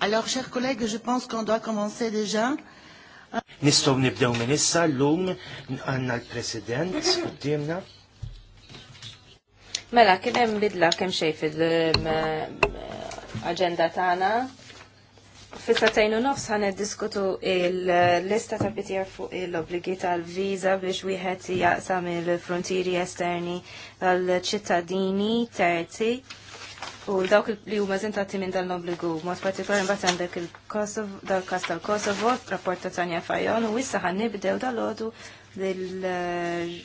Alors, chers collègues, je pense qu'on doit commencer déjà. Nistom nibdew minn issa l-lum għanna l-president qudiemna. Mela, kien hemm bidla kemm xejn fil-aġenda tagħna. Fissa satajn u nofs ħan diskutu l lista ta' bitjar fuq l-obbligi tal-viża biex wieħed jaqsam il-frontieri esterni tal-ċittadini terzi u dawk li huma żentati minn dan l-obbligu. Mod partikolari mbagħad għandek il-Kosovo, dal każ tal-Kosovo, rapport ta' Tanja Fajon, u issa ħan nibdew dal-għodu eh,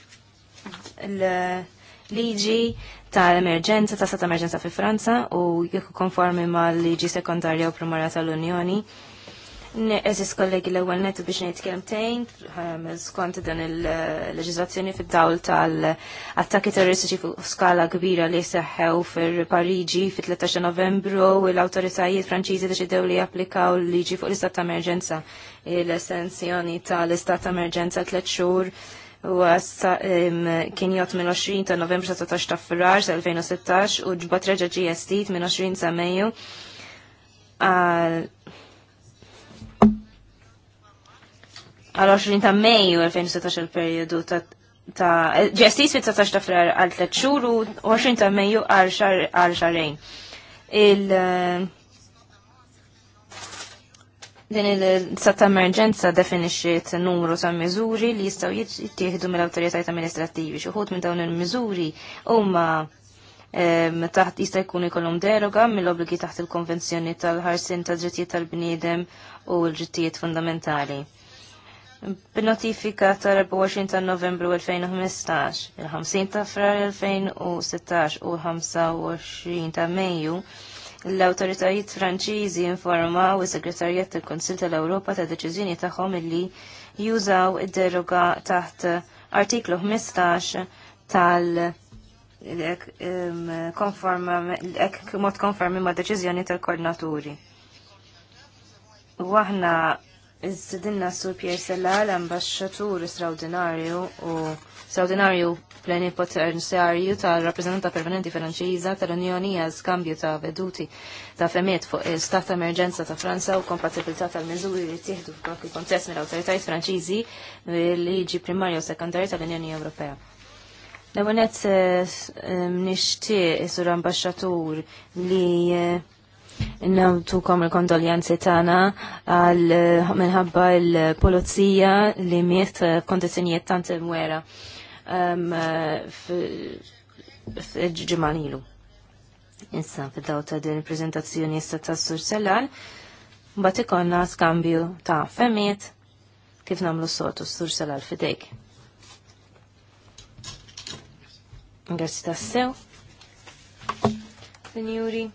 liġi tal-emerġenza, ta' sat emerġenza fi Franza u jekk konformi mal-liġi sekondarja u primarja tal-Unjoni Eżis kollegi l-ewel netu biex nejt kelmtejn, skont dan il-leġizlazzjoni fid-dawl tal-attakki terroristiċi fuq skala kbira li seħħew fil-Parigi fil 13 novembru u l-autoritajiet franċiżi deċidew li japplikaw liġi fuq l-istat ta' emerġenza l-estensjoni tal-istat ta' emerġenza tliet xhur u kien jgħat minn 20 ta' novembru sa' ta' frar 2016 u ġbat reġa GST minn 20 ta' meju għal-20 ta' Mejju 2016 il-periodu ta' eh, ġestis fit-19 ta' frar għal 3 xhur u 20 ta' Mejju għal xarrejn. Il eh, din il ta' emerġenza definixxiet numru ta' miżuri li jistgħu jittieħdu mill-awtoritajiet amministrativi Xi wħud minn dawn il-miżuri huma eh, taħt jista' jkunu jkollhom deroga mill-obbligi taħt il-Konvenzjoni tal-ħarsin tal drittijiet tal-bniedem u l-drittijiet fundamentali b'notifika ta' 24 ta' novembru 2015, il-50 ta' frar 2016 u 25 ta' Mejju, l-autoritajiet Franċiżi informaw is-Segretarjat tal-Konsil tal-Ewropa ta' deċiżjoni tagħhom illi jużaw id-deroga taħt artiklu 15 tal- ek mod konformi ma' deċiżjoni tal-koordinaturi. Waħna Istedinna Sur Pier Sella l-ambasċatur straordinarju u straordinarju plenipotenzjarju tal-rappresentanta permanenti franċiża tal-Unjoni għal skambju ta' veduti ta' femiet fuq il-stat ta' emerġenza ta' Franza u kompatibilità tal-miżuri li tieħdu f'dak il-kontest mill-awtoritajiet franċiżi liġi primarja u sekondarju tal-Unjoni Ewropea. L-ewwel eh, eh, nixtieq sur ambasċatur li eh, Nawtukom il-kondoljanzi tagħna għal minħabba l-polizija li miet f'kondizzjonijiet tant imwera um, f'ġimanilu. Issa fid-daw ta' din il-preżentazzjoni issa ta' Sur Sellal, mbagħad ikollna skambju ta' femiet kif nagħmlu sotu Sur Sellal fidejk. Grazzi tassew. Signori.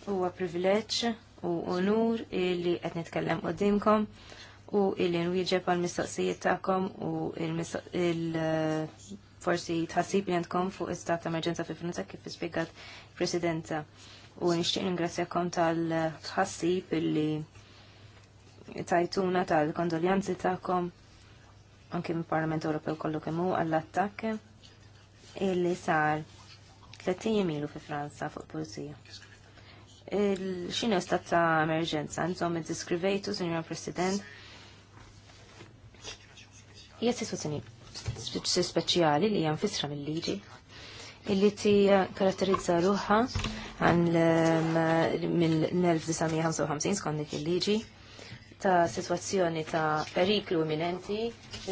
Huwa privileġġ u onur illi qed nitkellem qudiemkom u illi nwieġeb għal mistoqsijiet tagħkom u il-forsi eh, tħassib li għandkom fuq istat emerġenza fi Franza kif ispjegat Presidenza. U nixtieq ningrazzjakom tal-tħassib illi tajtuna tal-kondoljanzi tagħkom anke mill-Parlament Ewropew kollu kemm hu għall-attakk illi sar 30 ilu fi Franza fuq pulizija xinu stat ta' emerġenza, nżom id-diskrivejtu, Sinjora President. Hija sitwazzjoni speċjali li hija nfisra mill-liġi illi ti karatterizza ruħa għan mill-1955 skont dik il-liġi ta' situazzjoni ta' periklu imminenti,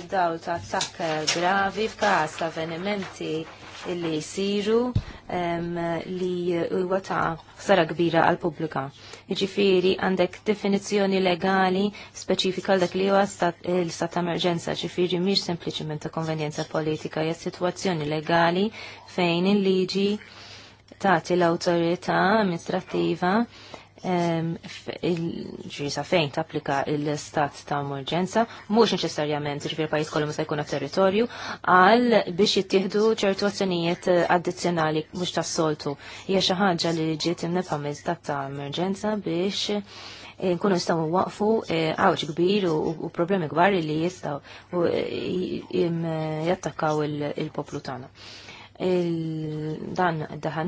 id-dawl ta' attakk gravi f'każ ta' avvenimenti illi jisiru li uwata ta' ħsara kbira għal pubblika. Ġifiri għandek definizzjoni legali speċifika għal dak li huwa l-istat ta' emerġenza, ġifiri mhix sempliciment ta' konvenjenza politika, hija sitwazzjoni legali fejn il-liġi tagħti l-awtorità amministrattiva ġisa fejn tapplika il-stat ta' emerġenza, mux neċessarjament ġifir pajis kollu musa jkun territorju, għal biex jittihdu ċertu azzjonijiet eh, addizzjonali mux ta' soltu. Hija xi ħaġa li ġiet imnefha stat ta' emerġenza biex eh, nkunu nistaw waqfu eh, għawġ kbir u problemi kbar li jistaw jattakkaw il-poplu tagħna dan da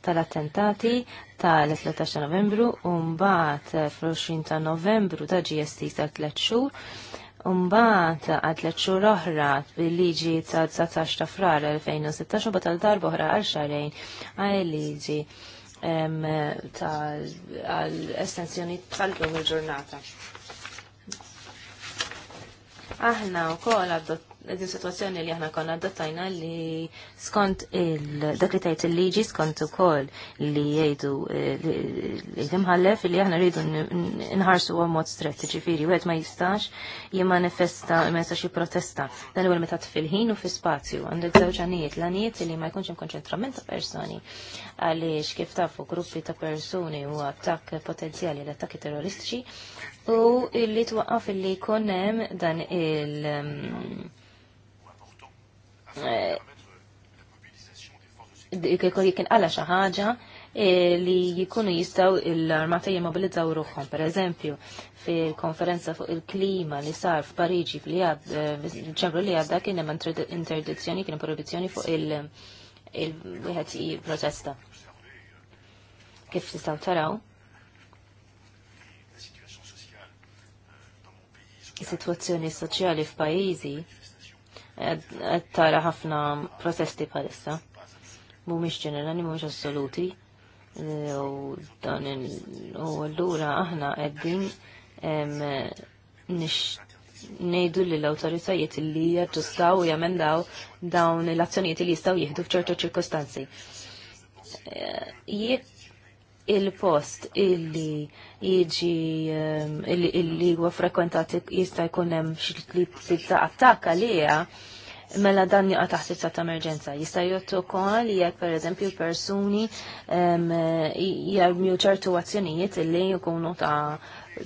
tal-attentati tal-13 novembru u mbagħad fl-20 ta' novembru ta' GST ta' 3 xhur u mbagħad għad tliet xhur oħra bil-liġi ta' 19 ta' frar 2016 u batal darba oħra għal xarajn għal liġi tal-estensjoni tal-lum il-ġurnata. Aħna u kol din situazzjoni li aħna konna għad-dottajna li skont dak li tajt il-liġi skont ukoll li jgħidu eh, l-imħallef li aħna rridu nħarsu għom mod stretti ġifiri, u ma jistax jimmanifesta, ma jistax jiprotesta. Dan u l-metat fil-ħin u fil-spazju, għandek zewġ għanijiet, l-għanijiet li ma jkunx konċentrament ta' personi, għaliex kif tafu gruppi ta' personi u attak potenzjali l-attakki terroristiċi, u illi twaqqaf illi konem dan il- Eh, kien għala xi ħaġa eh, li jikunu jistaw l-armata jimmobilizzaw ruħom. Per eżempju, fil-konferenza fuq il-klima li sar f'Pariġi fil-ċembru eh, li għadda kien hemm interdizzjoni, kien proibizzjoni fuq il-wieħed protesta. Kif tistgħu taraw? Is-sitwazzjoni soċjali f'pajjiżi għattara tara ħafna protesti bħalissa. Mhumiex ġenerali, mhumiex assoluti. U dan u allura aħna nejdu ngħidu l awtoritajiet li jaġġustaw u jamendaw dawn l-azzjonijiet li jistgħu jieħdu f'ċertu ċirkostanzi. Eh, Jek il-post illi jiġi ehm, illi huwa frekwentat jista' jkun hemm xi tibta attakk għaliha mela dan jaqa taħt it ta' emerġenza. Jista' jottu ukoll jekk pereżempju persuni ehm, jarmju ċertu azzjonijiet illi jkunu ta'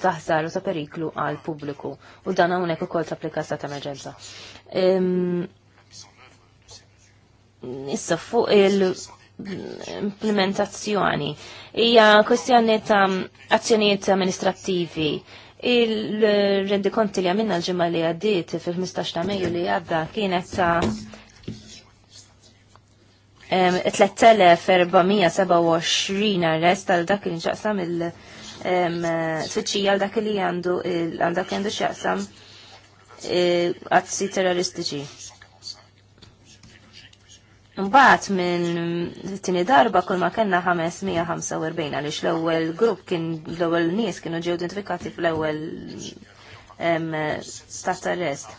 taħsar u ta' periklu għal pubbliku. U dan hawnhekk ukoll tapplika ta' emerġenza. Ehm, issa fuq il- implementazzjoni. Hija kwestjoni ta' azzjonijiet amministrattivi. Il-rendikonti li għamilna l-ġimma li għaddit fil-15 ta' Mejju li għadda kienet ta' 3427 arrest għal dak li nċaqsam il-tfittxija għal dak li għandu għal dak li għandu xaqsam għazzi eh, terroristiċi. Mbaħt minn tini darba kull ma kena 545 għaliex l-ewwel grupp kien l-ewwel nies kienu ġew identifikati fl-ewwel stat arrest.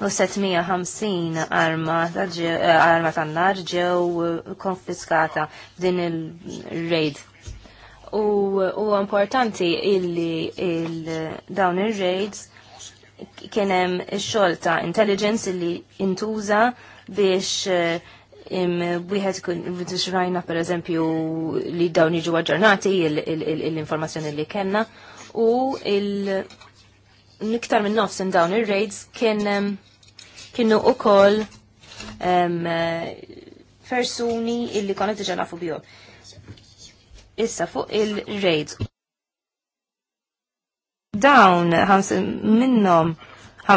U 750 arma tan-nar eh, ġew konfiskata din il-raid u, u importanti illi il, dawn ir-raids kienem il ta' intelligence illi intuża biex eh, wieħed kun xrajna per eżempju li dawn jiġu aġġornati l-informazzjoni li kellna u il niktar minn nofs dawn ir-raids kien kienu ukoll eh, persuni illi konu diġà nafu bihom. Issa fuq il-raids. Dawn ħams minnhom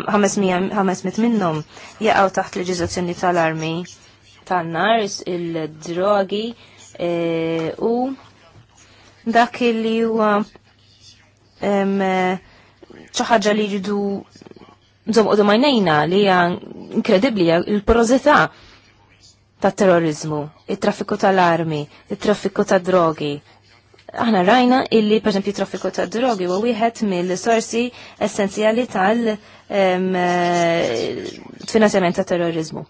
500 minnhom jaqgħu taħt leġiżlazzjoni tal-armi tan-nar il-drogi e, u dak li huwa e, xi ħaġa li jridu nżomqodu majnejna li hija inkredibbli il-porozità tat terrorizmu, it-traffiku tal-armi, it-traffiku tad drogi, aħna rajna illi per esempio traffiku ta' drogi huwa wieħed mill-sorsi essenzjali tal eh, finanzjament ta' terrorizmu.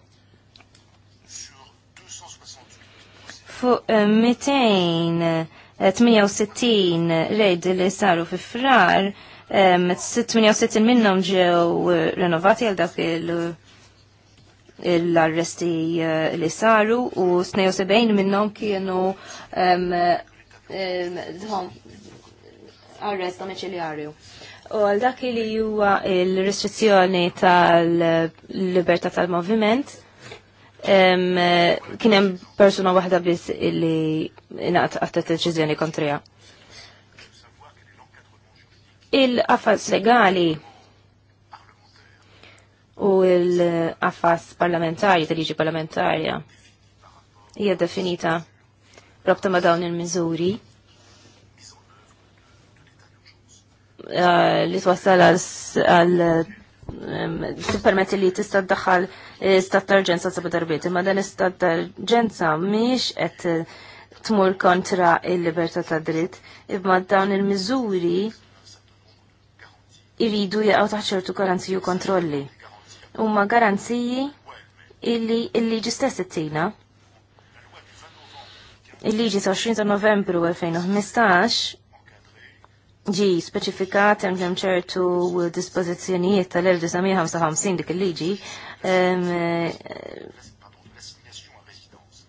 Fuq 268 eh, eh, rejd li saru fi frar, 68 minnhom ġew renovati għal dak l-arresti li saru u 72 minnhom kienu Ehm, arrest domiciliarju. U għal dak li huwa l-restrizzjoni tal-libertà tal-moviment, ehm, kien hemm persuna waħda biss li t deċiżjoni kontrija. Il-qafas legali u l-qafas parlamentari, tal-liġi parlamentarja, hija definita rabta ma' dawn il-miżuri eh, li twassal għal tippermetti li tista' ddaħħal eh, stat tarġenza sabu darbiet, imma dan istat tarġenza miex qed eh, tmur kontra il-libertà ta' dritt, imma dawn il-miżuri iridu jaqgħu taħt ċertu garanziji u kontrolli. Huma garanziji illi illi ġistess it-tina. Il-liġi 20 ta' novembru 2015 ġi speċifikat hemm ċertu dispożizzjonijiet tal-1955 dik il-liġi eh,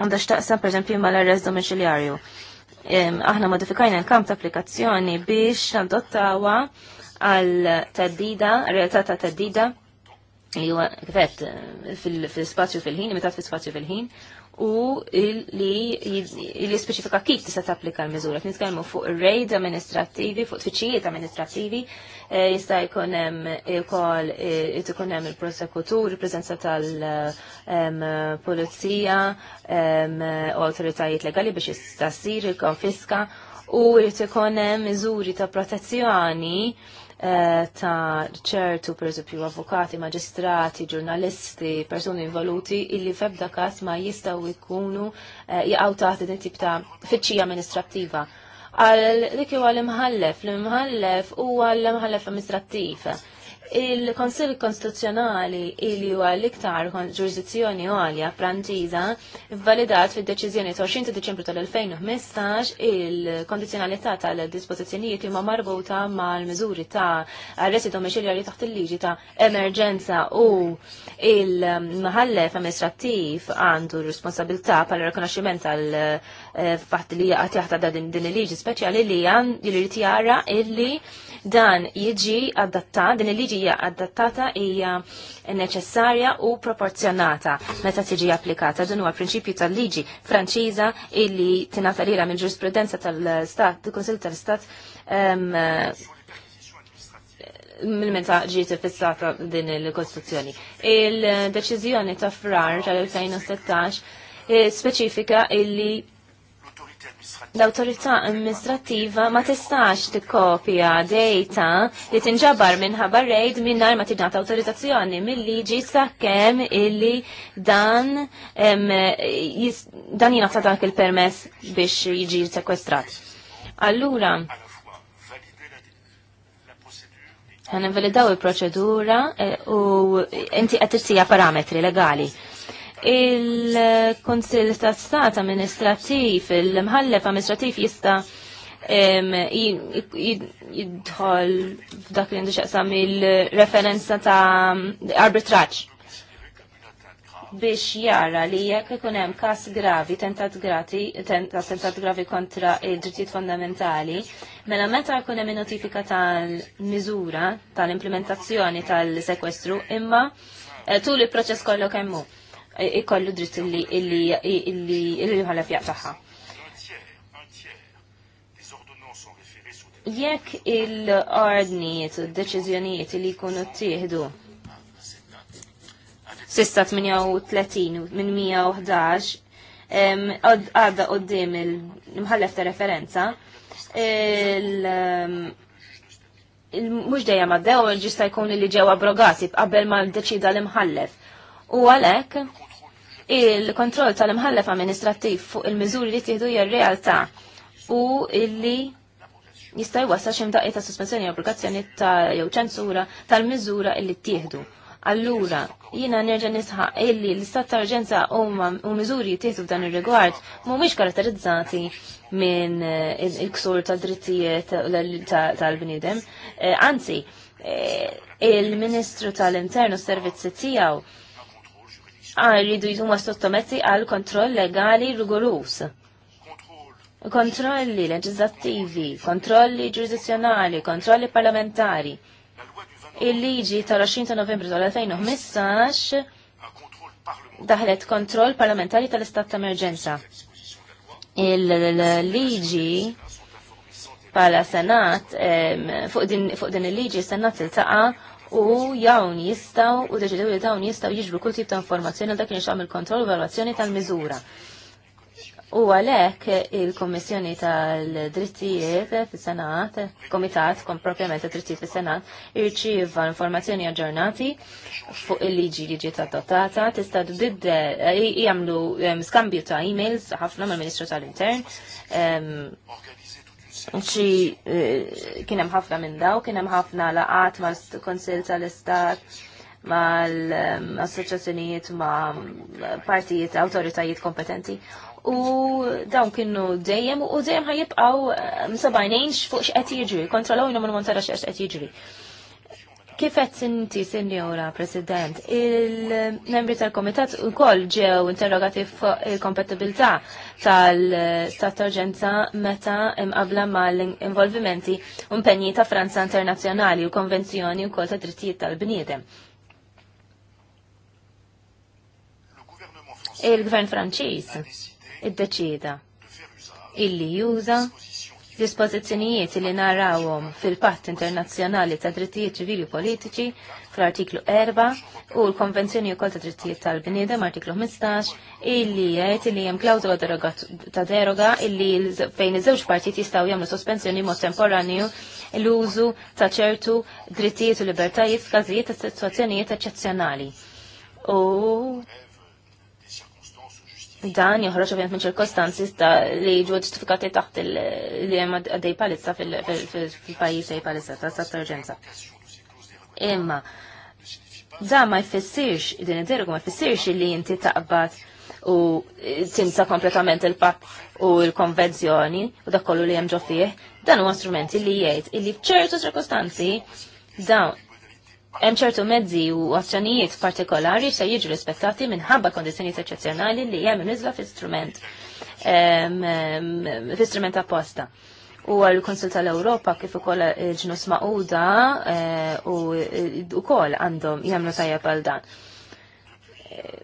għandha x'taqsam pereżempju mal-arrest domiciliarju. Aħna modifikajna l-kamp ta' applikazzjoni biex adottawa għal taddida, realtà ta' taddida li huwa kifet fil-spazju fil-ħin, imitat fil-spazju fil-ħin. fil spazju fil ħin imitat fil spazju fil ħin fil fil ħin u li jispeċifika kif tista' tapplika l-miżura. Nitkellmu fuq ir-rejd amministrattivi, fuq tfittxijiet amministrattivi, e, jista' jkun hemm ukoll e, ikun hemm il-prosekutur, il-preżenza tal-pulizija u awtoritajiet legali biex jista' ssir il-konfiska u jrid ikun hemm miżuri ta' protezzjoni Eh, ta' ċertu, per eżempju, avukati, maġistrati, ġurnalisti, persuni involuti, illi febda kas ma jistaw ikunu eh, jgħaw taħt din tip ta' fitxija amministrattiva. Għal dik huwa l-imħallef, l-imħallef huwa l-imħallef amministrattiv. Il-Konsil Konstituzzjonali illi huwa l-iktar ġurisdizzjoni għalja franġiza validat fid-deċiżjoni 20 Deċembru tal-2015 il-kondizjonalità tal dispozizjonijiet huma marbuta mal-miżuri ta' arresti domiċiljari taħt il-liġi ta' emerġenza u il-maħallef amministrattiv għandu responsabilità pal rikonoxximent tal eh, fatt li għatjaħta da din il-liġi speċjali li għan li jara illi dan jiġi adattat, din il-liġi hija adattata hija neċessarja u proporzjonata meta tiġi applikata. Dan huwa prinċipju tal-liġi Franċiża illi tingħata lilha mill ġurisprudenza tal-Stat, il-Kunsill tal-Stat mill-meta ġiet fissata din il-Kostituzzjoni. Il-deċiżjoni ta' frar tal-2016 eh, speċifika illi l-autorità amministrativa ma tistax tikkopja data li tinġabar minħabba rejd minnar ma tingħata autorizzazzjoni mill-liġi sakemm illi dan dan jingħata dak il-permess biex jiġi sekwestrat. Allura, ħan invalidaw il-proċedura eh, u inti qed parametri legali il-Konsil ta' Stat Amministrativ, il-mħallef amministrativ jista' jidħol f'dak li xaqsam il-referenza ta' arbitraċ biex jara li jekk ikun hemm każ gravi, tentat grati, tentat gravi kontra id-drittijiet fondamentali, mela meta jkun hemm notifika tal-miżura tal-implementazzjoni tal-sekwestru imma eh, tul il-proċess kollu kemm hu ikollu dritt illi illi fjaq illi Jekk il ordniet il deċizjoniet li jkunu t-tieħdu sista 38 minn 111 għadda d-dim il-mħallef ta' referenza, il mux dejjem għaddew, ġista jkun li ġew abrogati qabel ma deċida l-imħallef. U għalek, il-kontroll tal-imħallef amministrattiv fuq il-miżuri li tieħdu hija realtà u illi jista' jwassal xi mdaqqiet ta' sospensjoni obbligazzjoni ta' jew ċensura tal-miżura illi tieħdu. Allura, jina nerġa nisħaq illi l-istat ta' urġenza u miżuri jittieħdu f'dan ir-rigward mhumiex karatterizzati minn eh, il-ksur ta' drittijiet tal-bniedem. Eh, anzi, eh, il-Ministru tal-Internu Servizzi tiegħu ridu jizum sottometti għal kontroll legali rigorus. Kontrolli leġislattivi, kontrolli ġurisdizjonali, kontrolli parlamentari. Il-liġi tal-20 ta' novembru tal-2015 daħlet kontroll parlamentari tal-istat ta' emerġenza. Il-liġi pala senat fuq din il-liġi senat il-taqa u jawn jistaw u deċidew li dawn jistaw jiġbru kull tip ta' informazzjoni għal dak xamil kontroll u valwazzjoni tal-miżura. U għalek il-Kommissjoni tal-Drittijiet fis-Senat, Komitat kom propjament drittijiet fis-Senat, irċiva informazzjoni aġġornati fuq il-liġi li ġiet adottata, tista' tbidde, jagħmlu skambju ta' emails ħafna mal-Ministru tal-Intern xi eh, kien hemm ħafna minn daw, kien hemm ħafna laqat mal-Konsil tal-Istat mal-assoċjazzjonijiet ma' partijiet awtoritajiet kompetenti u dawn kienu dejjem u dejjem ħajibqaw msabajnejn fuq x'qed jiġri, kontrollaw jnum il-montara x'qed jiġri. Kifet inti, sinjura President, il-membri tal-Komitat ukoll ġew interrogati fuq il-kompatibilità tal-stat urġenza meta imqabla mal-involvimenti u mpenji ta' Franza Internazzjonali u konvenzjoni wkoll ta' drittijiet tal-bniedem. Il-Gvern Franċiż iddeċida illi juża dispożizzjonijiet li narawhom fil-Patt Internazzjonali ta' Drittijiet Ċivili u Politiċi fl-artiklu 4 u l-Konvenzjoni u ta' Drittijiet tal-Bniedem artiklu 15 illi jgħid li hemm klawzola ta' deroga illi fejn iż-żewġ partijiet jistgħu jagħmlu sospensjoni mod temporanju l-użu ta' ċertu drittijiet u libertajiet f'każijiet ta' sitwazzjonijiet eċċezzjonali. U Dan joħroġ ovvjament minn ċirkostanzi li ġu ġustifikati taħt li hemm għaddej palizza fil-pajjiż għaj palizza ta' stat urġenza. Imma da ma jfissirx, din id-dergu ma jfissirx li inti taqbad u tinsa kompletament il-pap u l-konvenzjoni u dak kollu li hemm ġo fih, dan huwa strumenti li jgħid illi f'ċertu ċirkostanzi dawn hemm ċertu mezzi u azzjonijiet partikolari se jiġu rispettati minħabba kondizzjonijiet eccezzjonali li hemm nizla fl-istrument fl-istrument apposta. U għal konsulta tal-Europa kif ukoll ġnus maquda eh, u ukoll għandhom jagħmlu tajjeb għal dan. Eh,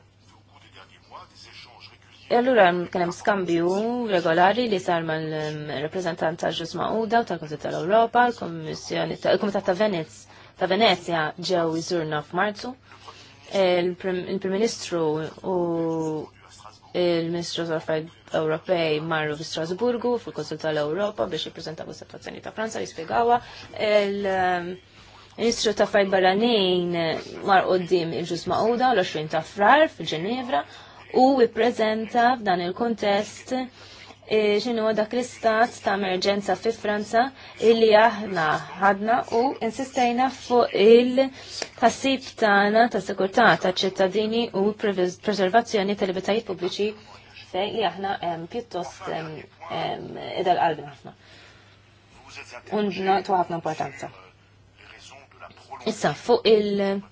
allura kien hemm skambju regolari li sar mal-rappreżentant tal-ġnus maquda u tal konsulta tal-Europa, il-Kumitat ta' Venezia ta' Venezia ġew iżurna f'Marzu. Il-Prim Ministru u il-Ministru tal-Affarijiet Ewropej marru fi Strasburgu fil-Konsul tal-Ewropa biex jippreżentaw is-sitwazzjoni ta' Franza jispjegawha il-Ministru um, ta' Affarijiet Barranin mar qudiem il-ġus Mauda l-20 ta' Frar fil-Ġenevra u ippreżenta f'dan il-kontest ġinu e, dak l-istat ta' emerġenza fi Franza illi aħna ħadna u insistejna fuq il-tassib tagħna ta' sikurtà ta' ċittadini u preservazzjoni tal-libertajiet pubbliċi fej li aħna pjuttost idal qalbi ħafna. Undna tu importanza. Issa, fuq il-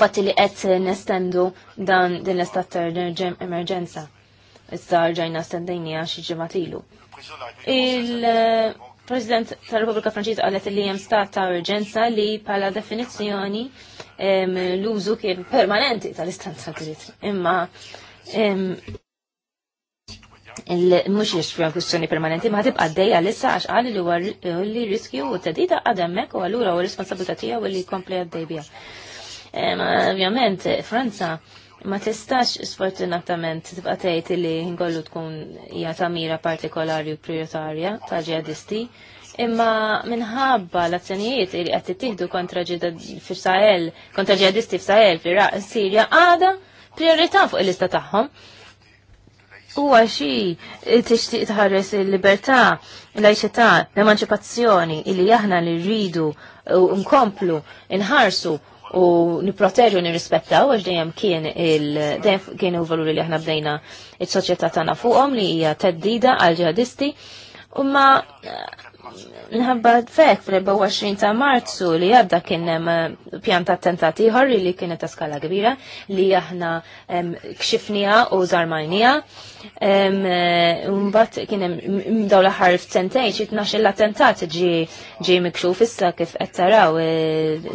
fatti li qed nestendu dan din l-istat ta' emerġenza Issa ġajna stendejni għax ġematilu. Il-President eh, tal-Repubblika Franċiża qalet li hemm stat ta' urġenza li pala definizzjoni l-użu kien permanenti tal-istanza dritt. Imma mux jisfru kustjoni permanenti ma tibqa d-dejja lissa għax għalli li għar li riskju u t tadita għademmek u għallura u responsabilitatija u li kompli għaddejbija. Ovvjament, Franza Ma tistax sfortunatament tibqa' tgħid li nkollu tkun hija tamira partikolari u prioritarja ta' ġihadisti, imma minħabba l-azzjonijiet li qed tittieħdu kontra fis-Sahel, kontra ġihadisti f'Sahel, f'Iraq, Sirja għada priorità fuq il-lista tagħhom. Huwa xi tixtieq tħares il-libertà, l-għajxità, l-emanċipazzjoni li aħna li rridu nkomplu, nħarsu u niproteġu nirrispettaw għax dejjem kien il dejjem kienu valuri li aħna bdejna il-soċjetà tagħna fuqhom li hija teddida għal ġihadisti u ma Nħabba fek fl-24 ta' marzu li għadda kienem eh, pjanta attentati ħorri li kienet ta' skala kbira li aħna kxifnija u zarmajnija. Mbatt eh, kienem daw l-ħar f'centej xitnax l-attentat ġi mikxu fissa kif għettaraw eh,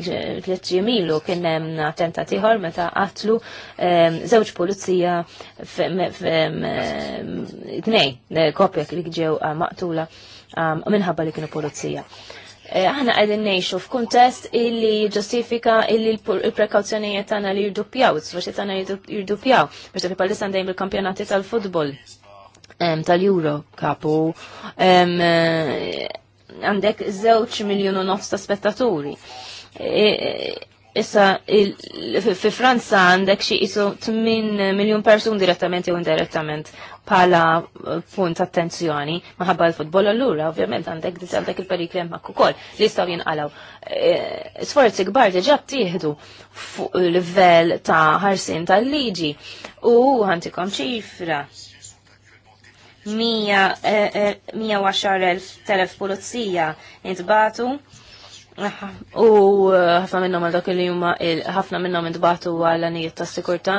tliet ġimilu kienem attentati ħor meta qatlu zewġ polizija f nej kopja li ġew maqtula. Um, minħabba li kienu pulizija. Eh, aħna għedin nejxu f'kuntest illi ġustifika illi l-prekawzjonijiet tagħna li jirdupjaw, s-soċiet tagħna jirdupjaw, biex tafi palissa ndejjem bil-kampjonati tal-futbol tal-Euro kapu eh, għandek zewċ miljonu nofs ta' spettaturi. Eh, Issa, fi Franza għandek xie isu 8 miljon persun direttament jew indirettament pala eh, punt attenzjoni maħabba l-futbol allura, ovvjament għandek għandek il-perikli jemmak u koll li jistgħu jinqalgħu. Eh, sforzi gbar diġa tieħdu fuq livell ta' ħarsin tal-liġi u għantikom ċifra. 110.000 eh, telef pulizija intbatu U uh, ħafna minnhom għal dak li huma ħafna minnhom intbagħtu għal anijiet ta' sikurta.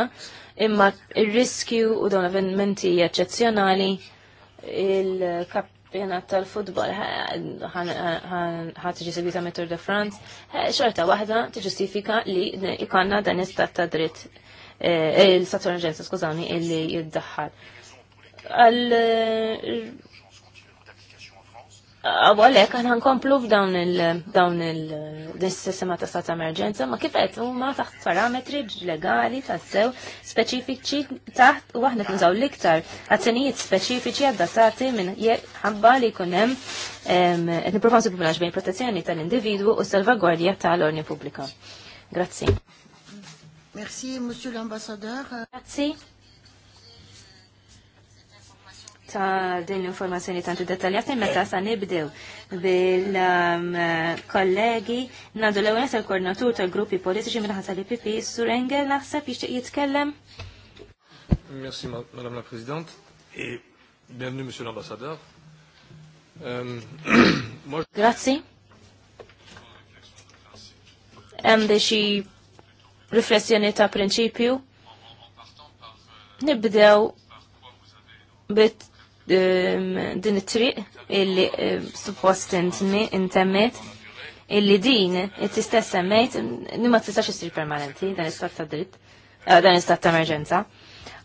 imma ir-riskju u dawn avvenimenti eċċezzjonali il kappjonat tal-futbol ħat ġisibi segwita Metro de France, xorta waħda tiġustifika li ikanna dan istat ta' dritt e, il-satur skużani, il illi jiddaħħal. Għalek, għan nkomplu f'dawn il-dawn il-sistema ta' stat emerġenza, ma kifet huma taħt parametri legali ta' sew speċifiċi taħt u aħna kunżaw l-iktar specifiċi speċifiċi adattati minn ħabba li kunem niprofaw subbilanċ bejn protezzjoni tal-individwu u salvagwardja tal-ordni pubblika. Grazzi. Merci, Monsieur l'Ambassadeur. Grazzi ta' din l-informazzjoni tantu dettaljati meta sa' nibdew bil-kollegi um, nadu l ewwel tal-koordinatur tal-gruppi politiċi minn ħasa l-IPP, Sur Engel naħseb jixtieq jitkellem. Merci, Madame la Présidente, et bienvenue, Monsieur l'Ambassadeur. Euh, Grazzi. Hemm xi riflessjoni ta' prinċipju. Nibdew bit Ehm, din it-triq illi ehm, suppost intemmet illi din tista' semmejt ma tistax issir permanenti dan istat ta' dritt eh, dan istat ta' emerġenza.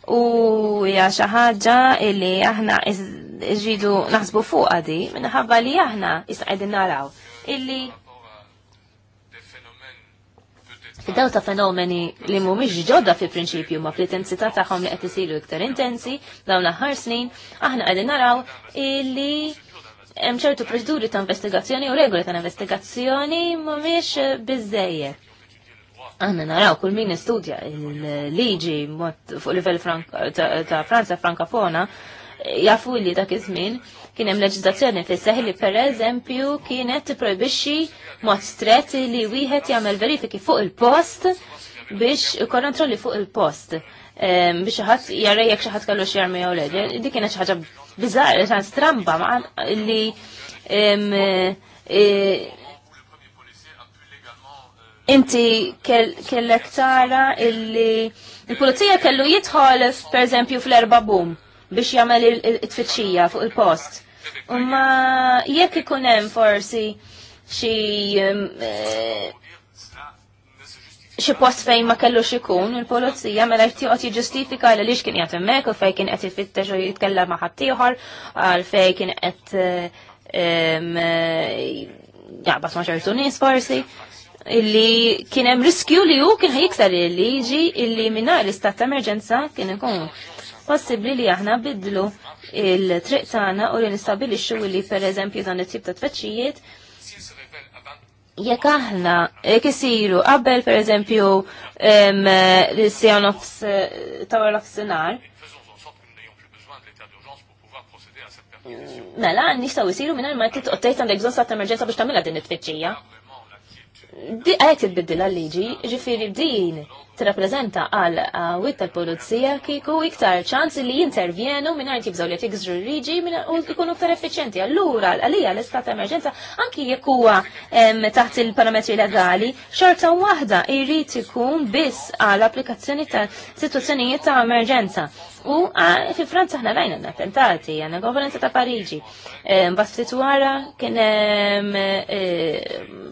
U hija xi ħaġa illi aħna ġridu naħsbu fuq għadi minħabba li aħna issa qegħdin naraw illi Fid-daw ta' fenomeni li mhumiex ġodda fi prinċipju ma' fl-intensità tagħhom li qed isiru iktar intensi dawn l-aħħar snin, aħna qegħdin naraw illi hemm ċertu proċeduri ta' investigazzjoni u regoli ta' investigazzjoni mhumiex biżejjed. Għanna naraw kull min istudja il-liġi fuq livell ta' Franza frankafona jafu li dak iż-żmien Kien hemm leġislazzjoni fis li pereżempju kienet tipprojbixxi mod stret li wieħed jagħmel verifiki fuq il-post biex kontrolli fuq il-post ehm, biex ħadd jara jekk xi ħadd kellu xi jarmi jew le. Dik kienet xi ħaġa biżar xi stramba li ehm, e, inti kellek tara illi il-pulizija kellu jidħol per eżempju fl-erba bum biex jagħmel it-tfittxija fuq il-post. Ma jekk ikun hemm forsi xi um, eh, xi post fejn ma kellux ikun, il-polizija mela jtiqgħod jiġġustifika li lix kien qed hemmhekk u fejn kien qed ifittex u jitkellem ma' ħadd ieħor għal fejn kien qed eh, eh, jaqbad ma' ċertu nies forsi illi kien hemm riskju li hu kien ħajikser il-liġi illi mingħajr l-istat ta' emerġenza kien ikun possibbli li aħna bidlu il-triq tagħna u li nistabilixxu li pereżempju dan it-tip ta' tfettxijiet. jekk aħna jekk isiru qabel pereżempju sija nofs tawra nofsinhar. Mela, nistgħu jsiru minn ma kit qottejt għandek zon sa' emerġenza biex tagħmilha din it-tfittxija. Di għajt tibbiddil għal-liġi, ġifiri din t-rapprezenta għal għawit tal-polizija kiku iktar ċans li jintervjenu minn għarti jibżaw li l riġi u jkunu iktar effiċenti. Allura, għalija l-istat emerġenza anki jekk huwa taħt il-parametri legali, xorta waħda irrid ikun biss għal applikazzjoni ta' situazzjonijiet ta' emerġenza. U fi Franza ħna rajna n-attentati, għanna konferenza ta' Parigi. E, Mbas ftit wara e,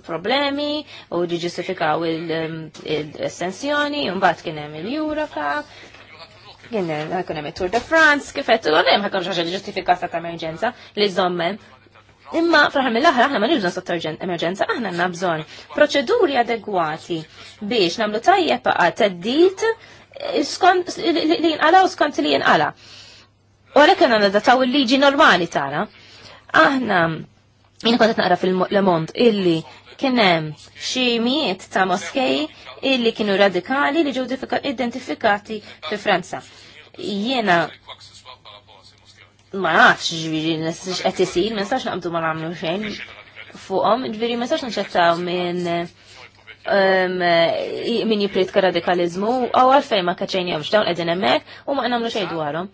problemi u ġi il-estensjoni, e, mbagħad kien hemm il-Europa, kien hemm Tour de France, kif qed għalem ħakkom xi ħaġa sa' ta' emerġenza li zommen. Imma fraħam il-laħra aħna ma nibżon sotto emerġenza, aħna għandna bżonn proċeduri adegwati biex nagħmlu tajjeb għat teddit skont li jinqala u skont li jinqala. U għalek għanna nadataw il-liġi normali tara. Aħna, jina kontet naqra fil-Lemont illi kienem xie miet ta' moskej illi kienu radikali li ġew identifikati fi Franza. Jiena ma nafx ġviri nistax qed isir, ma nistax ma nagħmlu xejn fuqhom, ġviri ma nistax nċettaw minn Um, min ka radikalizmu għaw għalfej ma kaċejn għamx, dawn edin emmek u ma għanamlu xej dwarhom.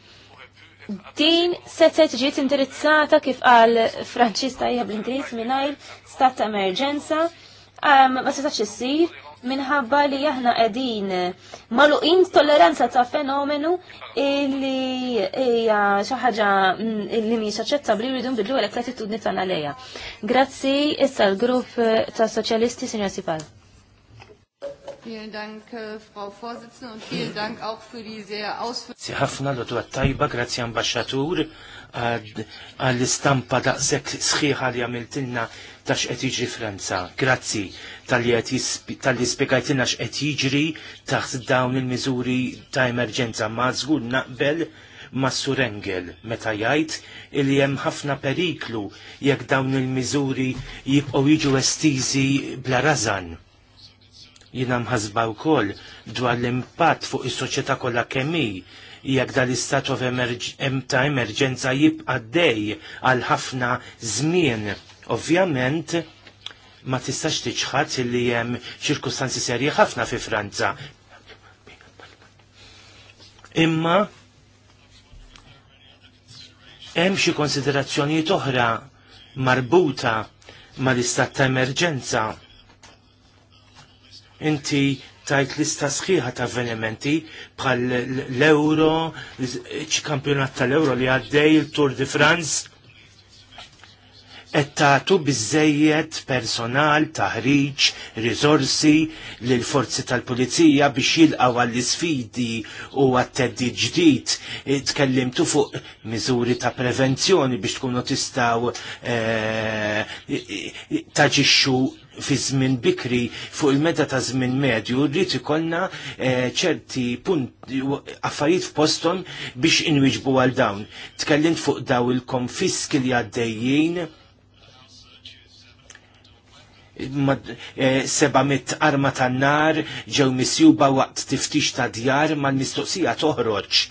Din setet ġiet indirizzata kif għal Franċista jgħab bl-Ingriż mingħajr stat ta' emerġenza um, ma setax jessir minħabba li aħna qegħdin maluqin tolleranza ta' fenomenu li hija xi ħaġa mm, li mhijiex aċċettabbli jridu nbidlu bidlu l-attitudni tagħna lejha. Grazzi issa l-grupp ta' Soċjalisti Sinjor Sipal. Vielen Dank, äh, Frau Vorsitzende, und vielen Dank auch für die sehr ausführliche. tajba, grazzi ambasċatur, għall-istampa daqsek sħiħa li għamiltilna ta' xqed jiġri Franza. Grazzi tal-li spiegajtina xqed jiġri taħt dawn il-miżuri ta' emerġenza ma' żgur naqbel ma' surengel meta jgħid li hemm ħafna periklu jekk dawn il-miżuri jibqgħu jiġu estiżi bla razan Jina mħazba wkoll dwar l-impatt fuq is-soċjetà kollha kemm Jak dal-istat of ta' emerġenza jibqa' dej għal ħafna żmien. Ovvjament, ma tistax tiċħat li hemm ċirkustanzi serji ħafna fi Franza. Imma hemm xi konsiderazzjonijiet oħra marbuta mal-istat ta' emerġenza Inti tajt lista sħiħa ta' avvenimenti bħal l-Euro, ċ-kampjonat tal-Euro li għaddej il-Tour de France, et tatu bizzejiet personal, taħriġ, rizorsi l-forzi tal-polizija biex jilqaw għall-sfidi u għat-teddi ġdid. Eh, tkellimtu fuq miżuri ta' prevenzjoni biex tkunu tistaw eh, eh, taġixxu fi żmien bikri fuq il-meta ta' żmien medju rrid ikollna eh, ċerti punt affarijiet f'posthom biex inwiġbu għal dawn. Tkellimt fuq daw il-konfiski li għaddejjin eh, mit arma tan nar ġew misjuba waqt tiftix ta' djar mal-mistoqsija toħroġ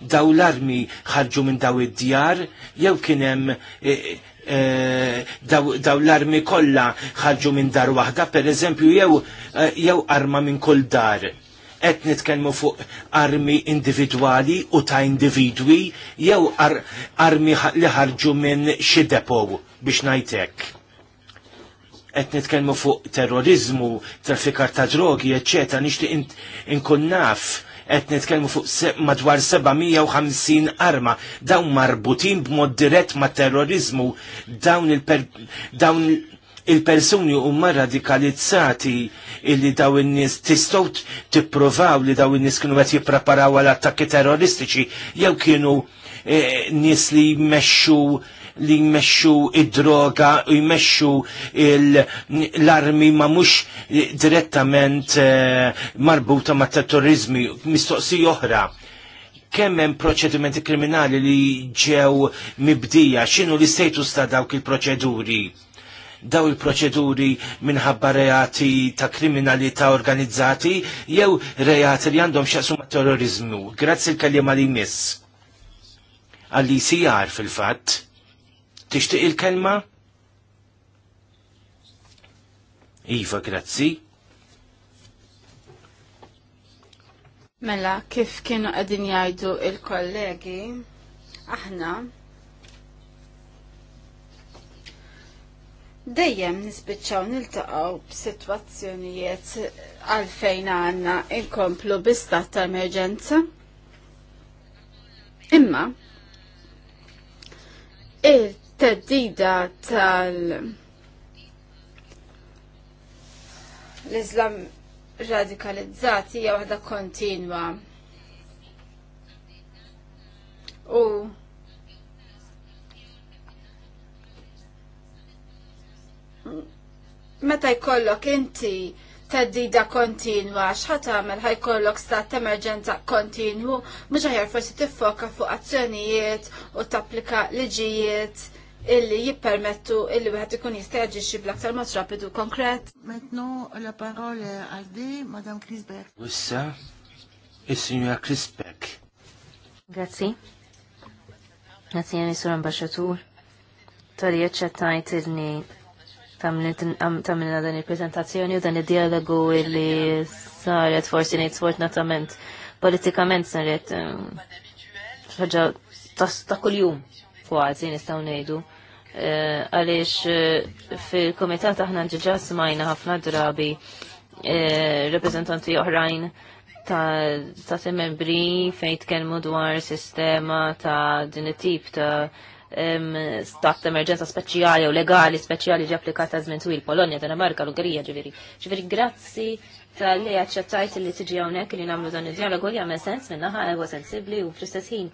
daw l-armi ħarġu minn daw id-djar, jew kienem e, eh, e, eh, daw, daw l-armi kollha ħarġu minn dar waħda, per eżempju, jew, eh, jew arma minn kull dar. Qed nitkellmu fuq armi individwali u ta' individwi, jew ar, armi li ħarġu minn xi depow biex najtek qed nitkellmu fuq terrorizmu, traffikar ta' drogi, eċċetera, nixtieq inkun naf qed nitkellmu fuq madwar 750 arma dawn marbutin b'mod dirett ma' terrorizmu dawn il-dawn il-persuni ma radikalizzati illi daw in-nies tistgħu tippruvaw li daw in-nies kienu qed jippreparaw għal attakki terroristiċi jew kienu eh, nies li jmexxu li jmexxu id-droga u jmexxu l-armi ma mhux direttament eh, marbuta ma' terrorizmi mistoqsi oħra kemm hemm proċedimenti kriminali li ġew mibdija, x'inhu l-istatus ta' dawk il-proċeduri? daw il-proċeduri minħabba reati ta' kriminalità organizzati jew reati li għandhom xaqsu ma' terrorizmu. Grazzi l-kalima li miss. Għalli sijar fil-fatt Tixtieq il-kelma? Iva, grazzi. Mela, kif kienu qegħdin jgħidu il-kollegi, aħna dejjem nispiċċaw niltaqgħu b'sitwazzjonijiet għalfejn għandna inkomplu b-istat ta' emerġenza. Imma il teddida tal l-Islam radikalizzati hija waħda kontinwa. U meta jkollok inti teddida kontinwa, xħat għamil ħajkollok stat emerġenza kontinwu, mhux ħajar forsi tiffoka fuq azzjonijiet u tapplika liġijiet illi jippermettu illi wieħed ikun jista' jaġixxi bl-aktar mod rapidu konkret. Maintenant la parole għaldi Madame Krisbeck. Wissa, is-Sinjura Krisbeck. Grazzi. Grazzi għani sur ambasċatur. Tali jaċċettajt il-ni tamlina dan il-prezentazzjoni u dan il-dialogu illi saret forsi nejt sfortunatament politikament saret eh, ħagġa ta' kuljum kważi nistaw nejdu. Eh, għaliex eh, fil-komitat aħna ġiġa smajna ħafna drabi eh, reprezentanti oħrajn ta' ta' membri fejn tkellmu dwar sistema ta' din it-tip ta' stat ta' emerġenza speċjali u legali speċjali ġi applikata żmien twil Polonja, Danimarka, l-Ungerija ġiviri. Ġifieri grazzi tal-li għacċettajt li tiġi għonek li namlu dan il-dialogu li għamil sens minnaħa għu sensibli u fl-istess ħin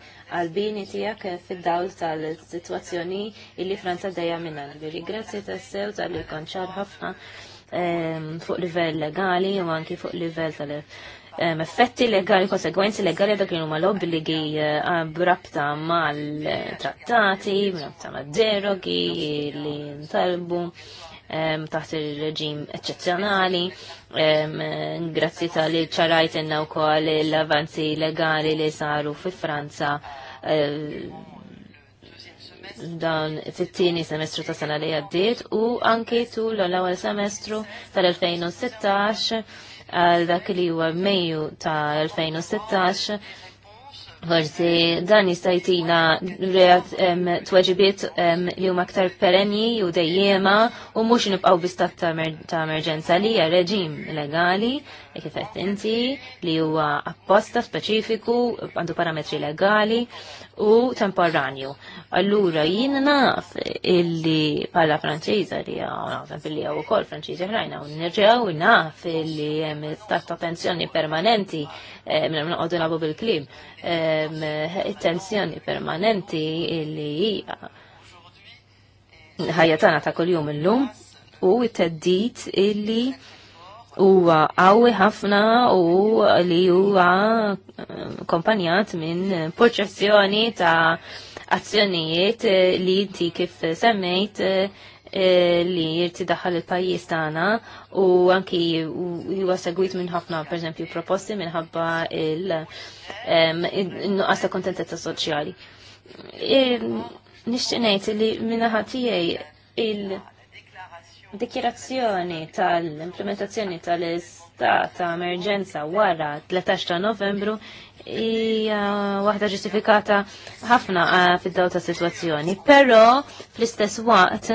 bini tijak fil-dawl tal-situazzjoni illi Franza d-dajja minna. Ġviri, grazzi tassew tal-li konċar ħafna ehm, fuq livell legali u anki fuq livell tal ehm, effetti legali, konsekwenzi legali dak li huma l-obbligi eh, brabta mal-trattati, brabta mal-derogi li ntalbu taħt il-reġim eccezzjonali, grazzi tal ċarajt ċarajtenna u kol l-avanzi legali li saru fi Franza eh, dan fit-tieni semestru ta' sena li għaddiet u anke tul l-ewwel semestru tal-2016 għal dak li huwa Mejju ta' 2016 Forsi dan jista' jtina tweġibiet li huma aktar perenni u dejjema u mhux nibqgħu bistat ta' emerġenza li hija reġim legali e kif qed inti li huwa apposta speċifiku għandu parametri legali u temporanju. Allura jien naf illi pala franċiza li naf billi għaw kol franċiza ħrajna u nirġaw naf illi jem stat ta' tensjoni permanenti minna eh, minna għodu nabu bil-klim eh, tensjoni permanenti illi ħajatana ta' kol-jum l lum u t-teddit illi huwa qawwi ħafna u li huwa eh, kompanjat minn proċessjoni ta' azzjonijiet eh, li inti kif semmejt eh, li jirti daħal il-pajis tagħna u anki huwa segwit minn ħafna perżempju proposti minħabba il-nuqqas ta' kontentezza soċjali. Nixtieq ngħid li minna ħatijej il-, il dikjerazzjoni tal-implementazzjoni tal-istat ta' emerġenza wara 13 ta' novembru hija waħda ġustifikata ħafna eh, fid-daw ta' situazzjoni. Però fl-istess waqt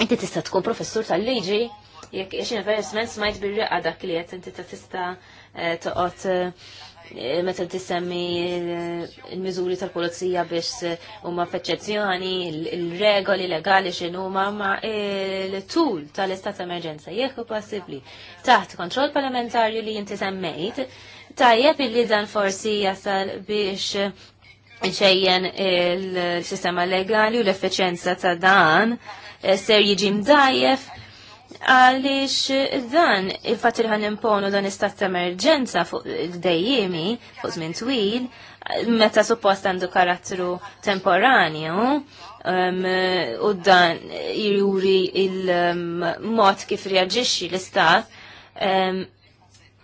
inti tista' tkun professur tal-liġi jekk xi investment smajt bil-reqa dak li qed inti tista' eh, toqgħod eh, meta tissemmi eh, il-miżuri tal-polizija biex eh, huma feċezzjoni, il-regoli legali x'inhuma ma il-tul tal-istat emerġenza jieħu possibbli taħt kontroll parlamentarju li inti semmejt, tajjeb illi dan forsi jasal biex xejjen il-sistema legali u l-effiċenza ta' dan eh, ser jiġi mdajjef għaliex dan il-fatt li ħan imponu dan istat ta' emerġenza fuq il-dejjimi fuq żmien twil meta suppost għandu karattru temporanju um, u dan juri il-mod kif reaġixxi l-istat um,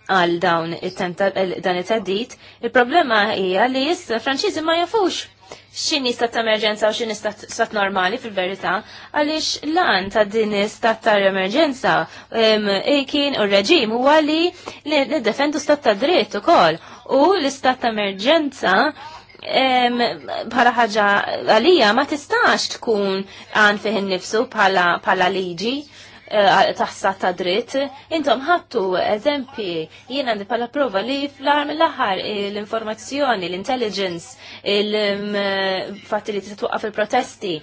għal dawn eh, dan it-tedit, il-problema hija li issa Franċiżi ma jafux x'inhi stat ta' emerġenza u x'inhi stat normali fil-verità, għaliex lan ta' din stat ta' emerġenza ikin u reġim huwa li niddefendu stat ta' dritt ukoll u l-istat ta' emerġenza bħala ħaġa għalija ma tistax tkun għan fiħin nifsu bħala liġi Eh, Taħsa ta' dritt, intom ħattu eżempi jiena għandi pala prova li fl-arm l-aħħar l-informazzjoni, l-intelligence, il-fatti mm, li titwaqqaf il-protesti,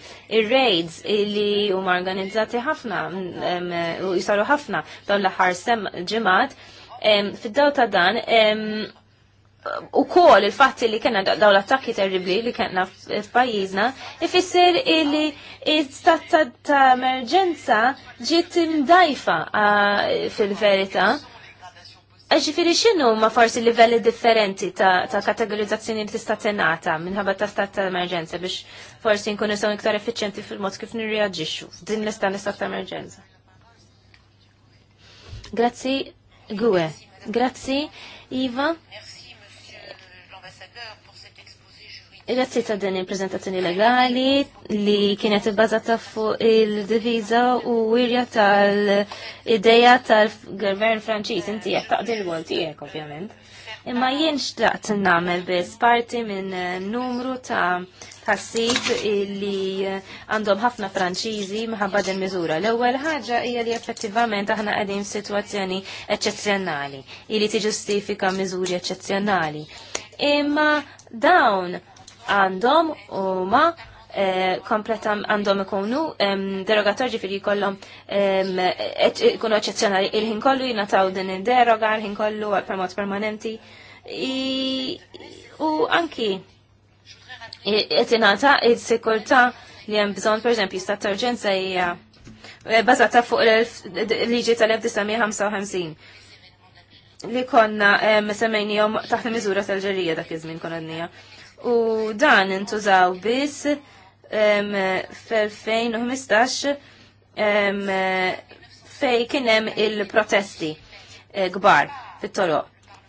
il-raids li huma organizzati ħafna mm, mm, u jisaru ħafna dawn l-aħħar sem ġimgħat, fid-daw ta' dan u kol il-fatti li kena daw l-attakki terribli li kena f'pajizna, ifisser illi il-stat ta' emerġenza ġiet imdajfa fil-verita. Ġifiri xinu ma forsi livelli differenti ta', kategorizzazzjoni li tista' tenata minħabba ta' stat ta' emerġenza biex forsi nkunu sew iktar effiċenti fil-mod kif nirreagġixxu f'din l-istat l-istat ta' emerġenza. Grazzi, Gwe. Grazzi, Iva. Grazzi ta' din il-prezentazzjoni legali li kienet ibbażata fuq il diviza u wirja tal-ideja tal-gvern Franċiż inti qed taqdir wol tiegħek ovvjament. Imma jien xtaqt nagħmel biss parti minn numru ta' ħassib li għandhom ħafna Franċiżi minħabba din miżura. L-ewwel ħaġa hija li effettivament aħna qegħdin f'sitwazzjoni eċċezzjonali, li tiġustifika miżuri eċċezzjonali. Imma dawn għandhom huma eh, kompletam għandhom ikunu derogatorġi fil jikollhom ikunu eċezzjonali il-ħin kollu jinnataw din id-deroga, il-ħin kollu għal promot permanenti. U anki qed ingħata s-sikurtà li hemm bżonn esempio stat urġenza hija eh, bażata fuq l-liġi tal-1955 li konna semmejnijom taħt miżura tal-ġerija dak iż-żmien konna nija u dan intużaw biss f-2015 fej kienem il-protesti eh, gbar fit-toro.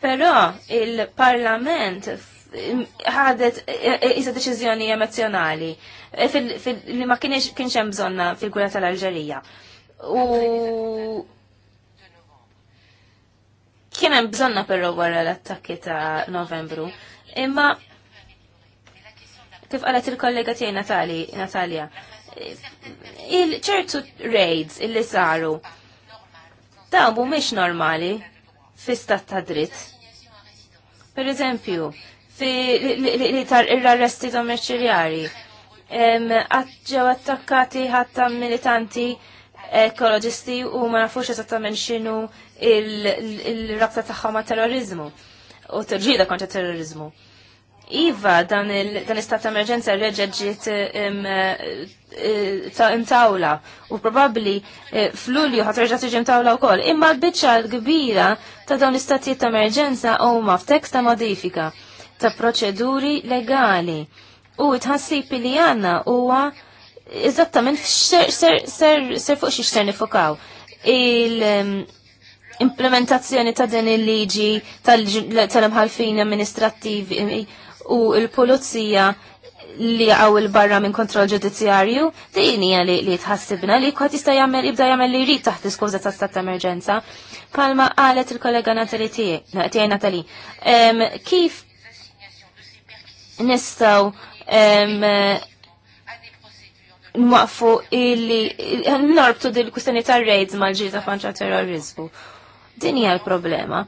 Pero il-parlament ħadet eh, eh, isa deċiżjoni emozjonali li ma kienx hemm bżonna fil-gura tal-Alġerija. U kien hemm bżonna però wara l-attakki ta' Novembru. Imma kif qalet il-kollega tiegħi Natali, Natalja. Il-ċertu raids illi saru mu mish normali fl ta' dritt. Per eżempju, li tar ir-arresti domiciliari, ġew attakkati ħatta militanti ekoloġisti u ma nafux eżattament x'inhu il-rabta tagħhom terrorizmu u terġida kontra terrorizmu. Iva, dan l-istat ta' emerġenza reġa ġiet eh, imtawla u probabli eh, f'Lulju ħat reġa tiġi imtawla u koll. Imma l-bicċa l-kbira ta' dawn l-istatijiet ta' emerġenza u ma' f'tekst ta' modifika ta' proċeduri legali u tħassib li għanna huwa eżattament ser fuq xiex ser nifokaw. Il- implementazzjoni ta' din il-liġi tal-imħalfin amministrativi u l-polizija li għaw il-barra minn kontrol ġudizzjarju, dini li li tħassibna li kwa tista jagħmel ibda jagħmel li jrid taħt iskuża ta' stat emerġenza. Palma qalet il-kollega Natali tiegħi Natali. Kif nistgħu nwaqfu illi norbtu dil-kustani tar-rejds mal-ġieta fanċa terrorizmu. Din hija l-problema.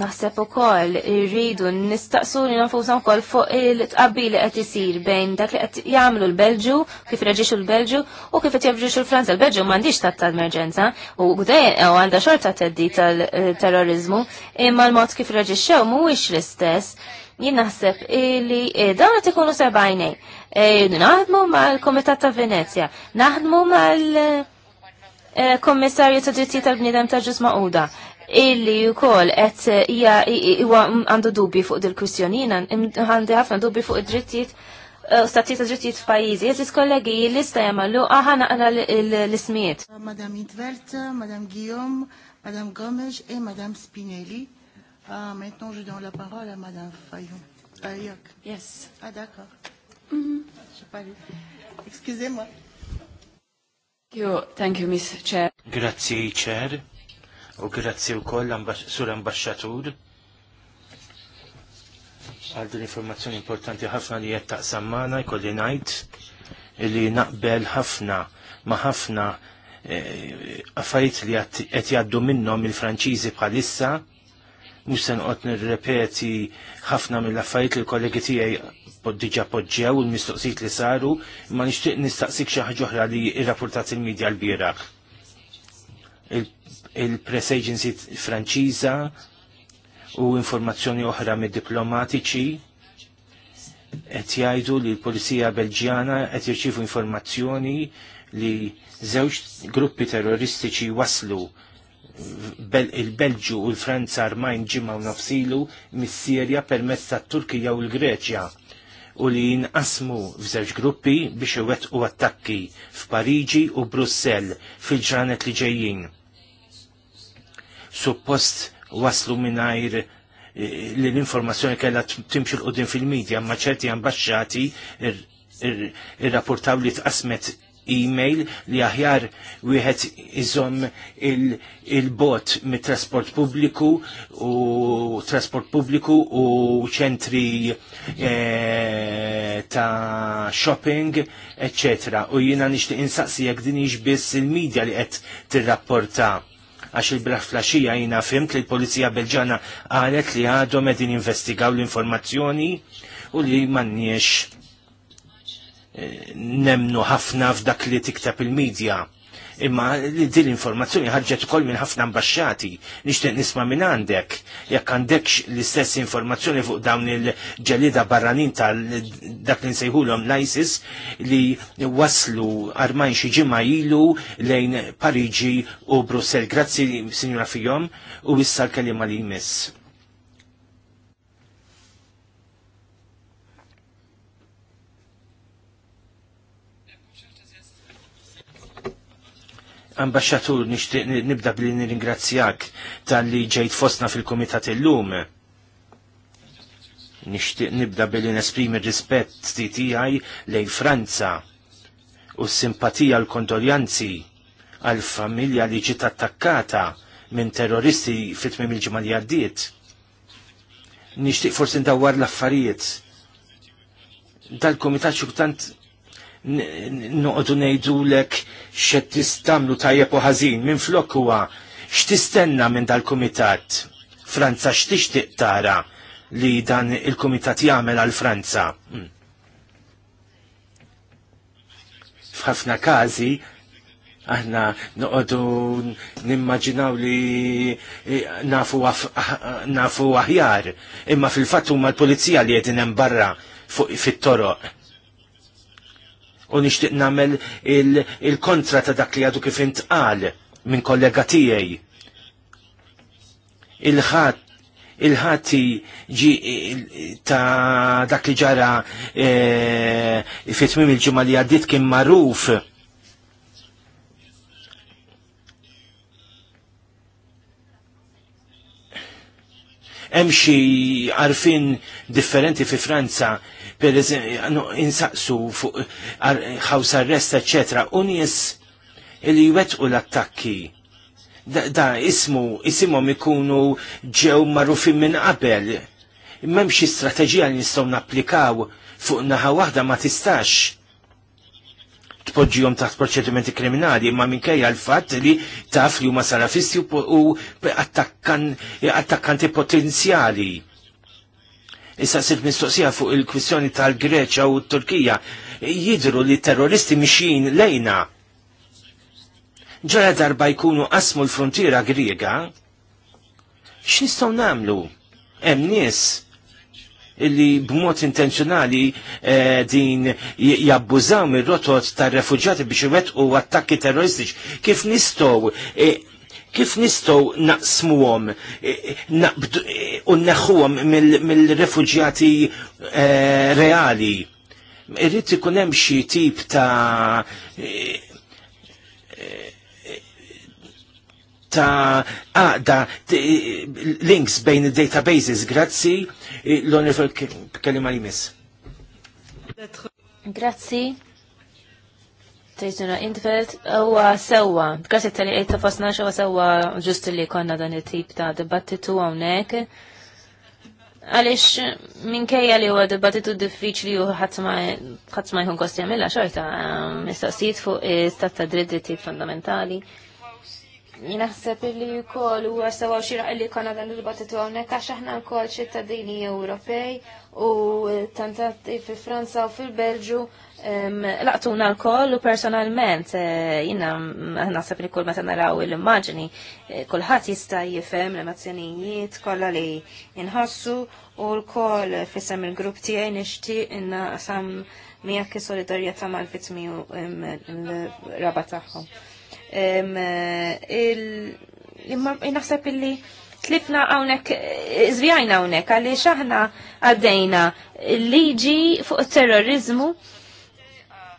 Naħseb ukoll rridu nistaqsu li nfusna wkoll fuq il-tqabbil li qed isir bejn dak li qed jagħmlu l-Belġu, kif reġixxu l-Belġu u kif qed jafġixxu l-Franza. L-Belġu mandiċ ta' ta' emerġenza u u għandha xorta di tal-terrorizmu, imma l-mod kif mu mhuwiex l-istess. Jien naħseb li eh, dawn qed ikunu sebajnej. Eh, naħdmu mal-Komitat ta' Venezja, naħdmu mal- eh, Kommissarju ta' Dritti tal-Bnidem ta' Ġus Uda, illi u et qed eh, hija għandu dubbi fuq dil kustjonina għandu għafna dubbi fuq id-drittijiet eh, stati ta' ġittijiet f'pajizi. Jesis kollegi, jil lista jamallu, aħana għana l-ismiet. Madam Intvert, Madam Guillaume, Madam Gomes e Madam Spinelli. Ah, maintenant, je donne la parole à Madame Fayon. Ayok. Yes. Ah, d'accord. Mm-hmm. Je pas lu. Excusez-moi. Thank you, Miss Chair. Grazie, Chair u grazzi u koll sur ambasċatur għal din informazzjoni importanti ħafna li qed taqsam magħna jkolli ngħid li naqbel ħafna ma ħafna għaffariet e, li qed jgħaddu minnhom il-Franċiżi bħalissa mhux se noqgħod nirrepeti ħafna mill affariet li l-kollegi tiegħi diġà poġġew u l-mistoqsijiet li saru ma nixtieq nistaqsik xi ħaġa oħra li rrapportat il-medja l-bieraħ il-press agency franċiża u informazzjoni oħra mid-diplomatiċi qed jgħidu li l-Pulizija Belġjana qed jirċievu informazzjoni li żewġ gruppi terroristiċi waslu il-Belġu u l-Franza armajn u nafsilu mis-Sirja permezz tat-Turkija u l-Greċja u li jinqasmu f'żewġ gruppi biex iwettqu attakki f'Pariġi u Brussell fil-ġranet li ġejjin suppost waslu minnajr eh, li l-informazzjoni kella timxu l-qodin fil-medja, ma ċerti ambasċati il rapportaw li tqasmet e-mail li aħjar wieħed iżom il-bot mit trasport pubbliku u trasport pubbliku u ċentri eh, ta' shopping, eccetera. U jina nixtieq insaqsi jekk din biss il-medja li qed tirrapporta għax il braflaxija jina fimt li l-Polizija Belġana għalet li għadhom edin investigaw l-informazzjoni u li manniex eh, nemnu ħafna f'dak li tikteb il-medja imma din l-informazzjoni ħarġet ukoll minn ħafna ambasċati. Nixtieq nisma' minn għandek jekk għandekx l-istess informazzjoni fuq dawn il-ġelida barranin tal dak li nsejħulhom l-ISIS li waslu armajn xi ġimgħa ilu lejn Pariġi u Brussell. Grazzi, Sinjura Fijom, u issa l-kelima li jmiss. Ambasċatur, nibda billi nir-ingrazzjak tal-li ġejt fostna fil-komitat il-lum. Nishtiq nibda billi nesprimi rispett ti tijaj lej Franza u simpatija l-kondoljanzi għal-familja li ġiet attakkata minn terroristi fitmi tmim il-ġimgħa li għaddiet. Nixtieq forsi ndawwar l-affarijiet. Dal-kumitat xuktant noqdu nejdulek xed tistamlu tajjeb u ħażin minn flok huwa x'tistenna minn dal-kumitat. Franza x'tixtieq tara li dan il-kumitat jagħmel għal Franza. Hmm. F'ħafna każi aħna noqogħdu nimmaġinaw li eh, nafu aħjar, imma fil-fatt huma l-pulizija li qegħdin hemm barra fit-toroq u nixtieq nagħmel il-kontra ta' dak li għadu kif intqal minn kollega tiegħi. Il-ħadd il-ħati ġi ta' dak li ġara e, fit il-ġimma li għaddit kien maruf. Hemm xi għarfin differenti fi Franza per insaqsu fuq ħaws arrest, eccetera, u nies li jwetqu l-attakki. Da, da ismu, isimom ikunu ġew marufin minn qabel. xi strateġija li nistgħu napplikaw fuq naħa waħda ma tistax tpoġġihom taħt proċedimenti kriminali, imma minkejja l-fatt li taf li huma sarafisti u attakkanti potenzjali issa sit mistoqsija fuq il-kwistjoni tal-Greċja u t-Turkija, jidru li terroristi miexin lejna. Ġara darba jkunu qasmu l-frontiera Griega, x'nistgħu namlu? Hemm nies illi b'mod intenzjonali eh, din jabbużaw mir rotot tar refuġjati biex iwettqu attakki terroristiċi. Kif nistgħu eh, kif nistgħu naqsmuhom e, e, e, u neħħuhom mill-refuġjati reali. Irrid ikun hemm xi tip ta' ta' għada links bejn databases grazzi l-onifel kalima mis. miss. Grazzi. Tejtuna, intvet, uwa sewa, għasit tali li għajta fosna xewa sewa ġust li konna dan il-tip ta' dibattitu għawnek. Għalix minkejja li huwa dibattitu diffiċli u ħatma jkun kosti għamilla xorta um, mistoqsijiet fuq istat ta' dritti fundamentali. Jinaħseb li kol u għasawa xiraq li konna dan il-dibattitu għawnek għax aħna kol ċittadini Ewropej u tantat fi Franza u fil-Belġu laqtuna l-koll u personalment eh, jina naħseb li kull meta naraw l-immaġni eh, kullħat jista' jifhem l emazzjonijiet kollha li inħossu u l-koll fissem il-grupp tiegħi nixtieq innaqsam miegħek solidarjetà mal-vittmi u l-raba tagħhom. Naħseb illi tlifna għawnek, zvijajna eh, għawnek, għalli xaħna għaddejna liġi fuq terrorizmu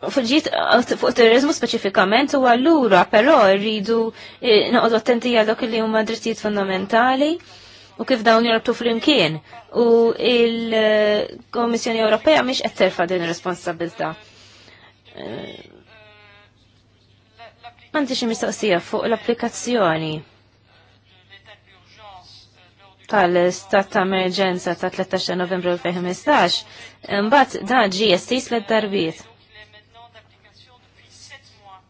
fuġiet fuq terrorizmu speċifikament u allura però rridu eh, noqogħdu attenti għal dak li huma drittijiet fundamentali u kif dawn jorbtu flimkien u il-Kommissjoni Ewropea mhix qed terfa' din ir-responsabilità. Eh, għandi xi mistoqsija fuq l-applikazzjoni tal-stat ta' emerġenza ta' 13 novembru 2015, mbagħad dan ġie estis l-darbiet.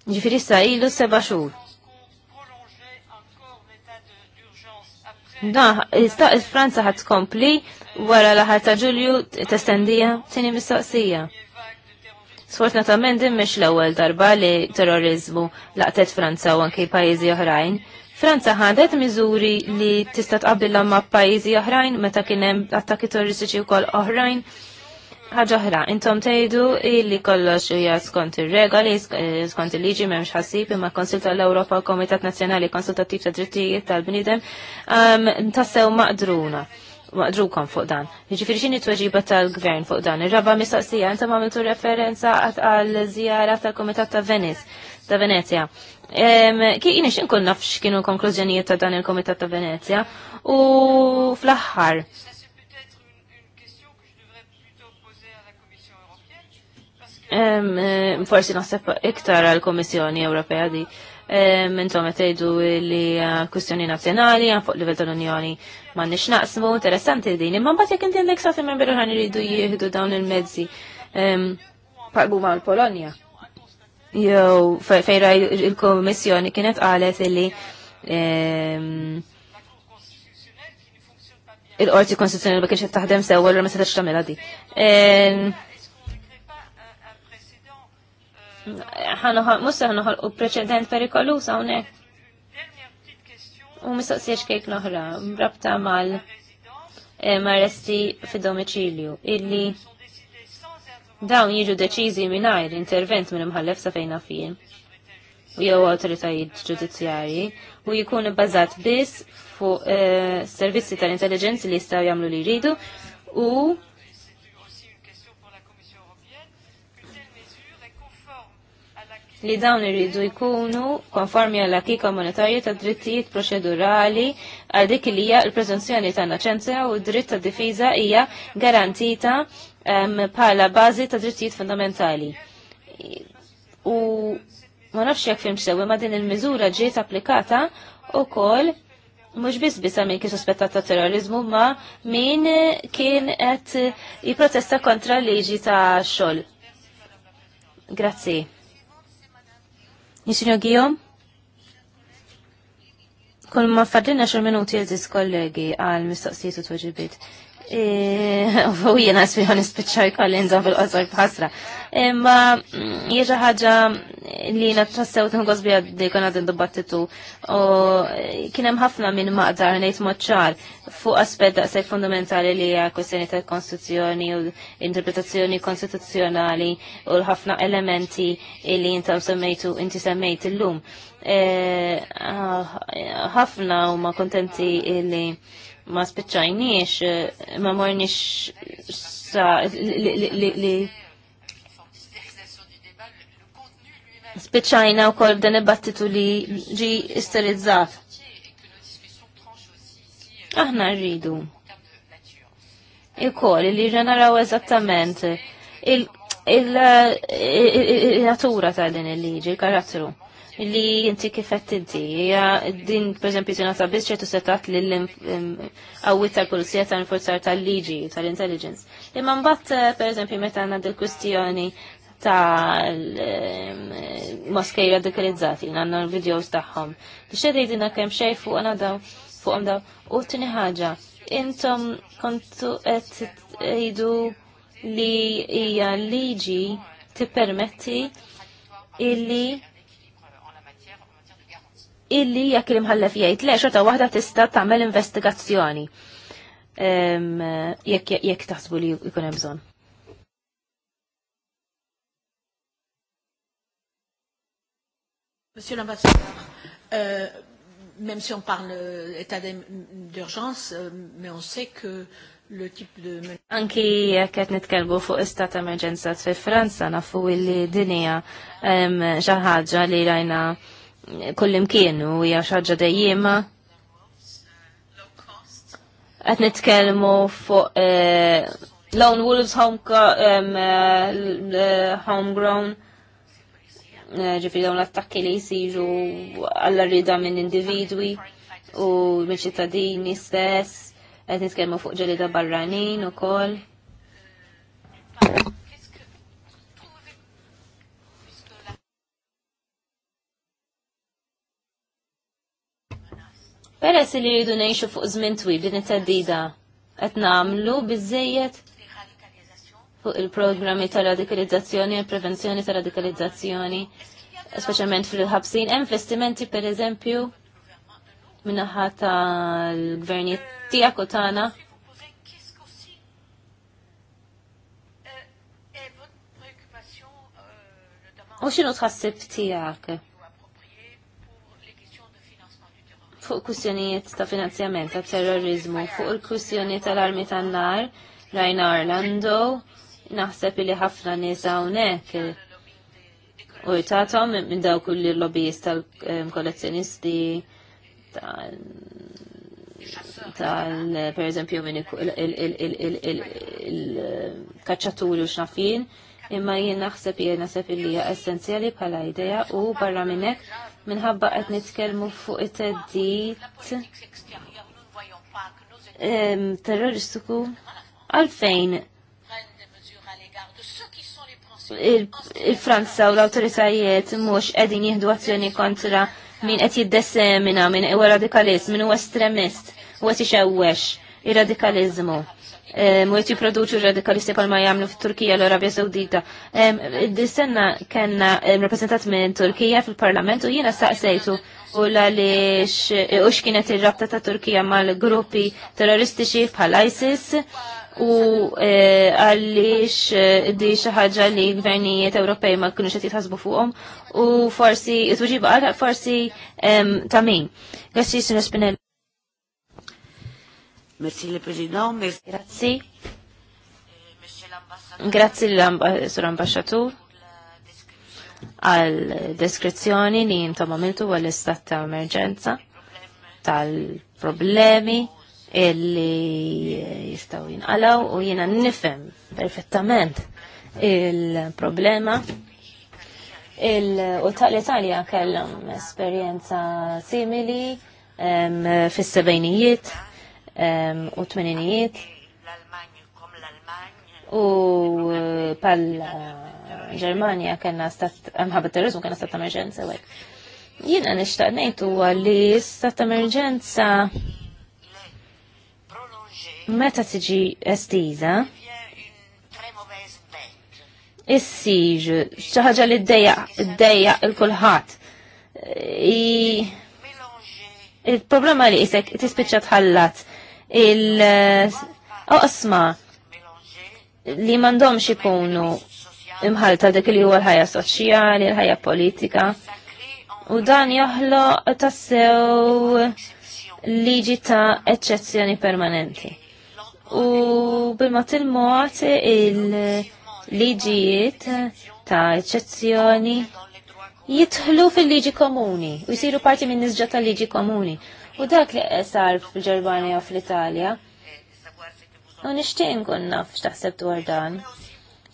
Ġifiri sa ilu seba xur. Da, ista il-Franza ħat kompli wara la ta' ġulju testendija tini mistoqsija. Sfortunatament din mhix l-ewwel darba li terrorizmu laqtet Franza u anke pajjiżi oħrajn. Franza ħadet miżuri li tista' tqabbilhom ma' pajjiżi oħrajn meta kien hemm attakki terroristiċi wkoll oħrajn ħagħahra, intom tejdu illi kollox hija skont ir-regoli, eh, skont il-liġi m'hemmx ħassib imma konsulta l-Ewropa u Komitat Nazzjonali Konsultattiv ta' Drittijiet tal-Bniedem um, tassew maqdruna maqdrukom fuq dan. Jiġifieri t tweġiba tal-gvern fuq dan. Ir-raba mistaqsija intom għamiltu referenza għal żjara tal-Kumitat ta' Venice ta' Venezia. Kien x'inkun naf x'kienu konklużjonijiet ta' dan il-Kumitat ta' Venezia u fl-aħħar Forsi naħseb iktar għal-Komissjoni Ewropea di qed għetejdu li kustjoni nazjonali għan fuq livell tal-Unjoni ma nix naqsmu, interessanti din, imma bat jek intin l-eksa għan iridu jihdu dawn il-medzi paqbu ma l-Polonia. Jow, fejra il-Komissjoni kienet għalet li il-qorti konstituzjonali ma kienx taħdem sewa l-ma setax tamela di musa ħanuħal u preċedent perikolus għawnek. U sieċ kejk noħra, rabta mal eh, maresti fid domicilju illi dawn jiġu deċizi minajr intervent minn imħallef sa fejna fien u jew autoritajiet ġudizzjarji u jikun bbażat biss fuq eh, servizzi tal-intelligenzi li jistgħu jagħmlu li jridu u li dawn irridu jkunu konformi għal akika monetarja ta' drittijiet proċedurali għal dik li hija l-preżunzjoni ta' naċenza u dritt ta' difiża hija garantita bħala bażi ta' drittijiet fundamentali. U ma nafx jekk fim sewi ma din il-miżura ġiet applikata ukoll mhux biss bisa min kien sospettat ta' terrorizmu ma min kien qed jipprotesta kontra l liġi ta' xogħol. Grazzi. Nisinu Gijom? Kull ma fadlina xar minuti jazis kollegi għal mistoqsijiet u tweġibiet. Eh, u jena sbiħon ispiċċaj kollin zon fil-qosor bħasra. Imma mm, jieġa ħagġa li jena tassew tinqos biha dikon għadin dibattitu. U eh, kienem ħafna minn maqdar nejt moċċar fuq aspet daqseg fundamentali li hija kwestjoni ta' konstituzzjoni u interpretazzjoni konstituzzjonali u l-ħafna elementi li jintam semmejtu inti semmejt illum. Eh, ah, ħafna ma kontenti li ma spiċċajniex ma morniex sa li spiċċajna u kol b'dan il-battitu li ġi isterizzat. Aħna rridu. Il-kol li ġeneraw eżattament il-natura ta' din il-liġi, il-karattru li inti kifet inti. Din, per eżempju, ta' biss tu setat li l-għawit tal-polizija tal-forzar tal-liġi, tal-intelligence. Imma mbagħad, eh, per eżempju, meta għandna dil-kwistjoni tal-moskej radikalizzati, għanna l-videos tagħhom. Biex jgħidina kemm xejn fuq għana daw fuqhom daw. U tini ħaġa, intom kontu qed jgħidu li hija liġi tippermetti illi illi jekk li imħallef jgħid le xorta waħda tista' tagħmel investigazzjoni jekk taħsbu li jkun hemm bżonn. Monsieur l'ambassadeur, euh, même si on parle état d'urgence, euh, mais on sait que le type de... Anki jekk nitkellmu fuq istat emerġenza fi Franza nafu li dinija xi ħaġa li rajna kullim kienu hija xaġa dejjema. Qed nitkellmu fuq eh, Lone Wolves eh, homegrown eh, ġifri dawn l-attakki li jisiru għalla rida minn individwi u minn ċittadini stess, qed nitkellmu fuq ġelida barranin ukoll. Peress li rridu ngħixu fuq żmien twil din it-teddida qed nagħmlu biżejjed fuq il-programmi ta' radikalizzazzjoni u prevenzjoni ta' radikalizzazzjoni, speċjalment fil-ħabsin, hemm investimenti pereżempju minnaħa tal-gvernijiet tiegħek u tagħna U xinu tħassib tijak? fuq kwistjonijiet ta' finanzjament ta' terrorizmu, fuq il kussjonijiet tal-armi tan-nar, rajna Orlando, naħseb li ħafna nies hawnhekk u jtatom minn dawk kulli l-lobbyist tal-kollezzjonisti tal per eżempju minn il-kacċaturi u xnafin imma jien naħseb jien naħseb li hija essenzjali bħala idea u barra minnek minħabba qed nitkellmu fuq it-teddit terroristiku għalfejn il-Franza u l-autoritajiet mhux qegħdin jieħdu azzjoni kontra min qed jiddesemina min huwa radikalist, min huwa estremist, huwa tixewwex ir-radikaliżmu mwet jiproduċu radikalisti palma jamlu f-Turkija l-Arabja Saudita. Dis-senna kena rappresentat minn Turkija fil-parlament u jina staqsejtu u la li u xkienet il-rabta ta' Turkija mal-gruppi terroristiċi bħal ISIS u e, għalix di xaħġa li gvernijiet Ewropej ma kunu xħet jitħasbu fuqom u forsi, it-wġiba għal forsi tamin. Għassi sinu Spinelli. Merci le Président. Merci. Grazie. Grazie sur Ambasciatur għal deskrizzjoni li jintom għamiltu għal istat ta' emerġenza tal-problemi illi jistaw jinqalaw u jina nifem perfettament il-problema il u tal-Italja kellhom esperjenza simili fis-sebejnijiet u tmeninijiet u eh, pal eh, Ġermania kena stat, għanħabba terrorizmu kena stat emerġenza għek. Jina nishtaq nejtu għalli stat emerġenza meta tiġi estiza is-siġ, xaħġa li d-dejja d-dejja il-kulħat il-problema li jisek tispiċċa tħallat il-oqsma li mandomx ikunu imħalta dik li huwa l-ħajja soċjali, l-ħajja politika. U dan joħloq tassew liġi ta' eccezzjoni permanenti. U bil-mat il-mod il-liġijiet ta' eccezzjoni jitħlu fil-liġi komuni u jisiru parti minn nisġa tal liġi komuni. U dak li sar fil-Ġermanja u fl-Italja. U nixtieq nkun naf x'taħseb dwar dan.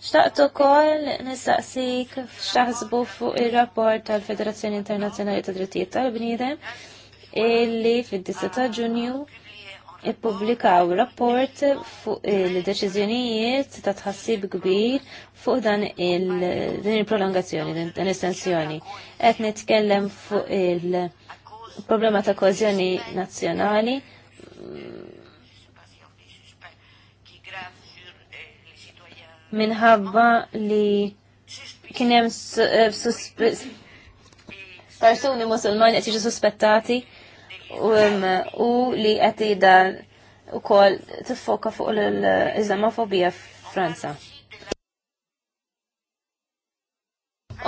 Xtaqt ukoll nistaqsik x'taħsbu fuq ir-rapport tal-Federazzjoni Internazzjonali ta' Drittijiet tal-Bniedem illi fid-10 ta' Ġunju ippubblikaw rapport fuq il-deċiżjonijiet ta' tħassib kbir fuq dan il-din il-prolongazzjoni, din il prolongazzjoni dan l estensjoni Qed nitkellem fuq il- problema ta' kozjoni nazzjonali minħabba li kien hemm eh, persuni musulmani qed jiġu suspettati u li qed kol t tiffoka fuq l-Islamofobija f'Franza.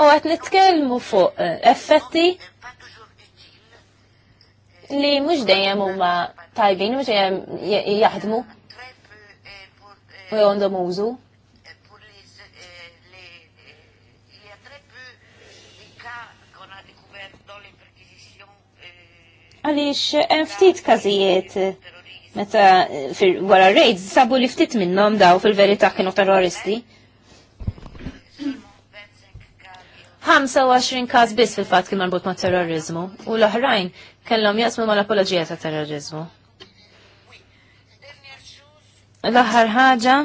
U qed nitkelmu fuq effetti li mhux dejjem huma tajbin, mhux dejjem jaħdmu u għandhom użu. Għaliex hemm eh, ftit każijiet meta eh, wara raids sabu li ftit minnhom daw fil-verità kienu terroristi. 25 każ biss fil-fatt kien marbut ma' terrorizmu u l-oħrajn kellhom jaqsmu ma' l-apologija ta' terrorizmu. L-aħħar ħaġa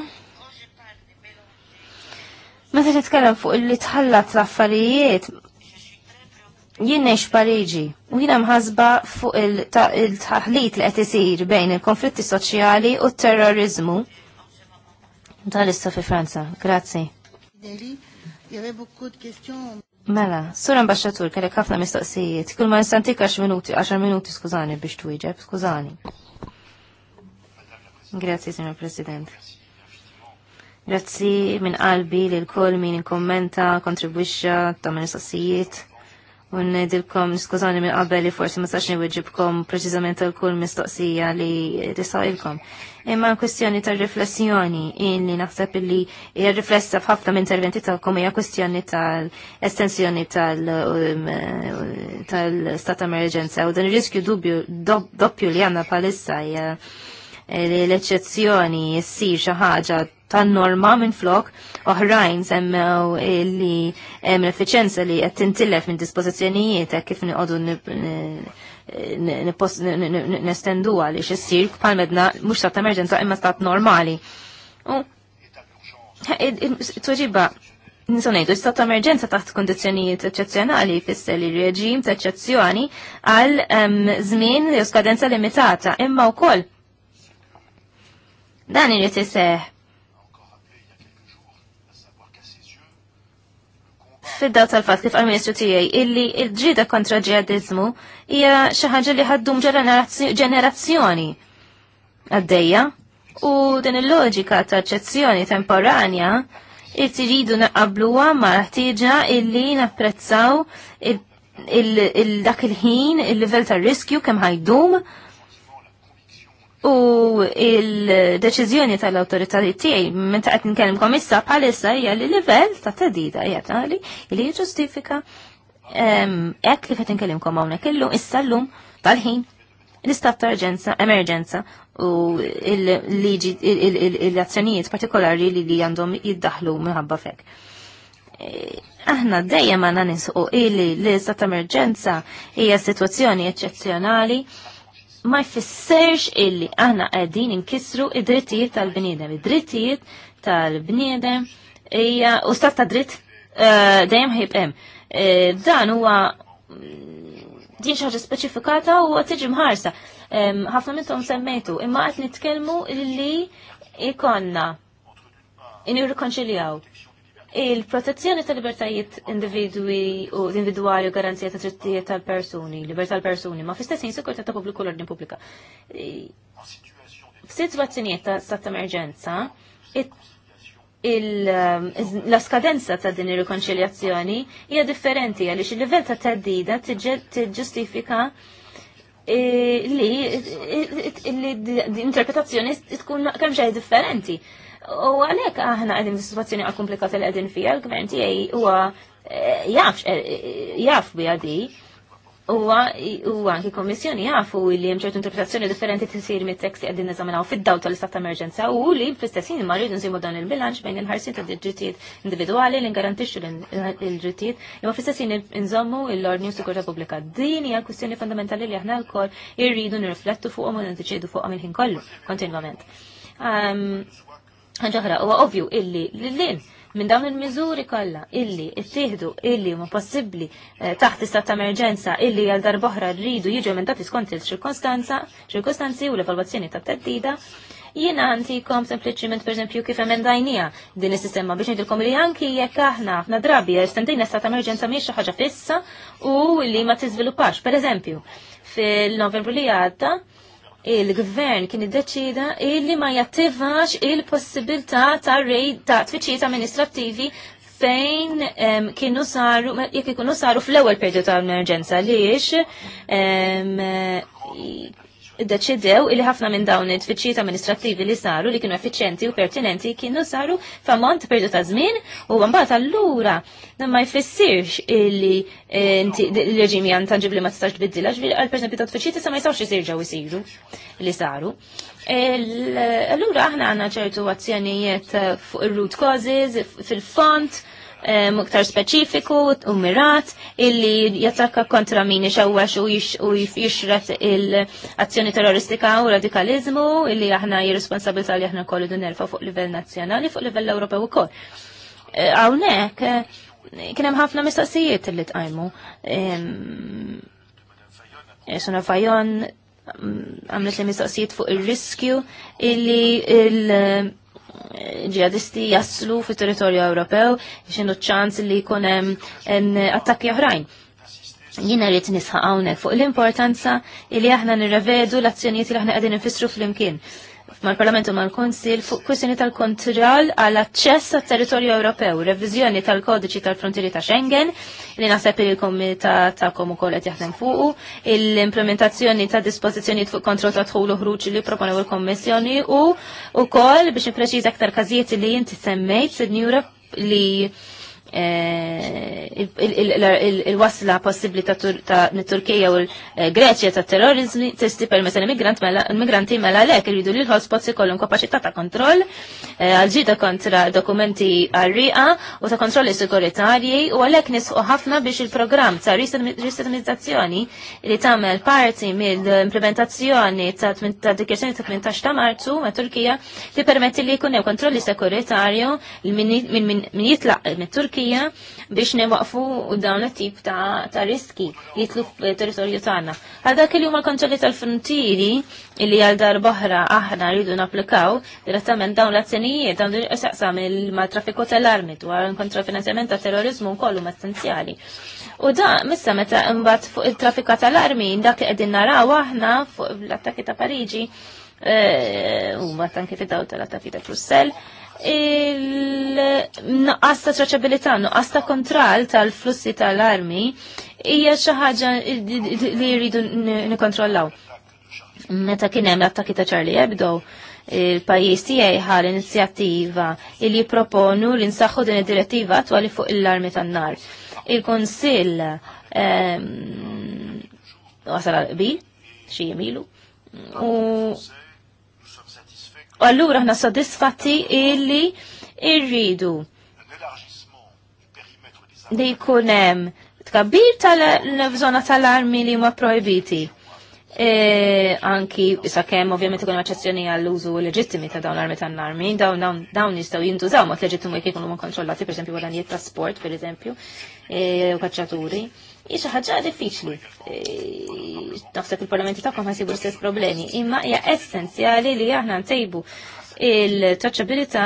Meta titkellem fuq li tħallat l-affarijiet jien nex Pariġi u jien mħasba fuq il-taħlit li qed isir bejn il-konflitti soċjali u t-terrorizmu tal fi Franza. Grazzi. Mela, sur ambasċatur, kellek ħafna mistoqsijiet, kull ma nistantik 10 minuti, 10 minuti skużani biex twieġeb, skużani. Grazzi, signor President. Grazzi minn qalbi li l-koll min kommenta, kontribwisċa, ta' mistoqsijiet. U nidilkom niskużani minn qabel li forsi ma sax niwġibkom preċiżament l-kull mistoqsija li risailkom. Imma l-kwestjoni ta' riflessjoni illi naħseb illi riflessa f'ħafna minn interventi tagħkom hija kwestjoni tal-estensjoni um, eh, tal-stat emerġenza u dan ir-riskju dubju doppju li għandna bħalissa hija eh, li l-eċċezzjoni ssir xi ħaġa tan-norma minn flok oħrajn semmew li hemm l-effiċenza li qed tintilef minn dispożizzjonijiet kif niqogħdu nestendu għal ix issir bħal medna mhux stat emerġenza imma stat normali. Tweġiba, nisonajdu, stat emerġenza taħt kondizjonijiet eccezzjonali fisser li reġim ta' eccezzjoni għal żmien jew skadenza limitata imma wkoll. Dan irid iseħ fid-daw tal-fatt kif għal-Ministru tiegħi illi il ġrida kontra ġihadizmu hija xi ħaġa li ħaddum ġenerazzjoni għaddejja u din il-loġika ta' ċezzjoni temporanja il-tiridu naqabluha ma' ħtijġa illi napprezzaw il-dak il-ħin il-livell tar-riskju kemm ħajdum U il-deċizjoni tal-autoritajiet tiegħi meta qed nkellem issa bħalissa hija li livell ta' tedida hija tali li jiġġustifika hekk li qed inkellimkom hawnhekk illum issa llum tal-ħin l-istat ta' emerġenza u l-liġi l-azzjonijiet partikolari li li għandhom jiddaħlu minħabba fek. E, aħna dejjem għandna nisqu li l-istat ta' emerġenza hija situazzjoni eċċezzjonali ma jfissirx illi aħna qegħdin inkisru id-drittijiet tal-bniedem. Id-drittijiet tal-bniedem hija u stat ta' dritt eh, dejjem ħib hemm. Eh, dan huwa mm, din xaġa speċifikata u tiġi mħarsa. Ħafna minnhom semmejtu, imma qed nitkellmu illi ikonna in irrikonċiljaw il-protezzjoni ta' libertajiet individwi u individwali u garanzija ta' drittijiet tal-persuni, libertà tal-persuni, ma fl-istess ħin ta' pubbliku l-ordni pubblika. F'sitwazzjonijiet ta' stat emerġenza, um, la skadenza ta' din ir-rikonċiljazzjoni hija differenti għaliex il-livell ta' teddida tiġġustifika e, li e, e, l-interpretazzjoni tkun kemm differenti. U għalek aħna għedin situazzjoni għal komplikata li għedin fija, l-gvern tijaj huwa eh, jaf, eh, eh, jaf bi għadi, u anki kommissjoni jafu li hemm ċertu interpretazzjoni differenti t-sir mit-tekst li qegħdin u fid-daw tal-istat ta' emerġenza u li fl-istessin marri rridu nsibu dan il-bilanċ bejn il-ħarsin ta' drittijiet individwali li ngarantixxu l-drittijiet imma fl-istessin nżommu l-ordni u sigurtà pubblika. Din hija kwistjoni fundamentali li aħna l-kol irridu nirriflettu fuqhom u niddeċiedu fuqhom il-ħin kollu kontinwament ħanġaħra, huwa ovvju illi l-lin minn dawn il-miżuri kollha illi ittieħdu illi huma possibbli eh, taħt istat ta' emerġenza illi għal darboħra rridu jiġu emendati skont il-ċirkostanza, ċirkostanzi u l evalvazzjoni ta' teddida, jiena għantikom sempliċiment perżempju kif emendajnija din is-sistema biex ngħidilkom li anki jekk aħna ħafna drabi estendejna stat emerġenza mhijiex xi ħaġa fissa u li ma tiżviluppax. Pereżempju, fil-Novembru li għadda il-gvern kien iddeċida illi ma jattivax il-possibilità ta' rej ta' tfittxijiet amministrattivi fejn um, kienu saru, jekk ikunu saru fl-ewwel periodu ta' emerġenza liex um, deċidew li ħafna minn dawn it-tfittxijiet amministrattivi li saru li kienu effiċenti u pertinenti kienu saru f'ammont perdu ta' żmien u mbagħad allura dan ma jfissirx li eh, l-reġimi tangibli ma tistax tbiddilha ġifieri għal pereżempju ta' tfittxijiet issa ma jistgħux isirġgħu isiru li saru. Allura aħna għandna ċertu azzjonijiet fuq ir-root causes fil-font muktar um, speċifiku u mirat illi jattakka kontra min ixawwax u jixret il-azzjoni terroristika u radikalizmu illi aħna jirresponsabilta li aħna kollu nerfa fuq livell nazzjonali fuq livell Ewropew u eh, Hawnhekk eh, kien hemm ħafna mistoqsijiet li tqajmu. Eh, Suna Fajon mm, għamlet li mistoqsijiet fuq ir-riskju illi il- ġihadisti jaslu fit territorju Ewropew xinu ċans li jkunem attakki oħrajn. Jina rrit nisħa għawnek fuq l-importanza li aħna nirrevedu l-azzjonijiet li aħna għedin nfissru fl-imkien mal-Parlamentu mal-Konsil fuq kwistjoni tal-kontroll għall aċċess għat territorju Ewropew, reviżjoni tal-kodiċi tal-frontieri ta' Schengen, li naħseb il komita ta' komu kollet jaħdem fuqu, l-implementazzjoni ta' dispożizzjoni fuq kontroll ta' tħul u ħruġ li proponew il-Kommissjoni u u biex nippreċiż aktar każijiet li jinti semmejt, Europe li Eh, il-wasla possibli ta' Turkija u l-Greċja eh, ta' terrorizmi testi permessa l-immigranti mela, mela lek irridu li l-hotspots ikollhom kapaċità ta' kontroll eh, għal-ġida kontra dokumenti għarriqa u ta' kontrolli sekuritarji u għalhekk nisqu ħafna biex il-programm ta' risetmizzazzjoni li tagħmel parti mill-implementazzjoni ta' dikjazzjoni ta' 18 ta' Marzu ma' Turkija li permetti li kunne kontrolli sekuritarju minn jitlaq mit-Turkija Ewropeja biex newaqfu dawn it-tip ta', ta riski jitlu territorju tagħna. Għal dak li huma kontrolli tal-frontieri li għal dar boħra aħna rridu napplikaw direttament dawn l-azzjonijiet għandu saqsam ma' traffiku tal-armi dwar kontra finanzjament ta' terrorizmu kollu essenzjali. U da, missa meta imbat fuq il traffika tal-armi, dak li qegħdin naraw aħna fuq l-attakki ta' Pariġi, eh, u ma tanki fi daw tal-attakki ta' Brussell, il-nuqqas ta' traċabilità, nuqqas ta' kontroll tal-flussi tal-armi hija xi ħaġa li jridu nikkontrollaw. Meta kien hemm l-attakki ta' Charlie Hebdo, il-pajjiż tiegħi ħal inizjattiva li jipproponu li nsaħħu din id-direttiva attwali fuq l-armi tan-nar. il kunsill ehm, wasal għal qbil xi jemilu U allura ħna sodisfatti illi irridu li jkun hemm tkabbir tal-żona tal-armi li huma proibiti. E, anki issa kemm ovvjament ikun eċċezzjoni għall-użu leġittimi ta' dawn l-armi tan-armi, dawn dawn jistgħu jintużaw mod leġittimi jekk ikunu kontrollati pereżempju għalanijiet ta' sport pereżempju, e, u e, kaċċaturi hija xi ħaġa diffiċli. Eh, naħseb il-parlamenti tagħkom ħasibu l-istess problemi, imma hija essenzjali li aħna ntejbu il-taċċabilità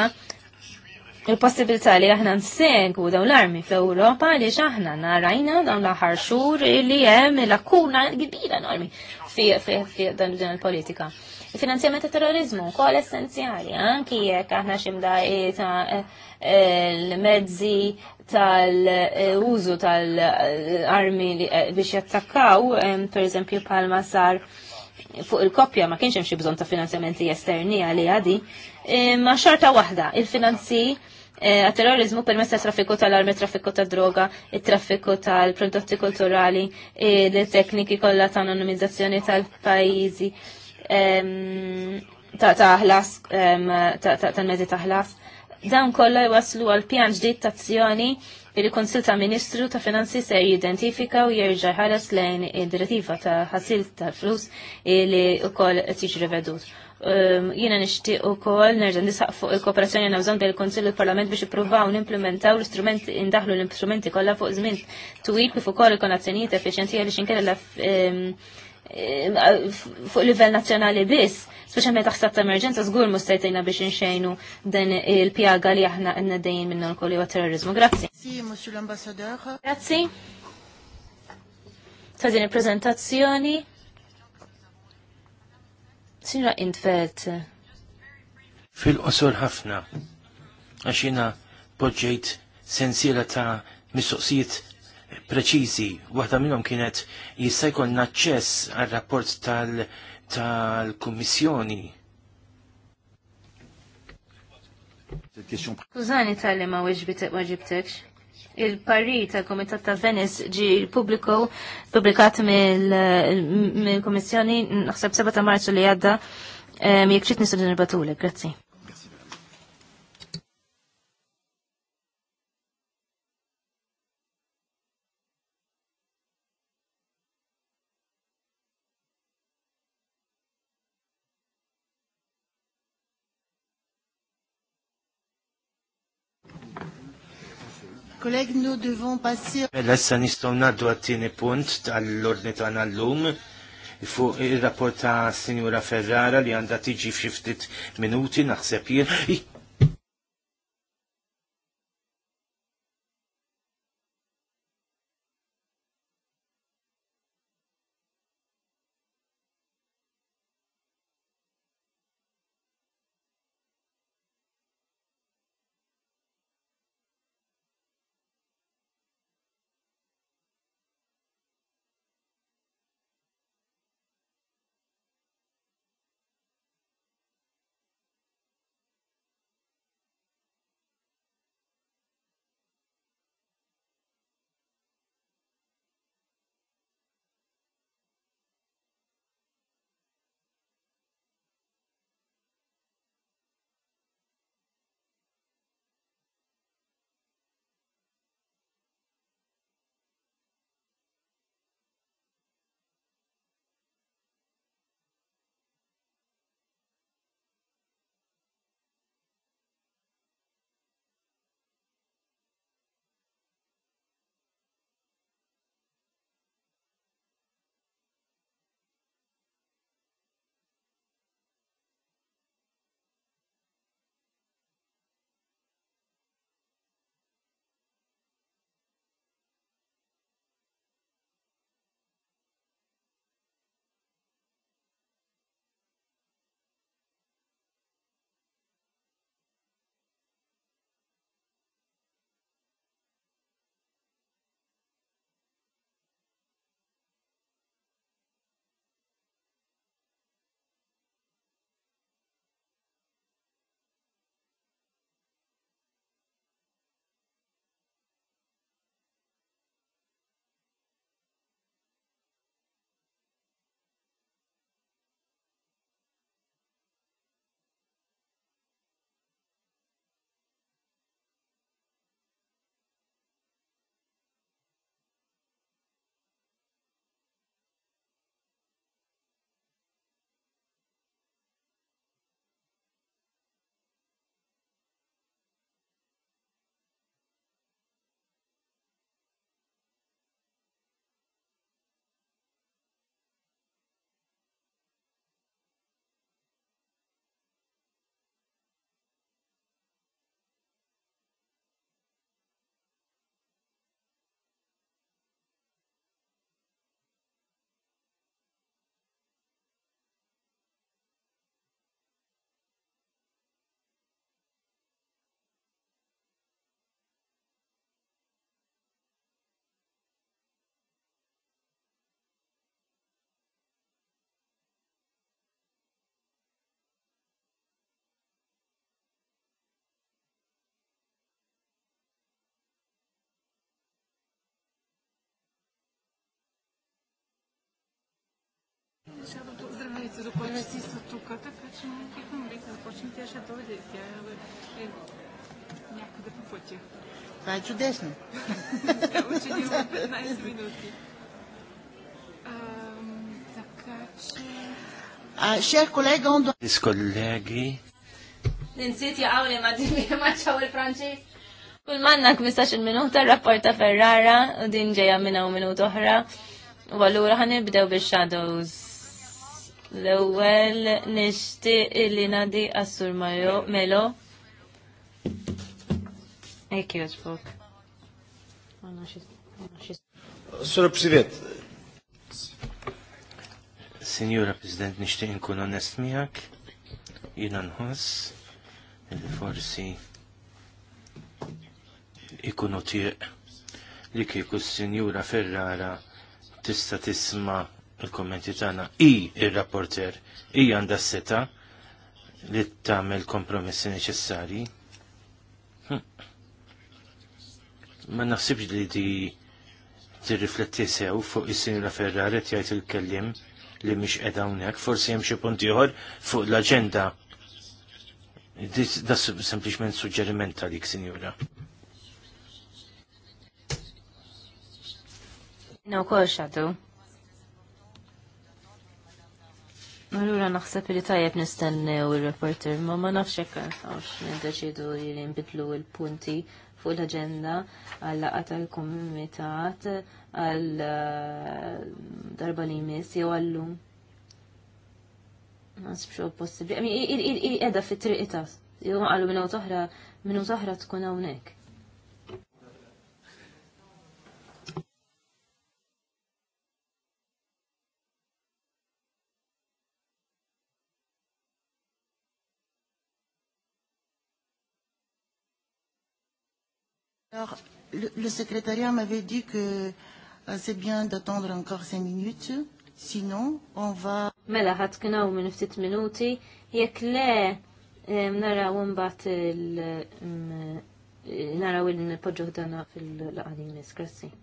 il-possibilità li aħna nsegwu dawn l-armi fl-Ewropa li aħna narajna dawn l-aħħar xhur li hemm lakuna kbira normi fi dan il-politika. Il-finanzjament ta' terrorizmu kol essenzjali, anki jekk aħna x'imda e ta' e, e, l-mezzi tal-użu tal-armi biex jattakkaw, per eżempju palma sar fuq il-koppja ma kienx hemm xi bżonn ta' finanzjamenti esterni għali għadi, ma xorta waħda, il-finanzi għat-terrorizmu permess ta' traffiku tal-armi, traffiku tal droga, traffiku tal-prodotti kulturali, le tekniki kollha ta' anonimizzazzjoni tal-pajjiżi ta' ta' ħlas ta' ta' ħlas. Dawn kollha jwaslu għal pjan ġdid ta' azzjoni li konsil ta' Ministru ta' Finanzi se jidentifika u jerġa' ħares lejn id-direttiva ta' ħasil ta' flus li wkoll tiġi rivedut. Jiena nixtieq ukoll nerġa' nisaq fuq il-kooperazzjoni bżonn bejn il kunsill u l-Parlament biex ippruvaw nimplementaw l-istrumenti indaħlu l-istrumenti kollha fuq żmien twil kif ukoll ikun azzjonijiet effiċjenti għaliex inkella fuq livell nazzjonali biss, speċjalment taħsab ta' emerġenza żgur mustajtejna biex inxejnu dan il-pjaga li aħna għandna dejjem minnu l-kolli huwa terrorizmu. Grazzi. Grazzi. Ta' din il-preżentazzjoni. Sinra Intfeld. Fil-qosor ħafna, għaxina poġġejt sensiela ta' mistoqsijiet preċiżi. Waħda minnhom kienet jista' jkollna aċċess għal rapport tal-Kummissjoni. Kużani tal-li ma weġibtekx. Il-parri tal-Komitat ta' Venice ġi pubbliku publikat mill-Kommissjoni naħseb 7 ta' Marzu li għadda jekk jekċitni s-sodin il Grazzi. collègues, nous devons passer... Mela issa nistgħu ngħaddu għat-tieni punt tal-ordni tagħna llum fuq ir-rapport ta' Sinjura Ferrara li għandha tiġi f'xi ftit minuti naħseb jien. да чудесно. Само, че шер колега, он... С коллеги. Ninsit jaqaw li ma dimmi ma ċaw il-Franċis. Kull manna 15 minuta минута, Ferrara u din ġeja minna u minuta oħra. U għallura ħanibdew bil-shadows. L-ewwel nixtieq illi nadi għas-Sur Melo. Hekk jogħġbok. Sur President. Sinjura President, nixtieq inkun onest miegħek. Jiena nħoss illi forsi ikunu tieq li kieku s Ferrara tista tisma' il-kommenti tagħna i il rapporter i għandha s-seta li tagħmel kompromissi neċessari. Hm. Ma naħsibx li di t-rifletti sew fuq is-sinjura Ferrari jgħid il-kellim li mhix edha hawnhekk, forsi hemm xi punti ieħor fuq l agenda Da suġġerimenta suġġeriment talik, sinjura. No, kol xatu. Allura naħseb li tajjeb nistennew ir reporter ma ma nafx hekk għax niddeċidu li nbidlu l-punti fuq l-aġenda għal laqgħa tal-kumitat għal darba li jmiss jew għallum. Ma nsibx possibbli. Qiegħda fit-triq tas. Jew qalu minnu toħra minnu toħra tkun hawnhekk. Alors, le, le secrétariat m'avait dit que euh, c'est bien d'attendre encore 5 minutes, sinon on va... Mela, ħat knaw minn ftit minuti, jekk le naraw mbagħad il naraw il-poġġu dana fil-laqgħa grazie.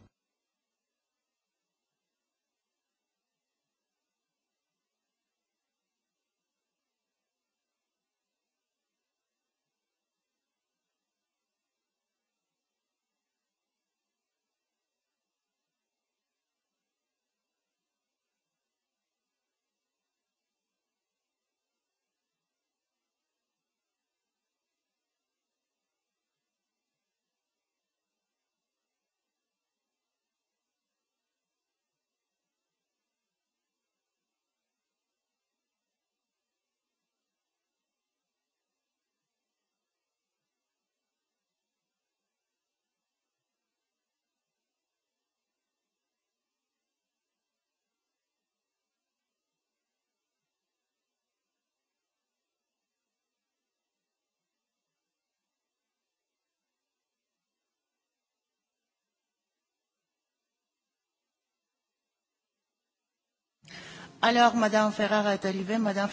Alors, Madame Ferrara est arrivée, Madame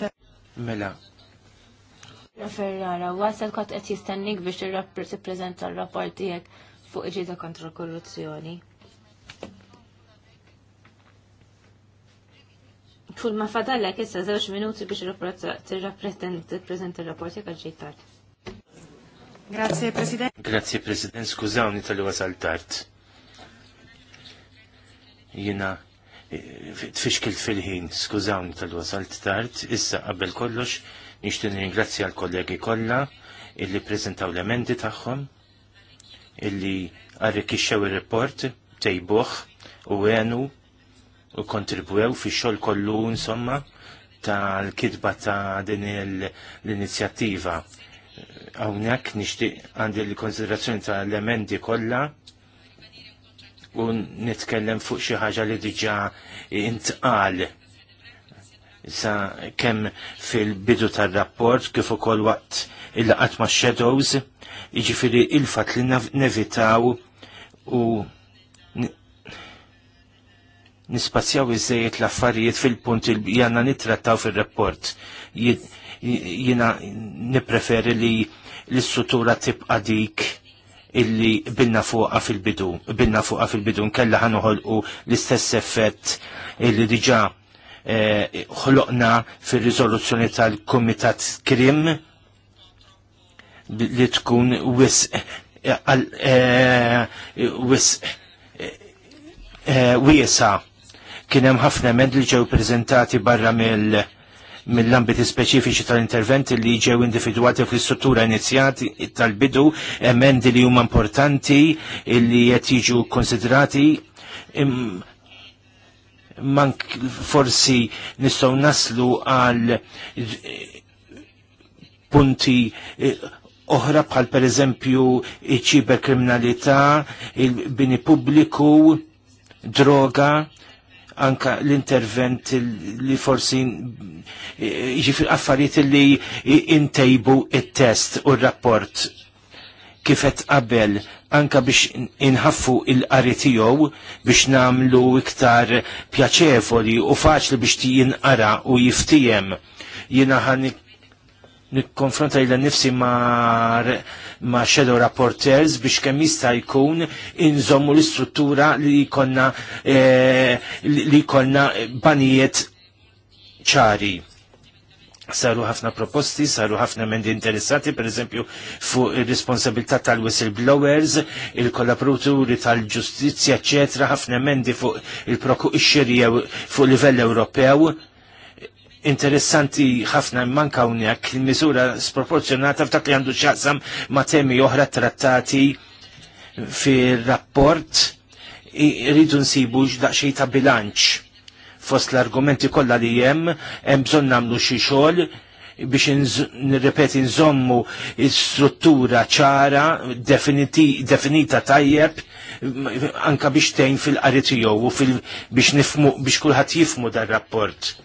mela. Ferrara. Mela. Ferrara, wasal kot qed jistennik biex tippreżenta r-rapport tiegħek fuq iġieda kontra korruzzjoni. Kull ma fadallek issa żewġ minuti biex tirrappreżenta r-rapport tiegħek għal tard. Grazie President. Grazie President, skużawni tal-li wasal tard. Jina tfixkil fil-ħin, skużawni tal-wasalt tard, issa qabel kollox nixtieq ringrazzja l-kollegi kollha illi prezentaw l-emendi tagħhom, illi arrikkixxew ir-report tejbuh u għenu u kontribwew fi xogħol kollu insomma tal-kidba ta' din l-inizjattiva. Hawnhekk nixtieq għandi l-konsiderazzjoni tal-emendi kollha u nitkellem fuq xi ħaġa li diġà intqal sa kemm fil-bidu tar-rapport kif ukoll waqt il-laqat ma' shadows jiġifieri il-fatt li nevitaw u nispazjaw iżejjed l-affarijiet fil-punt janna nittrattaw fil-rapport. Jina nipreferi li l istruttura tibqa dik illi binna fuqa fil-bidu, binna fuqa fil-bidu nkella ħanuħolqu l-istess effett illi diġa eh, ħloqna e, fil-rizoluzzjoni tal-Komitat Krim li tkun wis eh, eh, wis wiesa kien hemm ħafna emend li ġew prezentati barra mill- mill-ambiti speċifiċi tal-interventi li ġew individwati fl-istruttura inizjati tal-bidu emendi li huma importanti li qed jiġu konsiderati man forsi nistgħu naslu għal punti eh, oħra bħal per eżempju kriminalità, il-bini pubbliku, droga, anka l-intervent li forsi eh, ġifir affarijiet li intejbu il-test u r-rapport kifet qabel anka biex inħaffu il-qari tiegħu biex namlu iktar pjaċevoli u faċli biex ti jinqara u jiftijem jina ħanik nikkonfronta ila nifsi ma, ma shadow rapporters biex kemm jista' jkun inżommu l-istruttura li konna eh, li konna banijiet ċari. Saru ħafna proposti, saru ħafna mendi interessati, per eżempju, fuq responsabilità tal-whistleblowers, il-kollaboraturi tal-ġustizja, eccetera, ħafna mendi fuq il-proku ix fu fuq livell Ewropew interessanti ħafna manka unjak il-misura sproporzjonata f'dak li għandu xaqsam ma' temi oħra trattati fil-rapport rridu nsibu xdaqxej ta' bilanċ fost l-argumenti kollha li hemm hemm bżonn nagħmlu xi xogħol biex nirrepeti nżommu struttura ċara definita tajjeb anka biex tejn fil-qari tiegħu u biex nifmu biex kulħadd jifmu dar rapport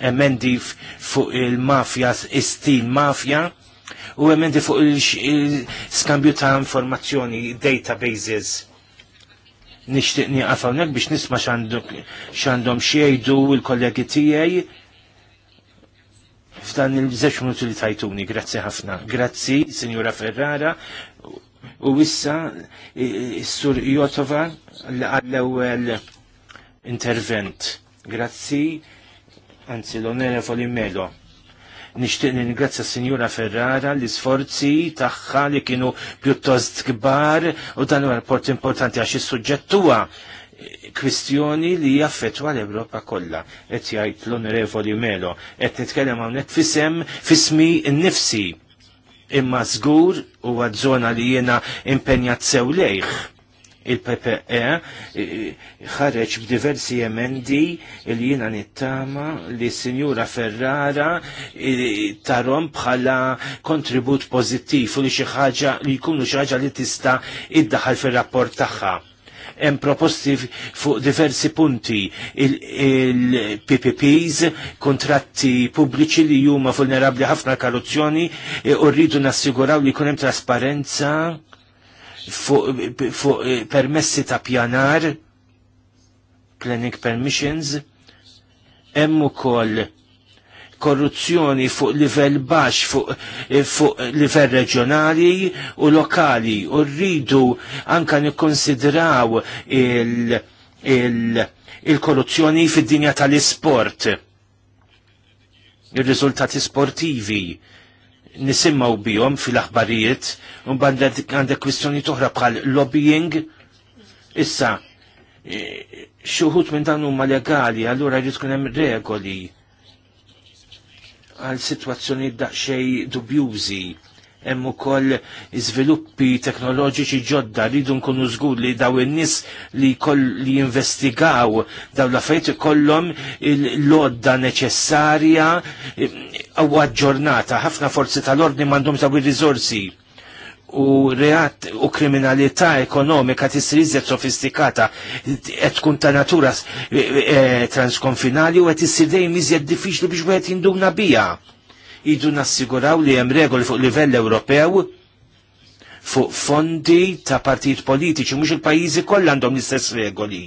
emendi fuq il-mafja, istil mafja, u emendi fuq il-skambju ta' informazzjoni, databases. Nishtiq niqafawnek biex nisma xandom xiejdu il-kollegi tijaj f'dan il-bżeċ minuti li tajtuni, grazzi ħafna. Grazzi, Signora Ferrara, u wissa s-sur Jotova l-ewel intervent. Grazzi anzi l-onerevoli Melo. Nishtiq ningrazzja Sinjura Ferrara l isforzi tagħha li kienu pjuttost kbar u dan huwa rapport importanti għax is-suġġett huwa kwistjoni li jaffetwa l-Ewropa kollha. Qed jgħid l onorevoli Melo, qed nitkellem hawnhekk fisem fismi nnifsi imma żgur huwa żona li jiena impenjat sew lejh il-PPE ħareġ b'diversi emendi li jina nittama li Sinjura Ferrara tarom bħala kontribut pozittiv u li xi ħaġa li jkunu xi ħaġa li tista' iddaħal fir-rapport tagħha hemm proposti fuq diversi punti il-PPPs, il kontratti pubbliċi li huma vulnerabbli ħafna karruzzjoni e u rridu nassiguraw li jkun hemm trasparenza fuq eh, permessi ta' pjanar, clinic permissions, hemm ukoll korruzzjoni fuq livell baxx, fuq, eh, fuq livell reġjonali u lokali, u rridu anka nikkonsidraw il-korruzzjoni il, il fid-dinja tal-isport, il-riżultati sportivi nisimmaw bihom fil-aħbarijiet, un għandek kwistjoni toħra bħal lobbying, issa, e, xuħut minn dan huma legali, allura jrid tkun hemm regoli għal situazzjoni daqxej dubjużi. Hemm ukoll iżviluppi teknoloġiċi ġodda rridu nkunu żgur li daw in-nies li koll li jinvestigaw daw l-affarijiet ikollhom il-lodda neċessarja u ġurnata ħafna forzi tal-ordni mandum ta' rizorsi u reat u kriminalità ekonomika tisir iżjed sofistikata qed tkun ta' natura e, e, transkonfinali u qed isir dejjem iżjed diffiċli biex wieħed jinduna bija. Idu nassiguraw li hemm regoli fuq livell Ewropew fuq fondi ta' partit politiċi mhux il-pajjiżi kollha għandhom l-istess regoli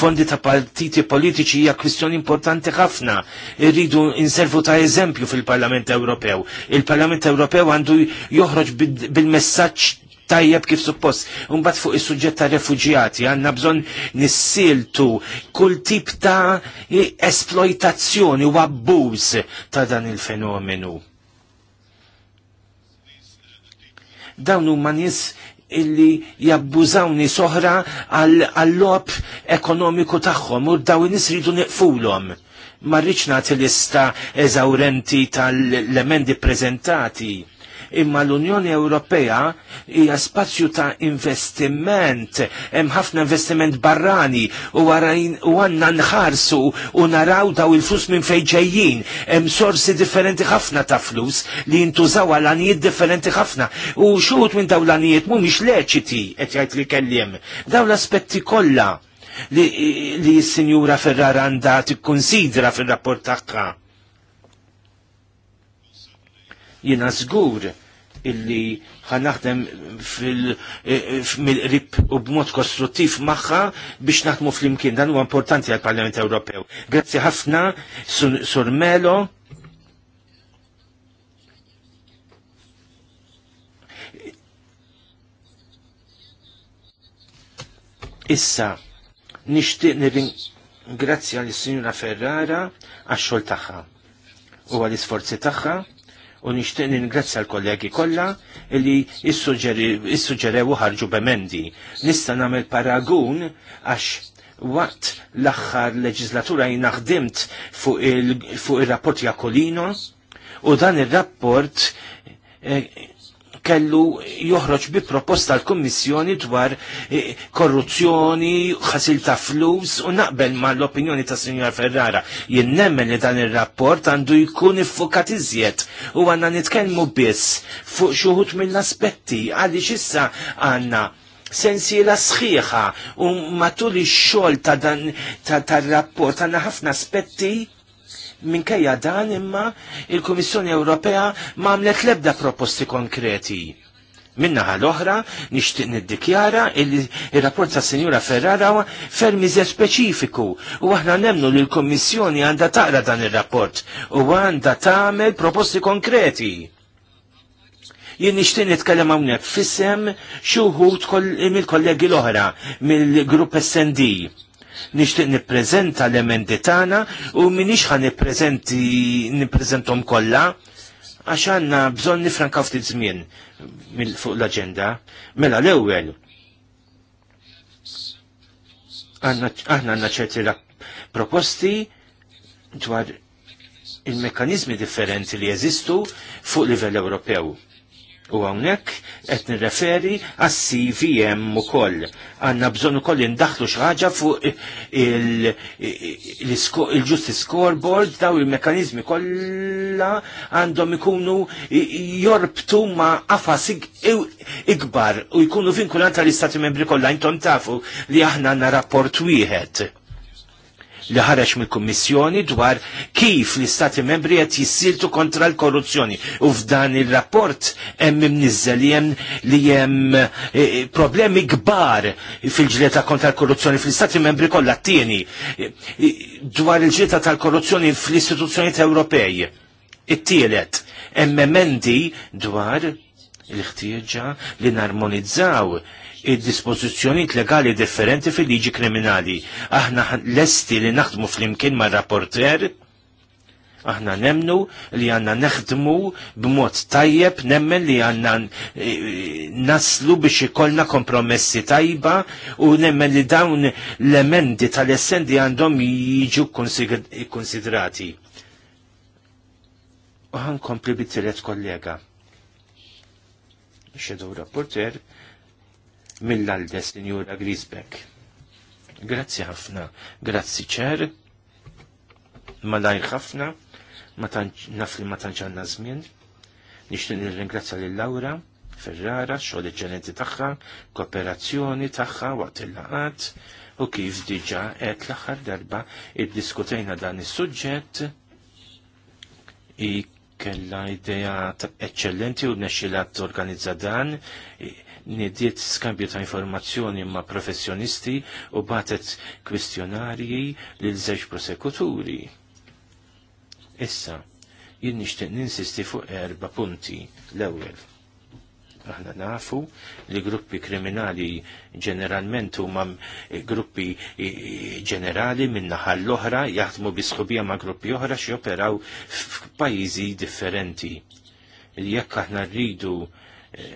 fondi ta' partiti politiċi hija kwistjoni importanti ħafna. Irridu inservu ta' eżempju fil-Parlament Ewropew. Il-Parlament Ewropew għandu joħroġ bil-messaġġ tajjeb kif suppost. Umbat fuq is-suġġett ta' refugjati għandna bżonn nissiltu kull tip ta' esploitazzjoni u abbuż ta' dan il-fenomenu. Dawn huma nies illi jabbużawni soħra għall-lob ekonomiku tagħhom u daw isridu ridu Ma rridx nagħti lista eżawrenti tal-elementi prezentati imma l-Unjoni Ewropea hija spazju ta' investiment, hemm ħafna investiment barrani u għanna nħarsu u naraw daw il-flus minn fejġejjin, hemm sorsi differenti ħafna ta' flus li jintużaw għal-għanijiet differenti ħafna u xuħut minn daw l-għanijiet mhumiex leċiti qed jgħid li kelliem. Daw l-aspetti kollha li, s-sinjura Ferrara għanda tikkonsidra fil-rapport tagħha. Jina żgur illi ħanaħdem fil-rib eh, eh, u b'mod kostruttiv magħha biex naħdmu fl-imkien. Dan huwa importanti għall parlament Ewropew. Grazzi ħafna, Sur Melo. Issa, nixtieq nirringrazzja għal sinjura Ferrara għax-xogħol tagħha u għal isforzi tagħha u nixtieq ningrazzja l-kollegi kollha li issuġġerew ħarġu b'emendi. Nista' nagħmel paragun għax waqt l-aħħar leġislatura jinaħdimt fuq il-rapport Jakolino u dan ir-rapport eh, kellu joħroġ bi proposta l-Kummissjoni dwar eh, korruzzjoni, ħasil ta' flus u naqbel ma' l-opinjoni ta' Sinjor Ferrara. Jien nemmen li dan ir-rapport għandu jkun iffukat iżjed u għandna nitkellmu biss fuq xuħut mill-aspetti għaliex issa għandna sensiela sħiħa u matul ix-xogħol ta' dan ta' rapport għandna ħafna aspetti minkejja dan imma il-Kummissjoni Ewropea ma għamlet lebda proposti konkreti. Minna l-oħra nixtieq niddikjara il-rapport ta' Sinjura Ferrara fermi ze speċifiku u aħna nemnu li l komissjoni għandha taqra dan ir-rapport u għandha tagħmel proposti konkreti. Jien nixtieq nitkellem hawnhekk fissem xi wħud mill-kollegi l-oħra mill-grupp SND nixtieq nippreżenta l-emendi tagħna u minix ħa nippreżenti nippreżentom kollha għax għandna bżonn nifranka ftit żmien fuq l-aġenda. Mela l-ewwel aħna għandna ċerti proposti dwar il mekanizmi differenti li jeżistu fuq livell Ewropew U hawnhekk qed nirreferi għas-CVM ukoll. koll. bżonn ukoll indaħlu xi ħaġa fuq il-Justice Scoreboard daw il-mekkaniżmi kollha għandhom ikunu jorbtu ma' għafas ikbar u jkunu vinkulanta l istati membri kollha jintom tafu li aħna għandna rapport wieħed li ħareġ mill-Kummissjoni dwar kif l-Istati membri qed jissiltu kontra l-korruzzjoni. U f'dan ir-rapport hemm imniżel li hemm li hemm eh, eh, problemi kbar fil-ġlieta kontra l-korruzzjoni fl-Istati membri kollha tieni eh, dwar il-ġlieta tal-korruzzjoni fl-istituzzjonijiet Ewropej. It-tielet, emmemendi dwar l-ħtieġa li narmonizzaw id-dispożizzjonijiet legali differenti fil-liġi kriminali. Aħna lesti li naħdmu fl-imkien ma' rapporter, aħna nemnu li għanna neħdmu b'mod tajjeb, nemmen li għanna e, naslu biex ikollna kompromessi tajba u nemmen li dawn l-emendi tal-essendi għandhom jiġu konsidrati. U għan kompli bittiret kollega. Xedur rapporter, mill-Aldes, Sinjura Grisbeck. Grazzi ħafna, grazzi ċer, malajr ħafna, naf li ma tanċanna żmien, nixtieq nirringrazzja lil Laura Ferrara, xogħol ġenenti tagħha, kooperazzjoni tagħha waqt il-laqat u kif diġà et l-aħħar darba iddiskutejna dan is-suġġett i kella idea eccellenti u nexxilat organizza dan nidiet skambju ta' informazzjoni ma' professjonisti u batet kwistjonarji lil żewġ prosekuturi. Issa, jien nixtieq ninsisti fuq erba' punti. L-ewwel, aħna nafu li gruppi kriminali ġeneralment huma gruppi ġenerali min-naħa l-oħra jaħdmu bisħubija ma' gruppi oħra operaw f'pajjiżi differenti. Jekk aħna rridu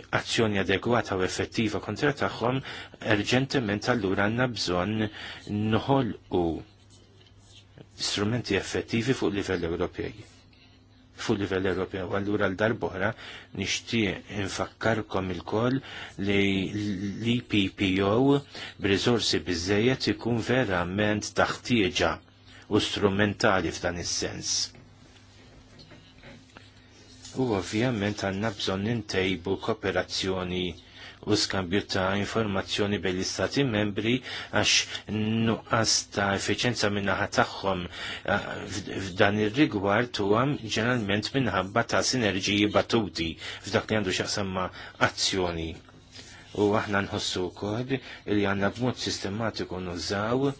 azzjoni adegwata u effettiva kontra tagħhom, urġentement allura għandna bżonn u strumenti effettivi fuq livell Ewropej. Fuq livell u allura l-darbora nixtieq infakkarkom il-koll li l-IPPO b'riżorsi biżejjed ikun verament taħtieġa u strumentali f'dan is-sens U ovvjament għanna bżon nintejbu kooperazzjoni u skambju ta' informazzjoni bejn l-istati membri għax nuqqas ta' efficienza minnaħa tagħhom f'dan ir-rigward huwa ġeneralment minħabba ta' sinerġiji batuti f'dak li għandu x'aqsam ma' azzjoni u aħna nħossu wkoll li għandna b'mod sistematiku nużaw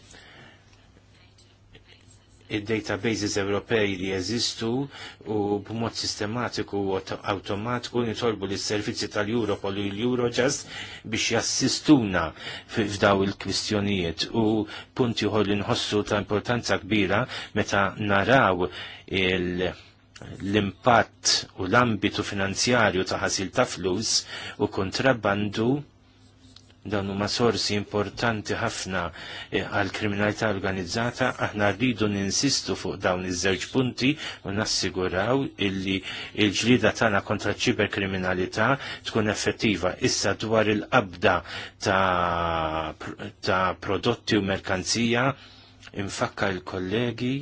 id-databases Ewropej li jeżistu u b'mod sistematiku u automatiku nitolbu lis servizzi tal-Europol u l-Eurojust biex jassistuna f'daw il-kwistjonijiet u punti uħor li nħossu ta' importanza kbira meta naraw il- l-impatt u l-ambitu finanzjarju ta' ħasil ta' flus u kontrabbandu dawn huma sorsi importanti ħafna eh, għal kriminalità organizzata, aħna rridu ninsistu fuq dawn iż-żewġ punti u nassiguraw illi il-ġlida tagħna kontra ċiberkriminalità tkun effettiva. Issa dwar il-qabda ta', ta prodotti u merkanzija infakka l-kollegi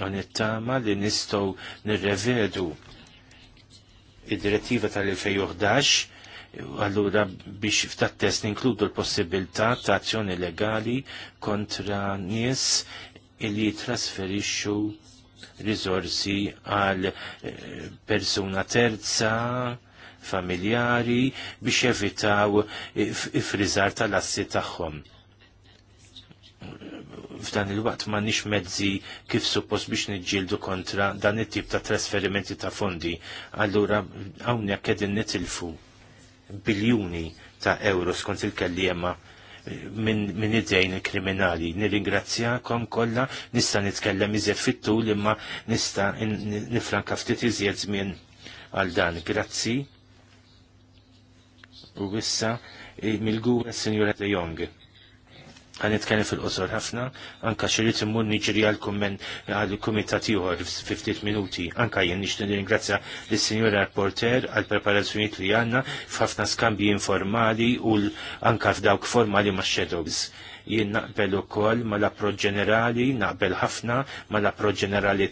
għan it-tama li nistgħu nirrevedu id-direttiva tal-2011 Allura biex f'tat test ninkludu l-possibilità ta' azzjoni legali kontra nies li trasferixxu risorsi għal eh, persuna terza familjari biex evitaw ifriżar tal-assi tagħhom f'dan il-waqt ma nix mezzi kif suppost biex nġildu kontra dan it-tip ta' trasferimenti ta' fondi. Allura, għawnek edin nitilfu biljuni ta' euro skont il jemma minn id idejn il-kriminali. Nirringrazzjakom kollha, nista' nitkellem iżjed fittu imma nista' nifranka ftit iżjed żmien għal dan. Grazzi. U wissa eh, mill-gura Sinjura De Jong għan itkellem fil-qosor ħafna, anka xirrit immur niġri għal-kummen għal-kumitat ieħor 50 minuti. Anka jien nixtieq nirringrazzja lis-Sinjura reporter għall-preparazzjonijiet li għandna f'ħafna skambji informali u anka f'dawk formali ma' shadows. Jien naqbel ukoll mal-approċ ġenerali, naqbel ħafna mal-approċ ġenerali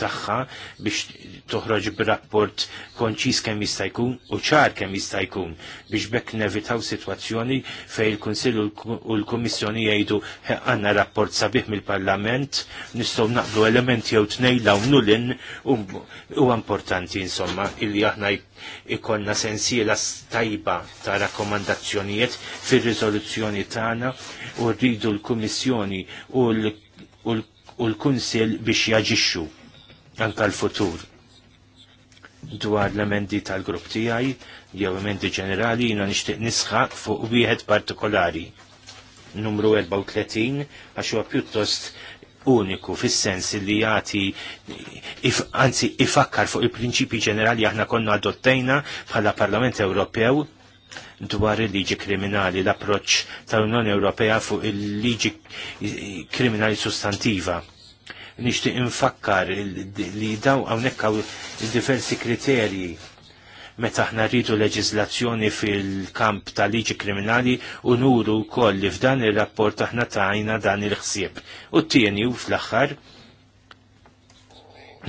taħħa biex toħroġ b'rapport konċis kemm jista' jkun u ċar kemm jista' jkun biex bekk nevitaw sitwazzjoni fejn il-Kunsill u l-Kummissjoni jgħidu għandna rapport sabiħ mill-Parlament nistgħu naqblu elementi jew tnejn law nulin u importanti insomma illi aħna ikonna sensiela stajba ta' rakkomandazzjonijiet fir-riżoluzzjoni tagħna u rridu l-Kummissjoni u l-Kunsil biex jaġixxu anka l-futur dwar l-emendi tal-grupp tiegħi jew emendi ġenerali jiena nixtieq nisħaq fuq wieħed partikolari numru 34 għax huwa pjuttost uniku fis-sens li jagħti if, anzi ifakkar fuq il-prinċipji ġenerali aħna konna adottejna bħala Parlament Ewropew dwar il-liġi kriminali, l-approċċ tal-Unjoni Ewropea fuq il-liġi kriminali sustantiva nixtieq infakkar li daw hawnhekk hawn diversi kriterji meta aħna rridu leġiżlazzjoni fil-kamp ta' liġi kriminali u nuru wkoll li f'dan ir-rapport aħna tajna dan il-ħsieb. U t-tieni u fl-aħħar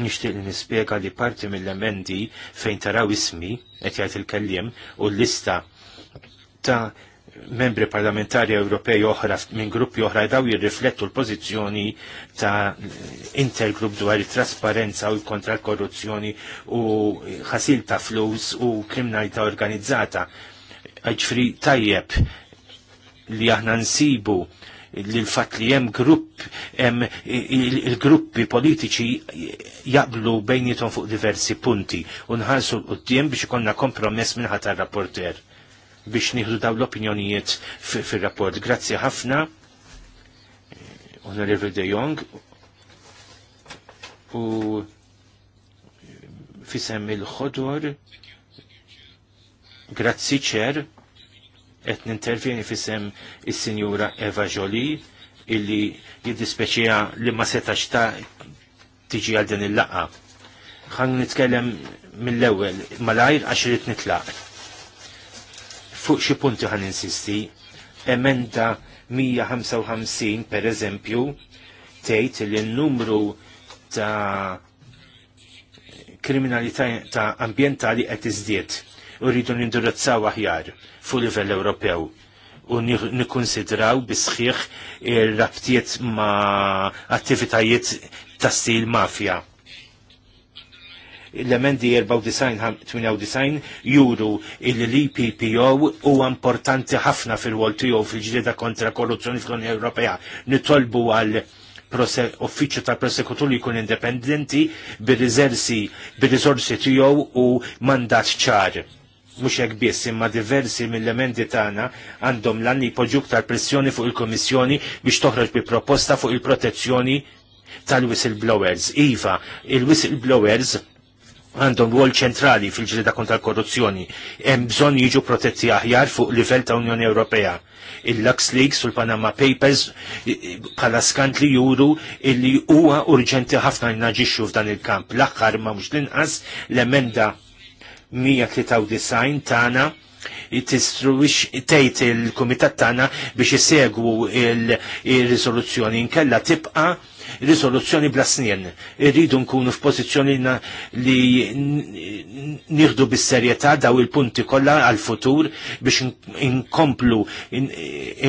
nishtiq li nispjega li parti mill-emendi fejn taraw ismi qed jgħid il-kelliem u l-lista ta' membri parlamentari Ewropej oħra minn gruppi oħra daw jirriflettu l-pożizzjoni ta' intergrupp dwar it-trasparenza u kontra l-korruzzjoni u ħasil ta' flus u kriminalità organizzata. Ġifri tajjeb li aħna nsibu li l-fat li jem grupp, jem il-gruppi politiċi jaqblu bejnietom fuq diversi punti. Unħarsu l-qoddim biex ikonna kompromess minnħat rapporter biex nieħdu daw l-opinjonijiet fil-rapport. Grazzi ħafna, Honorable De Jong, u fisem il ħodur grazzi ċer, et nintervjeni fisem il-Sinjura Eva Jolie, illi jiddispeċija li ma setax ta' tiġi għal din il laqqa Għan nitkellem mill-ewel, malajr għax rrit nitlaq fuq xi punti ħan insisti. Emenda 155 per eżempju tgħid li n-numru ta' kriminalità ta' ambientali qed iżdied u rridu nindirizzaw aħjar fuq livell Ewropew u nikkonsidraw bisħiħ ir-rabtiet ma' attivitajiet ta' stil mafja l-emendi 94-98 juru il-LPPO e u importanti ħafna fil-wol tiegħu fil-ġrieda kontra korruzzjoni fl-Unjoni Ewropea. Nitolbu għal uffiċċju tal prosekutur li jkun indipendenti bir-riżorsi tiegħu u mandat ċar mux jek biss imma diversi mill emendi tagħna għandhom lan li jpoġġu tal pressjoni fuq il-Komissjoni biex toħroġ bi proposta fuq il-protezzjoni tal-whistleblowers. Iva, il-whistleblowers għandhom rwol ċentrali fil-ġlida kontra l-korruzzjoni, hemm bżonn jiġu protetti aħjar fuq livell ta' Unjoni Ewropea. Il-Lux Leaks u l-Panama Papers bħala skant li juru illi huwa urġenti ħafna jnaġixxu f'dan il-kamp. L-aħħar ma mhux linqas l-emenda 193 tagħna jtistruwix tejt il-komitat tagħna biex isegwu il-riżoluzzjoni nkella tibqa' risoluzzjoni bla snien. Irridu nkunu f'pożizzjoni li nieħdu bis-serjetà daw il-punti kollha għal-futur biex inkomplu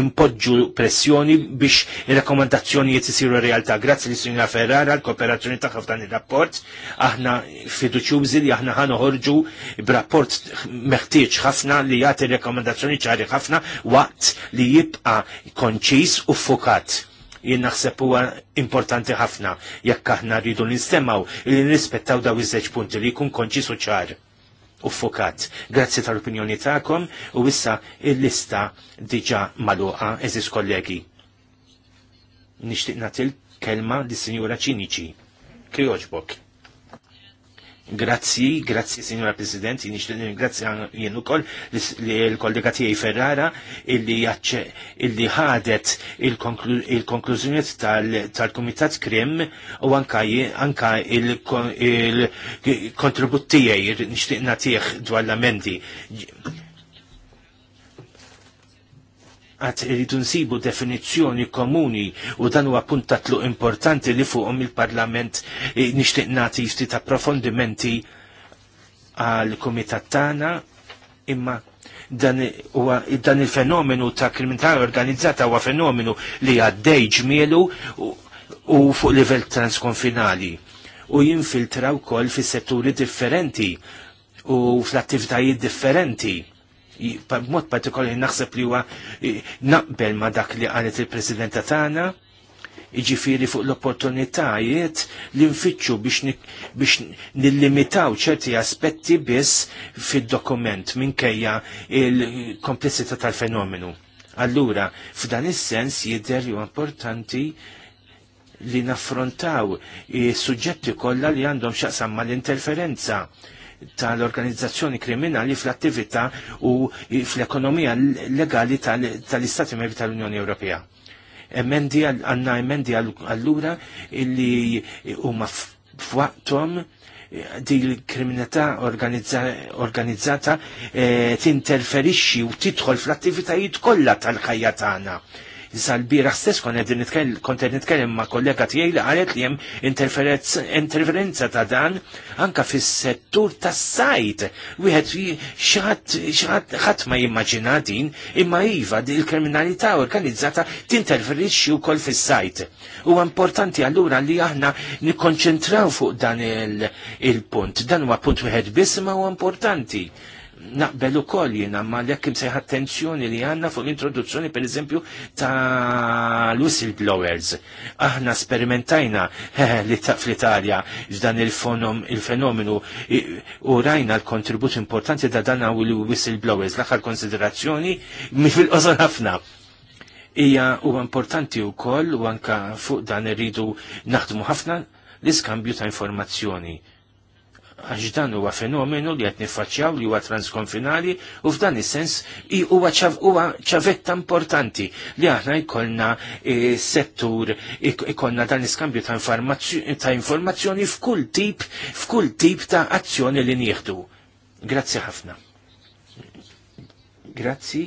impoġġu pressjoni biex ir-rakkomandazzjonijiet isiru realtà. Grazzi li Sinja Ferrara l-kooperazzjoni tagħha f'dan ir-rapport. Aħna fiduċjużi li aħna ħanoħorġu b'rapport meħtieġ ħafna li jagħti rekomandazzjoni ċari ħafna waqt li jibqa' konċis u fukat jien naħseb huwa importanti ħafna jekk aħna rridu nistemaw li nrispettaw daw iż-żewġ punti li jkun konċi suċar u fukat. Grazzi tal-opinjoni tagħkom u issa il-lista diġà magħluqa eżis kollegi. Nixtieq nagħti l-kelma lis-Sinjura Ċiniċi. Kjoġbok. Grazzi, grazzi Signora President, jien ixtin ringrazzja jien li l-kollega tiegħi Ferrara illi illi ħadet il-konklużjonijiet tal-Kumitat Krim u anka il-kontribut tiegħi nixtieq nagħtih dwar l-amendi għat iridu nsibu definizzjoni komuni u dan huwa punt ta' tluq importanti li fuqhom il-Parlament eh, nixtieq nagħti ftit approfondimenti għal kumitat tagħna imma dan, dan il-fenomenu ta' kriminalità organizzata huwa fenomenu li għaddej ġmielu u, fuq livell transkonfinali u jinfiltraw kol fis setturi differenti u fl-attivitajiet differenti mod partikolari naħseb li huwa eh, naqbel ma dak li qalet il-Presidenta tagħna iġifiri fuq l-opportunitajiet li nfittxu biex nillimitaw ċerti aspetti biss fil-dokument minkejja il-komplessità tal-fenomenu. Allura, f'dan is-sens jidher ju importanti li naffrontaw eh, suġġetti kollha li għandhom x'aqsam mal-interferenza tal-organizzazzjoni kriminali fl-attività u fl-ekonomija legali tal-Istati Membri tal-Unjoni Ewropea. Emendi għanna emendi għallura illi huma f'waqthom di l-kriminalità organizzata eh, tinterferixxi u tidħol fl-attivitajiet kollha tal-ħajja tagħna Sal-bira stess kont qed nitkellem ma' kollega tiegħi li qalet li hemm interferenza ta' dan anka fis-settur tas-sajt. Wieħed xi ħadd ma jimmaġina din imma iva il-kriminalità organizzata tinterferixxi wkoll fis-sajt. Huwa importanti allura li aħna nikkonċentraw fuq dan il-punt. Dan huwa punt wieħed biss ma huwa importanti naqbel ukoll jiena ma l-jekk imsejħ attenzjoni li għandna fuq l-introduzzjoni per eżempju ta' whistleblowers. Aħna sperimentajna eh, li ta' fl-Italja ġdan il-fenomenu u rajna l-kontribut importanti ta' dan u l-whistleblowers. L-aħħar konsiderazzjoni mi fil-qosor ħafna hija u importanti u koll u anka fuq dan irridu naħdmu ħafna l-iskambju ta' informazzjoni għax dan huwa fenomenu li qed niffaċċjaw li huwa transkonfinali u f'dan is-sens huwa ċavetta importanti li aħna jkollna e, settur ikollna dan iskambju ta' informazzjoni f'kull tip f'kull tip ta' azzjoni li nieħdu. Grazzi ħafna. Grazzi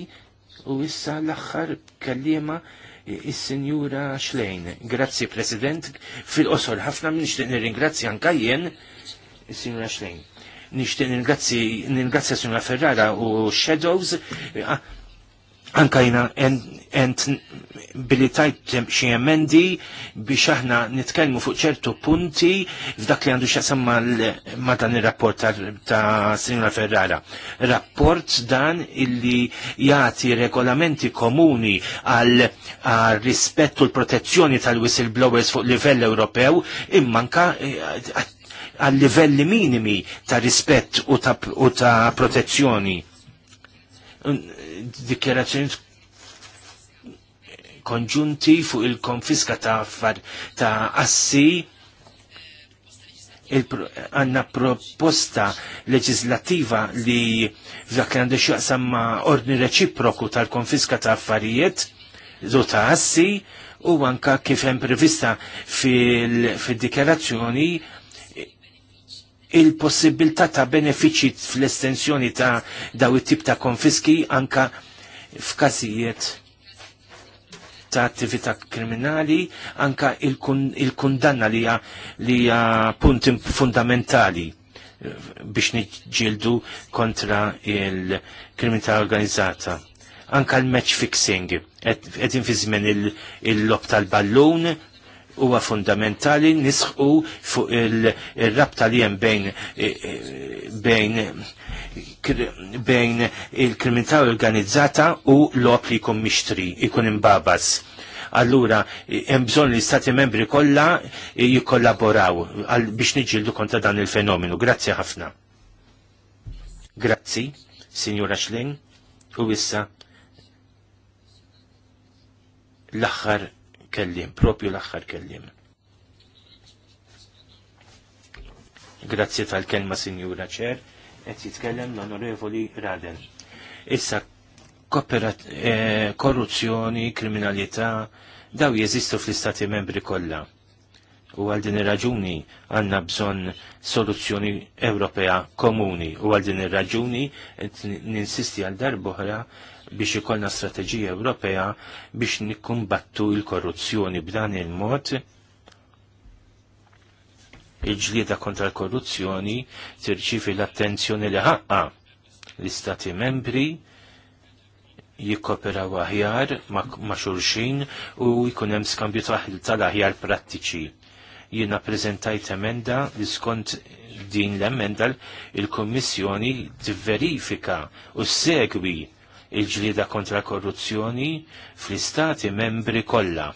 u issa l-aħħar kellima e, is-Sinjura Xlejn. Grazzi President, fil-qosor ħafna minn nirringrazzja anke jien Sinjura Nishti Nishtiq ningrazzja Sinjura Ferrara u Shadows ah, anka jina ent billi tajt xie emendi biex aħna nitkellmu fuq ċertu punti f'dak li għandu xasamma ma dan il-rapport ta', ta Sinjora Ferrara. Rapport dan illi jati regolamenti komuni għal rispettu l-protezzjoni tal-whistleblowers fuq livell Ewropew immanka eh, għal livelli minimi ta' rispett u ta', u ta protezzjoni. Dikjerazzjoni konġunti fuq il-konfiska ta' affar ta' assi għanna proposta leġislativa li dak li għandu xaqsam ma' ordni reċiproku tal-konfiska ta' affarijiet zo ta' assi u anka kif hemm prevista fil-dikjarazzjoni il-possibilità ta' benefiċi fl-estensjoni ta' daw it-tip ta' konfiski anka f'każijiet ta' attività kriminali, anka il-kundanna il li hija punti punt fundamentali eh, biex niġġieldu kontra il-kriminalità organizzata. Anka l-match fixing, qed infizmen il-lob il lob tal ballun huwa fundamentali nisħu fuq il-rabta li jem bejn eh, eh, bejn bejn il-kriminalità organizzata u l-op li jkun mixtri, ikun imbabas. Allura, hemm bżonn li stati membri kollha eh, jikkollaboraw biex niġġieldu kontra dan il-fenomenu. Grazzi ħafna. Grazzi, Signora Xlin, u issa l-aħħar kellim, propju l-axħar kellim. Grazzi tal-kelma, Sinjura Ċer, qed jitkellem l-Onorevoli Raden. Issa eh, korruzzjoni, kriminalità, daw jeżistu fl-istati membri kollha. U għal din ir-raġuni għandna bżonn soluzzjoni Ewropea komuni. U għal din ir-raġuni ninsisti għal darbohra biex ikollna strateġija Ewropea biex nikkumbattu l-korruzzjoni b'dan il-mod il-ġlieda kontra l-korruzzjoni tirċifi l-attenzjoni li ħaqqa l-istati membri jikkoperaw aħjar ma' xulxin u jkun hemm skambju tal-aħjar prattiċi jiena prezentajt emenda li skont din l-emenda il-Kommissjoni tivverifika u segwi il-ġlida kontra korruzzjoni fl-istati membri kollha.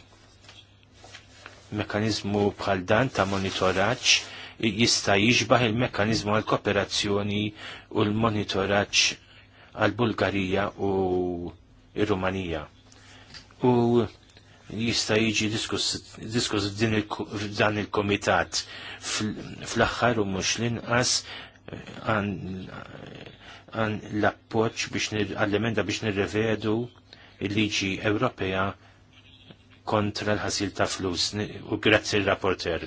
Mekanizmu bħal dan ta' monitoraċ jista' jiġbaħ il-mekkaniżmu għal kooperazzjoni u l-monitoraġġ għal Bulgarija u rumanija U jista' jiġi diskuss f'dan il-komitat fl-aħħar u mhux l-inqas eh, l-appoċ biex għall-emenda biex nirrevedu il-liġi Ewropea kontra l-ħasil ta' flus u grazzi l-rapporter.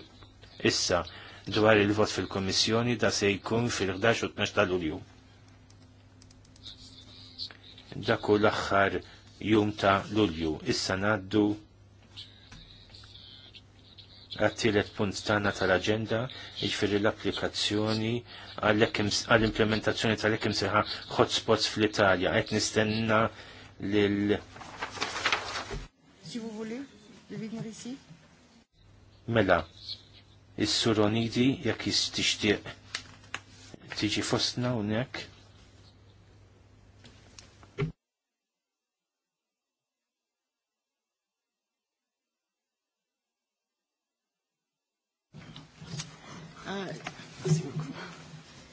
Issa, dwar il-vot fil-Komissjoni da se jkun fil-11 u 12 ta' Lulju. Daku l-aħħar jum ta' Lulju. Issa naddu għattilet punt tagħna tal agenda iġfiri l-applikazzjoni għall-implementazzjoni tal-ekim seħa hotspots fl-Italja. Għet nistenna lil Si vous voulez, de venir ici? Mela, is-suronidi jekk jistixtieq tiġi fostna nek.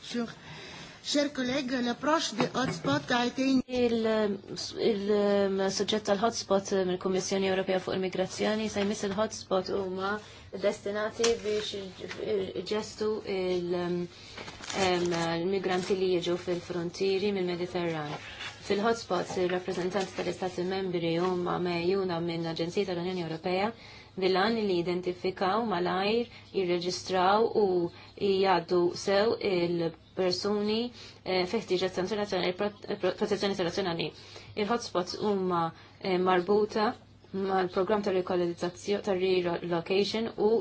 Sur, Xer kolleg, l-approċ di hotspot għajtin. Um, Il-soġġett tal-hotspot mill-Kommissjoni Ewropea fuq il-Migrazzjoni sa jmiss il-hotspot huma destinati biex ġestu um, um, il-migranti li jiġu fil frontiri mill-Mediterran. Fil-hotspots, il-rappresentanti tal-Istati membri huma mejjuna minn Aġenzija tal-Unjoni Ewropea bilan li identifikaw malajr, jirreġistraw u jgħaddu sew il-persuni eh, feħtiġa protezzjoni internazjonali. Il-hotspots huma eh, marbuta mal-programm ta' ta' relocation u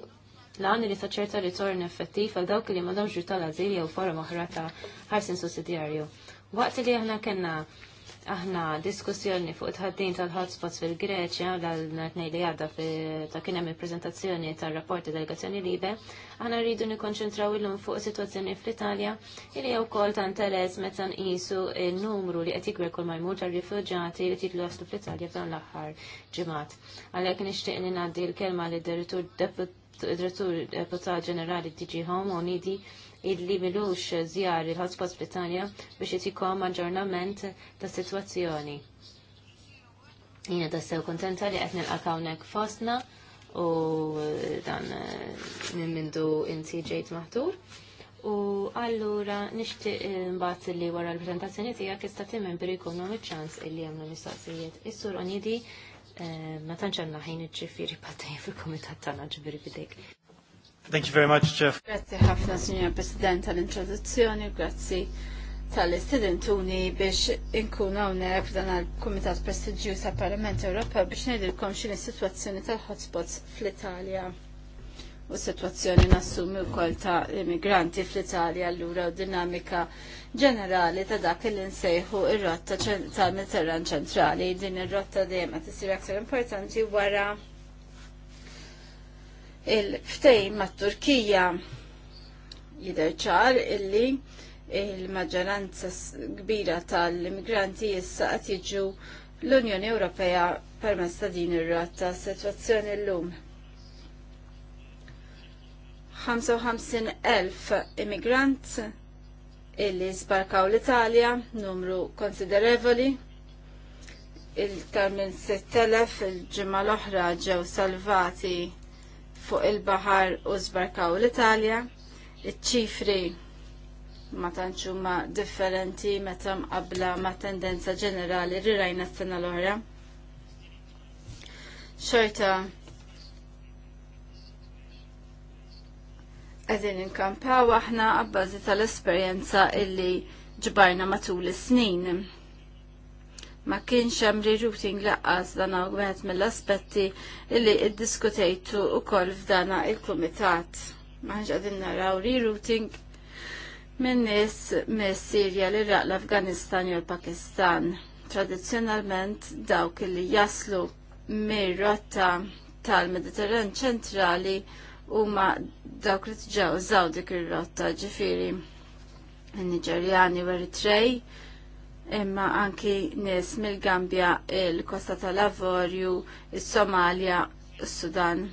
l lan li taċċerta ritorn effettiv għal dawk li ma domx tal azilja jew forum oħra ta' ħarsin sussidjarju. Waqt li aħna kena aħna diskussjoni fuq tħaddin tal-hotspots fil-Greċja l-għal-tnej li għadda ta' kien hemm il-preżentazzjoni tar-rapporti delegazzjoni libe, aħna rridu nikkonċentraw illum fuq sitwazzjoni fl-Italja li hija wkoll ta' interess meta nqisu n-numru li qed jikber kull majmur tal rifuġjati li titlu jaslu fl-Italja f'dan l-aħħar ġimgħat. Għalhekk nixtieq li ngħaddi l-kelma lid-direttur deputat ġenerali DG Home u illi milux zjar il-Hotspots Britannia biex jitikom aġġornament ta' situazzjoni. Jina ta' sew kontenta li għetni l-akawnek fosna u dan eh, minn mindu inti ġejt maħtur. U allura nixtieq eh, mbagħad li wara l-prezentazzjoni tiegħek tista' timmen per jkunu ċans illi hemm mistoqsijiet. Is-sur Onidi eh, ma tantx għandna ħin iġġifieri patejn fil komitat tana ġifiri bidek. Thank you very much, Jeff. Grazie ħafna, Signor President, tal-introduzzjoni, grazie tal-istudentuni biex inkun hawnhekk f'dan għal kumitat Prestigju tal-Parlament Ewropew biex ngħidilkom x'inhi situazzjoni sitwazzjoni tal-hotspots fl-Italja u s-sitwazzjoni nassumi wkoll ta' immigranti fl-Italja allura u dinamika ġenerali ta' dak li nsejħu ir-rotta tal-Mediterran ċentrali. Din ir-rotta dejjem qed isir aktar importanti wara il-ftejn mat turkija jidher ċar illi il-maġġoranza kbira tal-immigranti issa qed jiġu l-Unjoni Ewropea permezz ta' din ir-ratta sitwazzjoni llum. 55,000 immigrant illi sbarkaw l-Italja, numru konsiderevoli, il tarmin 6,000 il-ġimma l-oħra ġew salvati fuq il-bahar u zbarkaw l-Italja. Iċ-ċifri ma tantx huma differenti meta qabla ma' tendenza ġenerali li rajna s-sena l-oħra. Xorta Għedin inkampaw aħna għabbażi tal-esperjenza illi ġbarna matul is-snin ma kienx hemm rerouting laqqas dan wieħed mill-aspetti li ddiskutejtu wkoll f'dana il-kumitat. Ma ħanġ qegħdin naraw rerouting minn nies mis Sirja li raq l-Afganistan jew l-Pakistan. Tradizzjonalment dawk li jaslu mir-rotta tal-Mediterran ċentrali huma dawk li tġawżaw dik ir-rotta ġifieri n-Niġerjani u Eritrej imma anki nies mill-Gambja, il-Kosta tal-Avorju, il-Somalia, il-Sudan.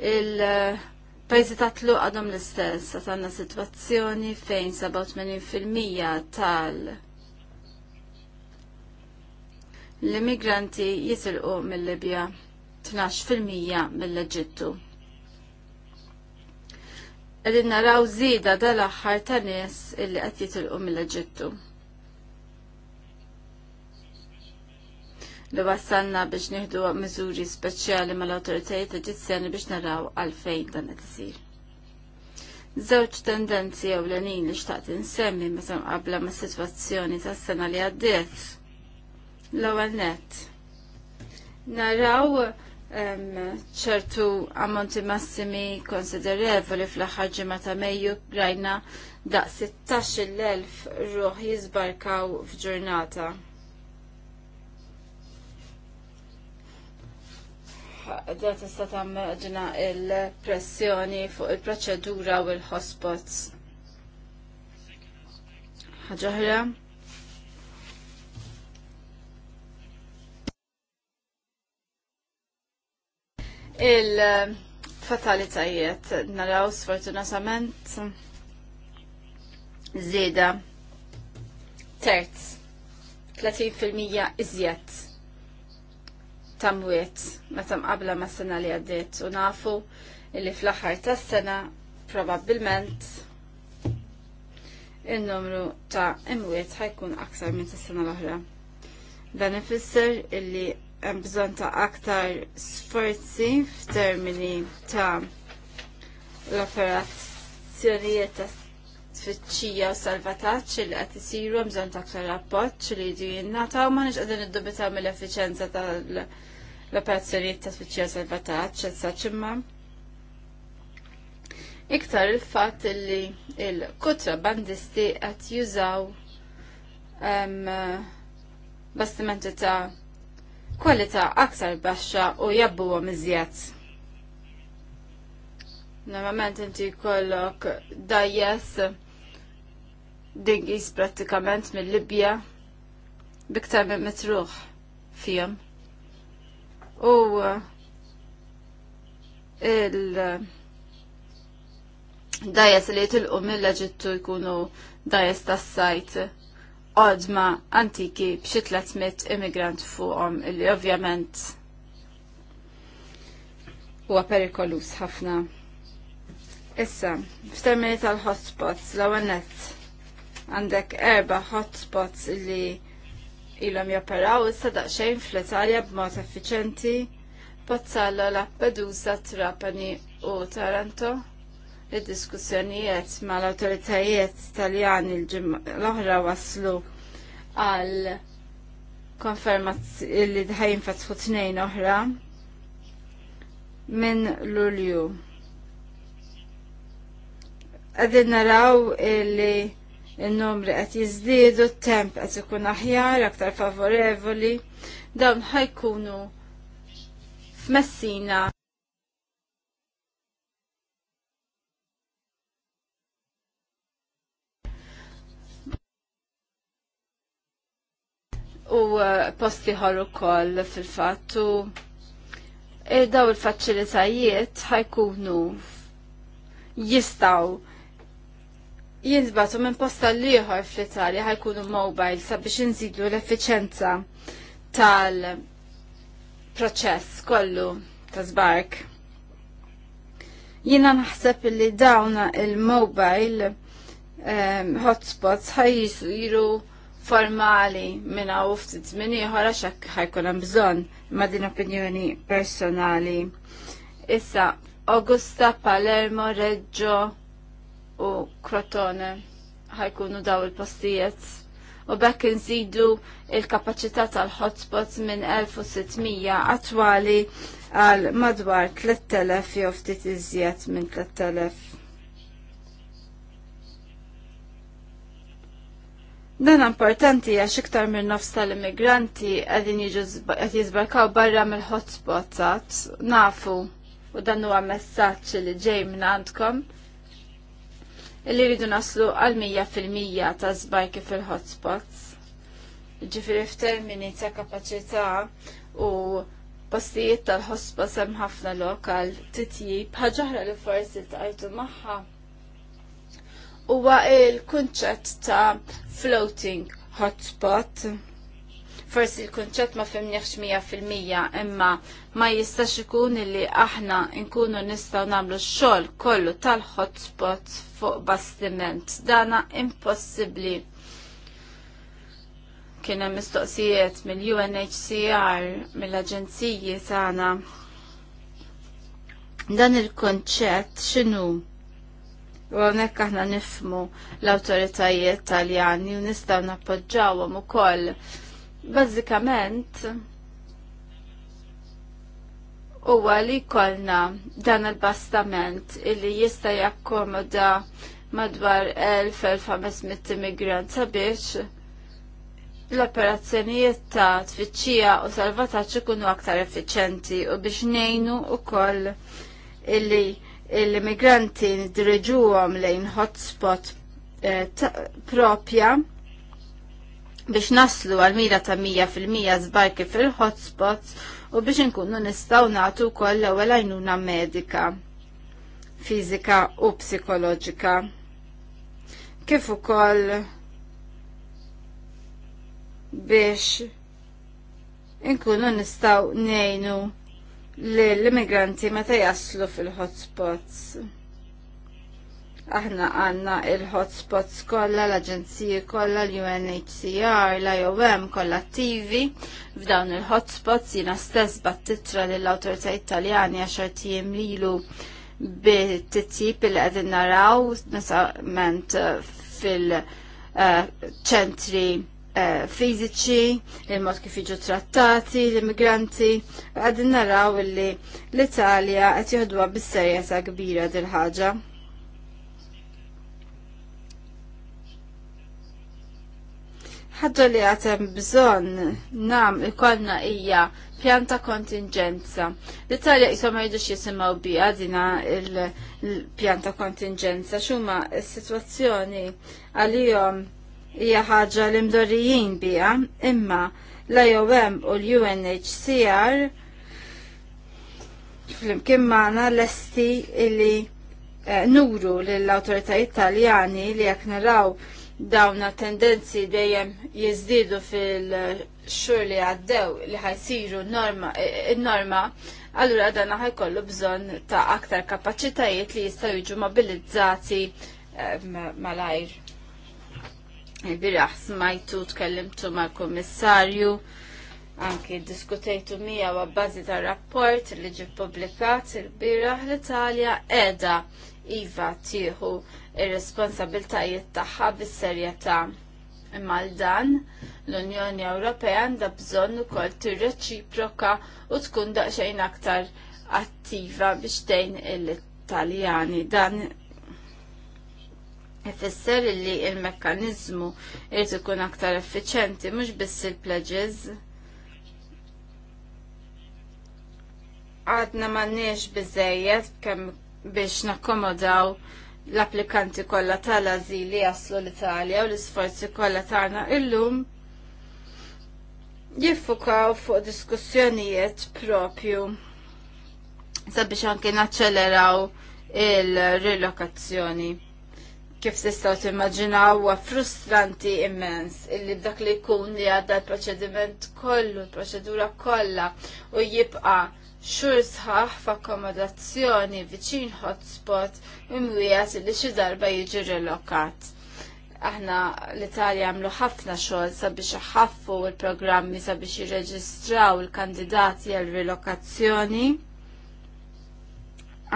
Il-pajzi eh, ta' tluq għadhom l-istess, għatanna situazzjoni fejn 87% tal- l-immigranti jitilqu mill-Libja, 12% mill-Eġittu. Għedin naraw zida dal-axħar ta' nies illi qed jitilqu mill-Eġittu. li wassalna biex nieħdu miżuri speċjali mal-awtoritajiet Eġizzjani biex naraw għalfejn dan qed isir. Żewġ tendenzi ewlenin li xtaqt insemmi meta mqabbla mas-sitwazzjoni tas-sena li għaddiet. L-ewwel nett. Naraw ċertu ammonti massimi konsiderevoli fl-aħħar ġimgħa ta' Mejju rajna daq 16,000 ruħ jizbarkaw f'ġurnata. da tista' tammaġina il-pressjoni fuq il-proċedura u l-hotspots. Ħaġa il-fatalitajiet naraw sfortunatament zida terz 30% iżjed Ta'mwiet ma meta qabla ma' sena li għaddiet u nafu illi fl-aħħar tas-sena probabbilment il-numru ta' imwiet ħajkun aktar minn tas-sena l-oħra. Dan ifisser illi hemm bżonn ta' aktar sforzi f'termini ta' l-operazzjonijiet ta' tfittxija u salvataġġ li qed isiru hemm bżonn ta' aktar rapport, li jdu jinnataw ma nix qegħdin iddubitaw mill-effiċenza tal- l-operazzjonijiet ta' tfittxija salvataġġ ċezzaġġ iktar il-fatt li il bandisti qed jużaw ehm, bastimenti ta' kwalità aktar baxxa u jabbuhom iżjed. Normalment inti jkollok dajjes dingis prattikament mill-Libja biktar minn mitruħ fihom u uh, il-dajes li jitilqu mill-Eġittu jkunu dajes tas-sajt qodma antiki b'xi 300 immigrant fuqhom illi ovvjament huwa perikolus ħafna. Issa, f'termini tal-hotspots, l-għanet għandek erba hotspots li ilhom japparaw issa daqsxejn fl-Italja b'mod effiċenti la Lampedusa, Trapani u Taranto. Id-diskussjonijiet mal awtoritajiet Taljani l-oħra waslu għal konfermat li dħajn fatħu tnejn oħra minn Lulju. Għadin naraw li il-numri qed jiżdiedu, temp qed ikun aħjar, aktar favorevoli, dawn ħajkunu f'Messina. U uh, posti ħarru koll fil-fattu eh, daw il-faċilitajiet ħajkunu jistaw jizbatu minn posta liħor fl-Italja ħajkunu mobile sabiex nżidu l efficienza tal-proċess kollu ta' zbark. Jina naħseb li dawna il-mobile um, hotspots ħajjisu jiru formali minn għaw ftit minn ieħor għax ħajkun hemm bżonn ma' din opinjoni personali. Issa Augusta, Palermo, Reggio, u krotone ħajkunu daw il-postijiet. U bekk nżidu il-kapacità tal-hotspots minn 1600 attwali għal madwar 3000 jew ftit iżjed minn 3000. Dan importanti għax iktar minn nofs tal-immigranti għedin qed jizbarkaw barra mill-hotspots nafu u dan huwa messaġġ li ġej minn għandkom li rridu naslu għal 100% ta' zbajki fil-hotspots. Ġifiri f'termini ta' kapacità u postijiet tal-hotspots hemm ħafna lokal titjib ħaġaħra li forsi tqajtu magħha. Huwa il-kunċett ta' floating hotspot forsi l-konċett ma femniħx mija fil-mija, imma ma jistax ikun li aħna nkunu nistaw namlu xol kollu tal-hotspot fuq bastiment. Dana impossibli. Kienem mistoqsijiet mill-UNHCR, mill-aġenziji tagħna. Dan il-konċett x'inhu? U għonek aħna nifmu l-autoritajiet taljani u nistaw nappoġġawhom ukoll. koll bażikament huwa li kolna dan il-bastament illi jista' jakkomoda madwar 1000-1500 immigrant sabiex l-operazzjonijiet ta' tfittxija u salvataġġ ikunu aktar effiċenti u biex ngħinu wkoll illi l-immigranti nidriġuhom lejn hotspot eh, propja biex naslu għal-mira ta' 100% mija kif fil hotspots u biex nkunu nistaw natu koll l-ewwel għajnuna medika, fizika u psikoloġika. Kif ukoll biex nkunu nistaw nejnu l-immigranti meta jaslu fil-hotspots aħna għanna il-hotspots kolla, l-aġenziji kolla, l-UNHCR, l-IOM kolla attivi f'dawn il-hotspots jina stess battitra l-autorità italjani għaxartijem lilu bit-titjib il għedin naraw nasament eh, fil-ċentri eh, eh, fiziċi, il-mod kif iġu trattati, l-immigranti, għedin naraw li l-Italja għet jihduwa bis-serjeta kbira dil-ħagġa. ħaddu li għatem bżon nam ikolna ija pjanta kontingenza. L-Italja jisom għidux jisimaw bi għadina il-pjanta kontingenza. Xuma s-situazzjoni għalijom hija ħaġa li mdorijin bija imma l-IOM u l-UNHCR fl-imkien maħna l-esti illi eh, nuru l-autoritajiet taljani li jek naraw dawna tendenzi dejjem jizdidu fil-xur li għaddew li ħajsiru norma, e, e, norma allura dana ħajkollu bżon ta' aktar kapacitajiet li jistaw jiġu mobilizzati e, malajr. biraħ smajtu tkellimtu mal komissarju, anki diskutejtu mija wa bazi ta' rapport li ġi publikat il-biraħ l-Italja edha Iva tieħu ir-responsabiltajiet tagħha bis-serjetà. Imma l dan l-Unjoni Ewropea għandha bżonn ukoll tirreċiproka u tkun daqsxejn aktar attiva biex tgħin l-Italjani. Dan ifisser li il mekkaniżmu irid ikun aktar effiċenti mhux biss il-pledges. Għadna m'għandniex biżejjed kem biex nakkomodaw l-applikanti kollha tal-azili jaslu l-Italja u l-isforzi kollha tagħna illum jiffukaw fuq diskussjonijiet propju sabiex anke naċċeleraw il-relokazzjoni. Kif tistgħu timmaġinaw huwa frustranti immens illi b'dak li jkun li għadda l-proċediment kollu, l-proċedura kollha u jibqa' xur sħaħ f'akkomodazzjoni viċin hotspot imwijat li xi darba jiġi relokat. Aħna l-Italja għamlu ħafna xogħol sabiex ħaffu l-programmi sabiex jirreġistraw il-kandidati għal relokazzjoni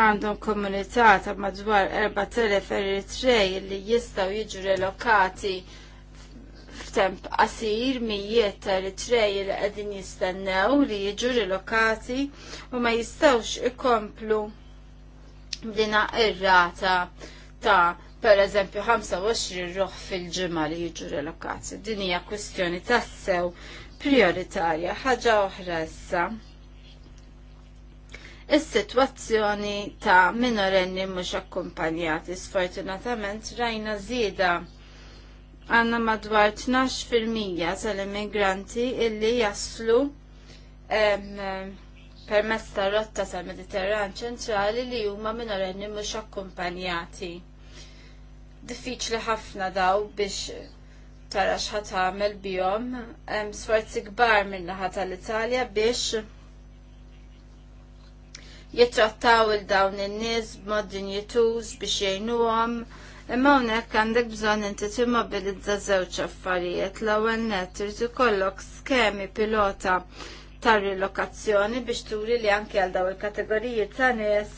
għandhom komunità ta' madwar 4,000 Eritrej li jistgħu jiġu relokati f'temp qasir mijiet ta' trej li qegħdin jistennew li jiġu rilokati u ma jistawx ikomplu dina ir-rata ta' per eżempju 25 ruħ fil-ġimgħa li jiġu rilokati. Din hija kwestjoni tassew prioritarja ħaġa oħra issa. Is-sitwazzjoni ta' minorenni mhux akkumpanjati sfortunatament rajna żieda għanna madwar 12% tal-immigranti illi jaslu permess ta' rotta tal-Mediterran ċentrali li huma orenni mhux akkumpanjati. Diffiċli ħafna daw biex tara x'ħat tagħmel bihom, hemm sforzi kbar min-naħa tal-Italja biex jittrattaw il dawn in-nies b'mod dinjituż biex jgħinuhom Imma hawnhekk għandek bżonn inti timmobilizza żewġ affarijiet l-ewwel net irid ikollok skemi pilota tar rilokazzjoni biex turi li anke għal daw il-kategoriji ta' nies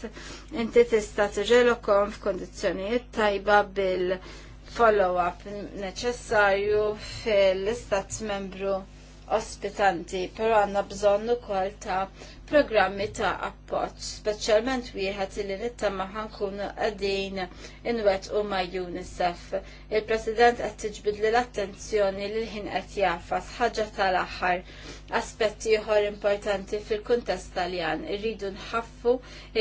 inti tista' tiġelokom f'kondizzjonijiet tajba bil follow-up neċessarju fil-istat membru ospitanti, pero għanna bżonnu kol ta' programmi ta' appoċ, specialment wieħed li maħan ħankunu għadin inwet u ma' UNICEF. Il-President qed tiġbidli l-attenzjoni li l-ħin qed jafas ħaġa tal-aħħar aspetti ieħor importanti fil-kuntest Taljan irridu nħaffu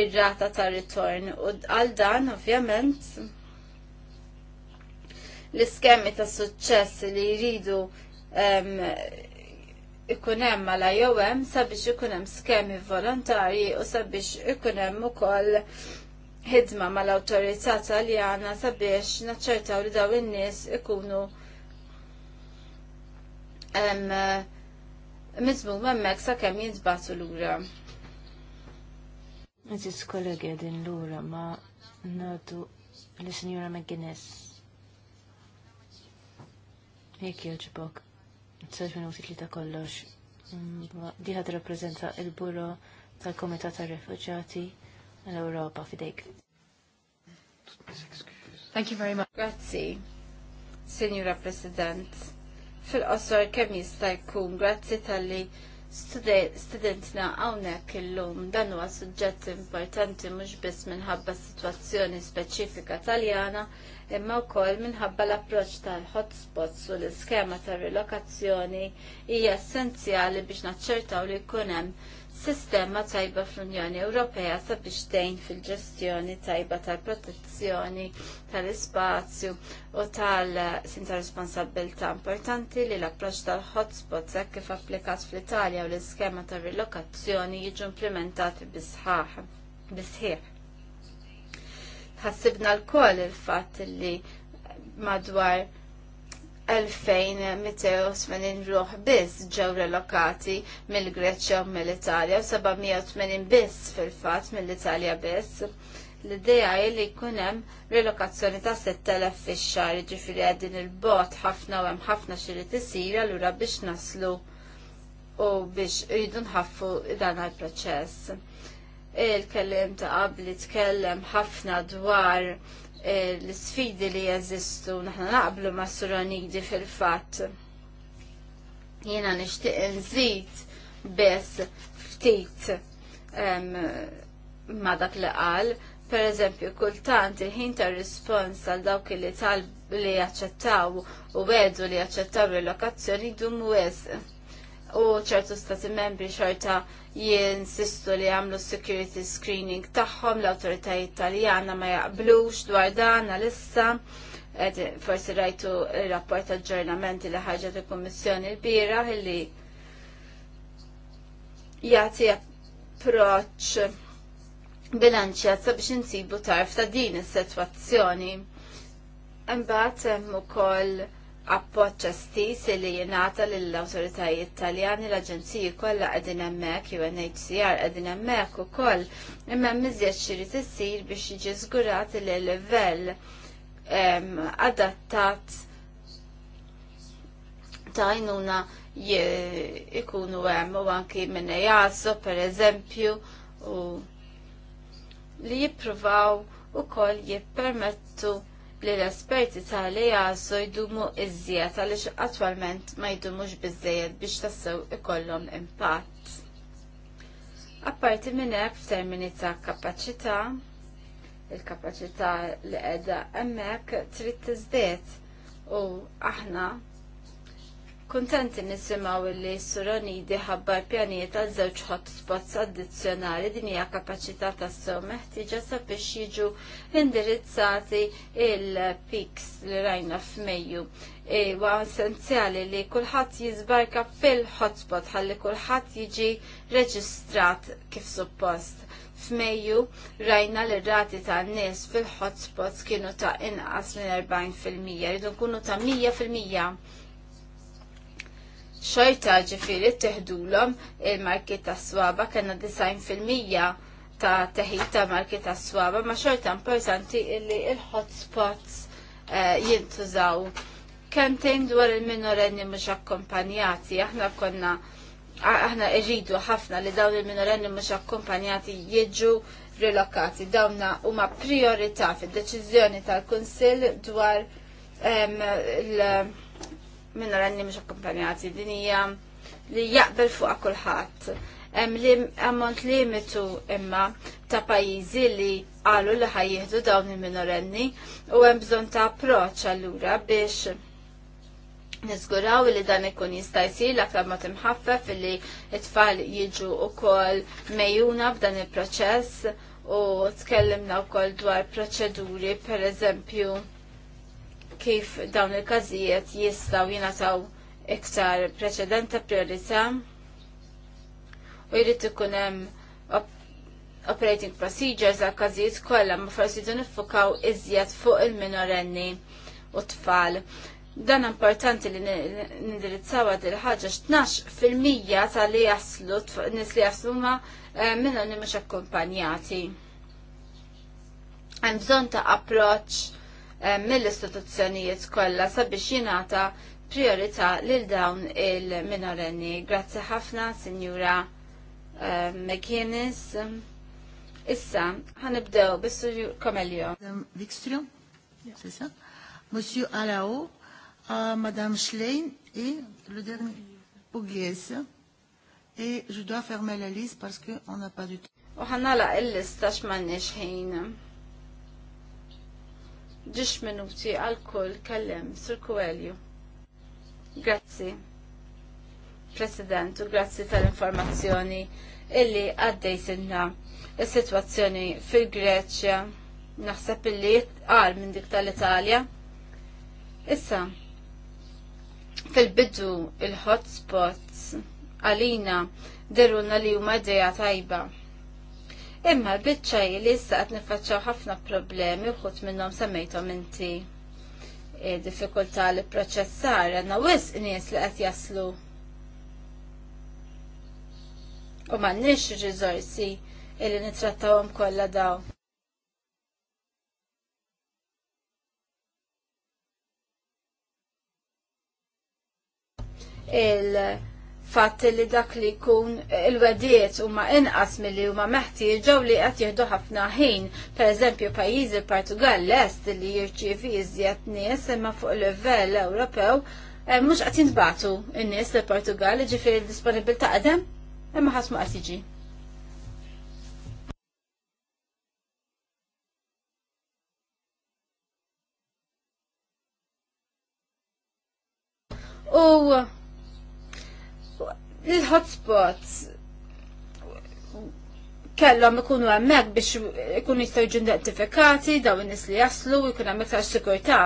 ir-rata ta' ritorn u għal dan ovvjament l-iskemmi ta' suċċess li jridu ehm, ikun hemm mala jew hemm sabiex ikun hemm skemi volontarji u sabiex ikun hemm ukoll ħidma mal-awtorità Taljana sabiex naċċertaw li dawn in-nies ikunu miżmum hemmhekk sakemm jintbagħtu lura. Aziz kollegi din lura ma nadu l-Sinjura McGuinness. Jekk jogħġbok. Tsaġ minuti ta' kollox. Mm, Diħad rappresenta il-buro tal-Komitat tal-Refugġati l-Europa fidejk. Thank you very much. Grazzi, Signora President. Fil-qosor kemm jista' jkun grazzi tal-li studentina għawnek il-lum dan huwa suġġett importanti mhux biss minħabba situazzjoni speċifika taljana, imma wkoll minħabba l-approċċ tal-hotspots u l-iskema ta' relokazzjoni hija essenzjali biex naċċertaw li jkun hemm sistema tajba fl-Unjoni Ewropea sabiex tgħin fil-ġestjoni tajba tal-protezzjoni tal-ispazju u tal sinta responsabilità importanti li l-approċċ tal-hotspots hekk kif applikat fl-Italja u l-iskema ta' relokazzjoni jiġu implementati bisħaħ bisħieħ ħassibna l-koll il-fatt li madwar 2280 ruħ biss ġew relokati mill-Greċja u mill-Italja u 780 biss fil-fatt mill-Italja biss. L-idea hi li jkun hemm relokazzjoni ta' 6000 fix-xahar, jiġifieri qegħdin il-bot ħafna u hemm ħafna xiri tisir allura biex naslu u biex jridu nħaffu dan il-proċess il-kellim ta' qabli tkellem ħafna dwar eh, l-sfidi li jeżistu naħna naqblu ma' suranidi fil-fatt. Jena nishtiq nżid biss ftit ma' dak li qal, per eżempju, kultant il-ħin ta' rispons għal dawk li tal li jaċċettaw u għedu li jaċċettaw il-lokazzjoni dum wisq u ċertu stati membri xorta jinsistu li għamlu security screening tagħhom l-autoritajiet taljana ma jaqblux dwar dan għalissa forsi rajtu rapport aġġornamenti li ħarġet il-Kummissjoni l-bira li jagħti approċċ bilanċjat sabiex insibu tarf ta' din is-sitwazzjoni. Imbagħad hemm ukoll appoċċa stis li jenata l-autoritajiet taljani l-aġenziji kollha qegħdin hemmhekk UNHCR qegħdin hemmhekk ukoll imma miżjed xirid issir biex jiġi żgurat li livell adattat ta' għajnuna ikunu hemm u anki minn jaso e pereżempju u li jippruvaw ukoll jippermettu li l-esperti tal-li jdumu iżjed għaliex attwalment ma jdumux biżejjed biex tassew ikollhom impatt. Apparti minn hekk f'termini ta' kapaċità, il-kapaċità li qiegħda hemmhekk trid tiżdied u aħna Kontenti nisimaw li s-Suronidi ħabbar pjaniet għal żewġ hotspots addizzjonali din hija kapaċità tas-sew meħtieġa sabiex jiġu indirizzati il-piks li rajna f'Mejju. Iwa e, essenzjali li kulħadd jizbarka fil-hotspot ħalli kulħadd jiġi reġistrat kif suppost. F'Mejju rajna li rati ta' nies fil-hotspots kienu ta' inqas minn 40% rridu nkunu ta' 100% xorta ġifiri teħdulom il-marki ta' swaba kena 90% ta' teħid ta' marki ta' swaba ma' xorta importanti illi il-hotspots eh, jintużaw. Kemtejn dwar il-minorenni mhux akkompanjati, aħna konna aħna irridu ħafna li dawn il-minorenni mhux akkompanjati jiġu rilokati. Dawna huma priorità fid-deċiżjoni tal-Kunsill dwar l- minna l-għanni mux akkompanjati dinija li jaqbel fuq kulħadd. Hemm li ammont limitu imma ta' pajjiżi li qalu li ħajjieħdu dawn il-minorenni u hemm bżonn ta' approċċ allura biex Nizguraw li dan ikun jista' jsir l-aktar ma timħaffef li t-tfal jiġu wkoll mejjuna b'dan il-proċess u tkellimna wkoll dwar proċeduri pereżempju kif dawn il-każijiet jistgħu jingħataw iktar preċedent ta' priorità u jrid ikun hemm operating procedures għal każijiet kollha ma forsi jdu niffukaw iżjed fuq il-minorenni u tfal. Dan importanti li nindirizzawa dil ħaġa x'tnax fil-mija tal-li jaslu nis li jaslu ma eh, minnu mhux akkumpanjati. Hemm bżonn ta' approċċ Eh, mill-istituzzjonijiet kollha sabiex jingħata priorità lil dawn il-minorenni. Grazzi ħafna, Sinjura eh, McKinnis. Issa, ħanibdew bis-Sur Komelio. Wikström, Monsieur Alao, euh, Madame Schlein et le dernier Pugliese. E je dois fermer la liste parce qu'on n'a pas du tout. Uħanala il-lista x'manniex ħin ġiex minuti għal kull kellem sur Kuelju. Grazzi, President, u grazzi tal-informazzjoni illi għaddejtinna il-situazzjoni fil-Greċja naħseb illi għal minn dik tal-Italja. Issa, fil-bidu il-hotspots għalina derunna li huma ideja tajba Imma bitċa li issa qed nifaċċaw ħafna problemi uħut minnhom semmejthom inti e, diffikultà li proċessar għandna wisq nies li qed jaslu. U m'għandniex riżorsi illi nittrattawhom kollha daw. il fatt li dak li jkun il-wediet huma inqas milli huma meħtieġa u li qed jieħdu ħafna ħin. Pereżempju pajjiżi Portugal est li jirċievi iżjed nis imma fuq livell Ewropew eh, mhux qed jintbatu n-nies li Portugal ġifieri disponibil għadem, imma ħasmu ma qed U il hotspots kellhom ikunu hemmhekk biex ikunu jistgħu jiġu identifikati dawn in-nies li jaslu jkun hemm iktar sikurtà.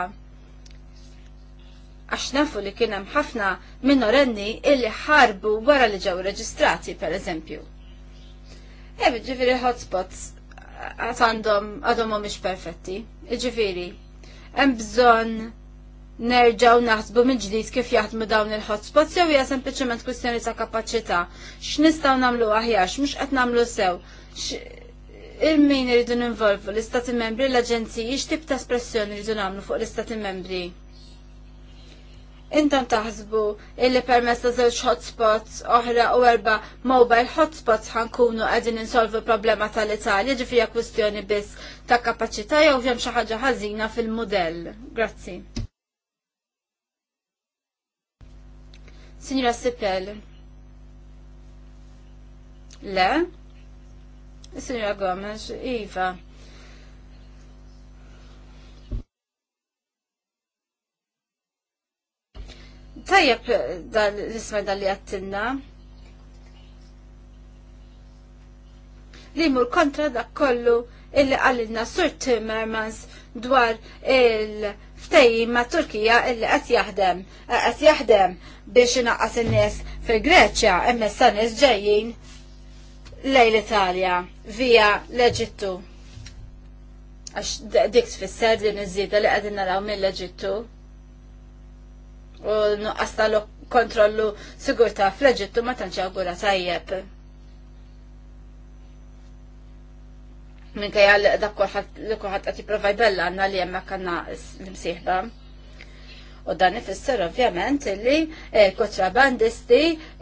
Għax nafu li kien hemm ħafna minorenni illi ħarbu wara li ġew reġistrati pereżempju. Ebi ġifieri hotspots għandhom għadhom mhumiex perfetti. Ġifieri, hemm bżonn nerġaw naħsbu minn ġdid kif jaħdmu dawn il-hotspots jew hija sempliċement kwistjoni ta' kapaċità. X'nistgħu nagħmlu aħjar, mhux qed nagħmlu sew. Il-min irridu ninvolvu l-Istati Membri l-Aġenziji x'tib ta' espressjoni rridu nagħmlu fuq l-Istati Membri. Intan taħsbu illi permess ta' żewġ hotspots oħra u erba' mobile hotspots ħankunu qegħdin insolvu problema tal-Italja ġifija kwistjoni biss ta' kapaċità jew hemm xi ħaġa ħażina fil-mudell. Grazzi. Signora Sipel. Le. Signora Gomez, Iva. Tajjeb l-isma dal-li għattinna. Limur kontra dak kollu illi għallinna Sur Timmermans dwar il- ftejjim ma' Turkija illi qed jaħdem eh, qed jaħdem biex inaqqas in-nies fil-Greċja imma issa nies ġejjin lejn l-Italja via l-Eġittu. Għax dik tfisser din iż-żieda li qegħdin naraw mill-Eġittu. U nuqqas tal-kontrollu sigurtà fl-Eġittu ma tantx awgura tajjeb. minn kajja dak li kuħat għati provaj bella għanna li jemma kanna l-msiħba. U dan ifisser ovvjament li eh, kontrabandisti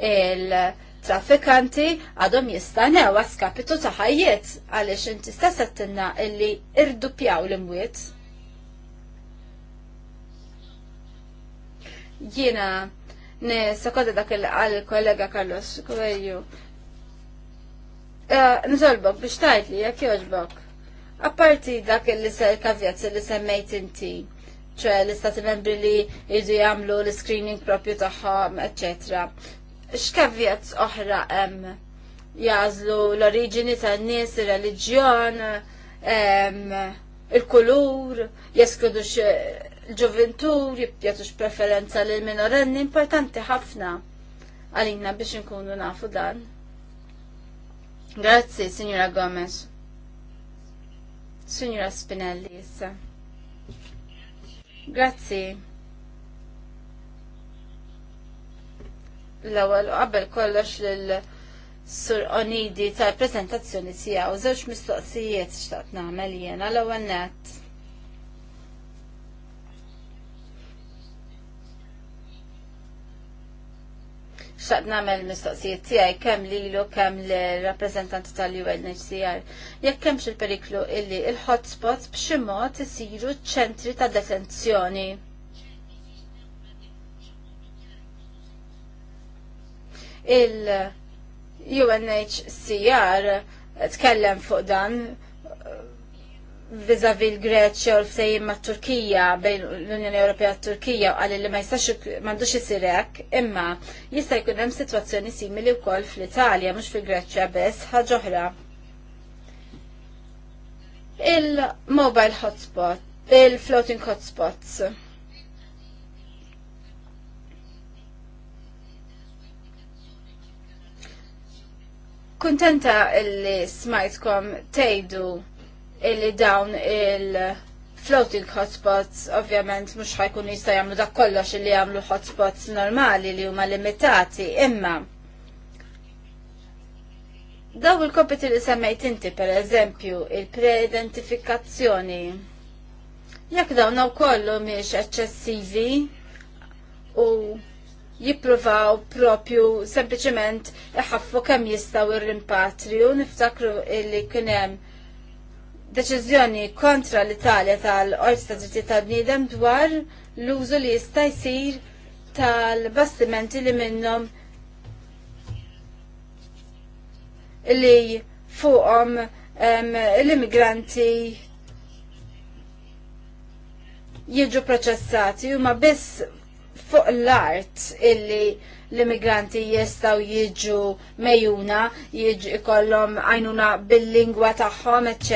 il-trafikanti għadhom jistanew għaskapitu ta' ħajjiet għaliex inti stess għattinna illi irdupjaw l-imwiet. Jiena, ne, sakoda dak il-kollega Carlos Coelho, Eh, nżolbok biex tajtli, jek joġbok. Apparti dak il-kavjazz li semmejt inti, ċe l-istati membri li jidu jamlu l-screening propju taħħom, etc. X'kavjazz oħra hemm jazlu l-oriġini tan-nies, ir-reliġjon, il-kulur, jeskludu eh, l-ġoventù, jibjatux preferenza lil minorenni importanti ħafna għalina biex nkunu nafu dan. Grazzi, Signora Gomez. Signora Spinelli, issa. Grazzi. L-ewwel qabel kollox lil Sur Onidi tal-preżentazzjoni tiegħu żewġ mistoqsijiet xtaqt nagħmel jiena l-ewwel nett. xaqt namel mistoqsijiet tiegħi kemm lilu kemm l-rappreżentanti tal-UNHCR. Jekk kemmx il-periklu illi il-hotspots b'xi mod isiru ċentri ta' detenzjoni. Il-UNHCR tkellem fuq dan vizavi l-Greċja u l-ftejim ma' Turkija bejn l-Unjoni Ewropea u Turkija għalli li ma jistax mandux isir imma jista' jkun hemm sitwazzjoni simili wkoll fl-Italja mhux fil-Greċja biss ħaġa oħra. Il-mobile hotspot, il-floating hotspots. Kuntenta li smajtkom tejdu illi dawn il-floating hotspots ovvjament mux ħajkun jista jamlu dak kollox illi jamlu hotspots normali li huma limitati imma daw il kompeti li semmejt inti per eżempju il-pre-identifikazzjoni jekk dawn u kollu miex eċċessivi u jippruvaw propju sempliciment iħaffu kemm jistgħu ir-rimpatriju niftakru li kien hemm deċiżjoni kontra l-Italja tal-Qorti ta' Drittijiet bniedem dwar l-użu li jista' jsir tal-bastimenti li minnhom li fuqhom l-immigranti jiġu proċessati huma biss fuq l-art illi l-immigranti jistaw jiġu mejuna, jiġu kollom għajnuna bil-lingwa tagħhom, etc.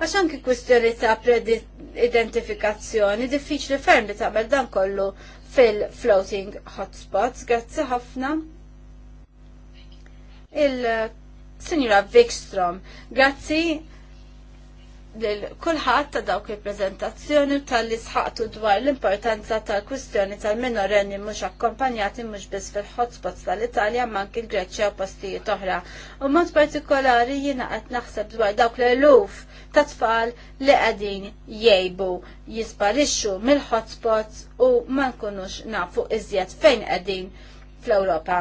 Għax anki kwistjoni ta' pre-identifikazzjoni diffiċli ferm li taqbel dan kollu fil-floating hotspots. Grazzi ħafna. Il-Sinjura Vikstrom, grazzi l-kulħat ta' dawk il-prezentazzjoni tal-li sħaqtu dwar l-importanza tal-kwistjoni tal-minorenni mux akkompanjati mux bis fil-hotspots tal-Italja manki l-Greċja u postijiet oħra. U mod partikolari jina qed naħseb dwar dawk l-eluf ta' tfal li qegħdin jgħibu jisparixxu mill-hotspots u ma nkunux nafu iżjed fejn qegħdin fl-Ewropa.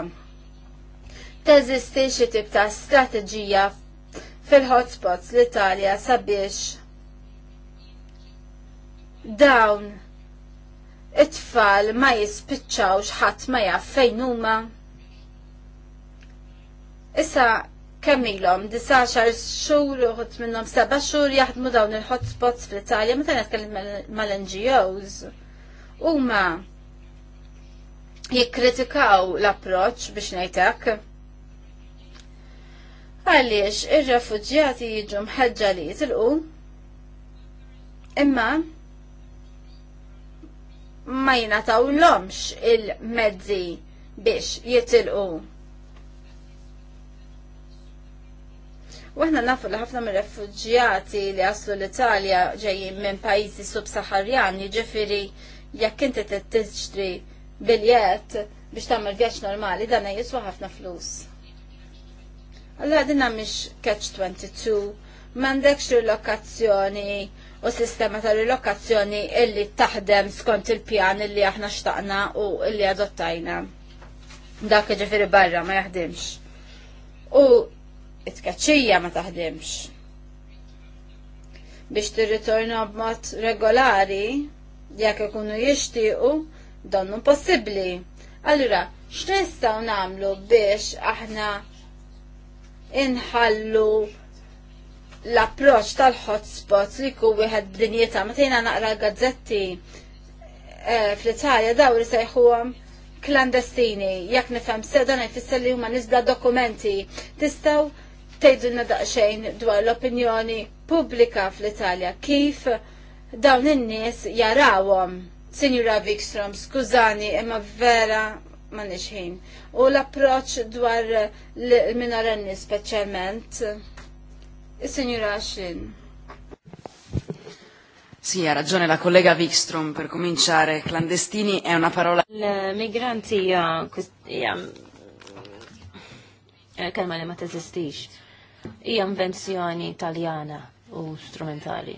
Teżisti xi tip ta' strateġija fil-hotspots l-Italja sabiex dawn it-tfal ma jispiċċawx ħadd ma jaf fejn huma. Issa kemm ilhom 19 xhur uħut minnhom seba' xhur jaħdmu dawn il-hotspots fl-Italja meta nitkellem mal-NGOs. Huma jikkritikaw l-approċċ biex ngħidlek għaliex ir-refuġjati jiġu mħeġġa li jitilqu imma ma l-omx il-mezzi biex jitilqu. Waħna nafu li ħafna mir refugġjati li għaslu l-Italja ġejjin minn pajjiżi subsaharjan, jiġifieri jekk inti tixtri biljett biex tagħmel vjaġġ normali dan jiswa ħafna flus. Allora dinna mish catch 22, m'għandekx rilokazzjoni u sistema ta' rilokazzjoni illi taħdem skont il-pjan illi aħna xtaqna u illi adottajna. Dak ġifiri barra ma jaħdimx. U it-kaċċija ma taħdimx. Biex tirritorna b'mod regolari, jekk ikunu jixtiequ, donnu possibbli. Allura, x'nistgħu nagħmlu biex aħna inħallu l-approċ tal-hotspots li ku wieħed b'dinjeta. Matejna naqra gazzetti eh, fl-Italja daw li sejħuhom klandestini, jekk nifhem seda dan li huma nisbla dokumenti. Tistgħu tgħidulna daqsxejn dwar l-opinjoni pubblika fl-Italja kif dawn in-nies jarawhom. Sinjura Wikström, skużani, imma vera ma ħin. U l-approċ dwar l-minorenni specialment. Is-Senjura Ashlin. Sì, ha ragione la collega Wikström per cominciare. Clandestini è una parola. Il migranti eh, kelma calma le teżistix. Hija invenzioni italiana o strumentali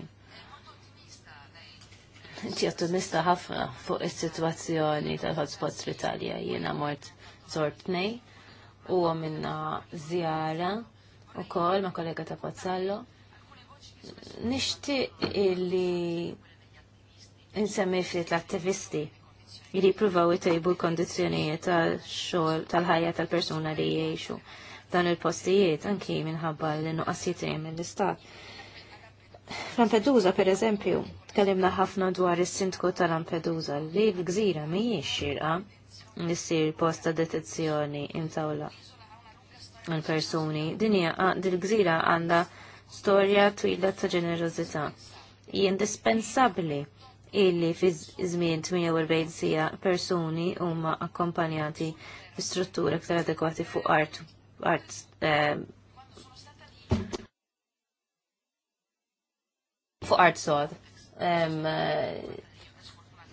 Inti ottimista ħafna fuq is-sitwazzjoni tal-hotspots fl-Italja. Jiena mort zortnej u minna zjara u kol ma kollega ta' Pozzallo. Nishti illi insemmi ftit l-attivisti li jipruvaw jtejbu l-kondizjonijiet tal-xogħol tal-ħajja tal-persuna li jgħixu dan il-postijiet anki minħabba l-nuqqasijiet mill-istat. Lampedusa, per eżempju, Tkellimna ħafna dwar is-sindku ta' Lampedusa li l-gżira mhijiex xirqa nissir posta ta' detezzjoni intawla għal-persuni. Dinja, il gżira għanda storja twila ta' ġenerozità. indispensabbli illi fi żmien 48 sija persuni huma akkompanjati bi struttura iktar adekwati fuq art art eh, fuq art sod. Eh,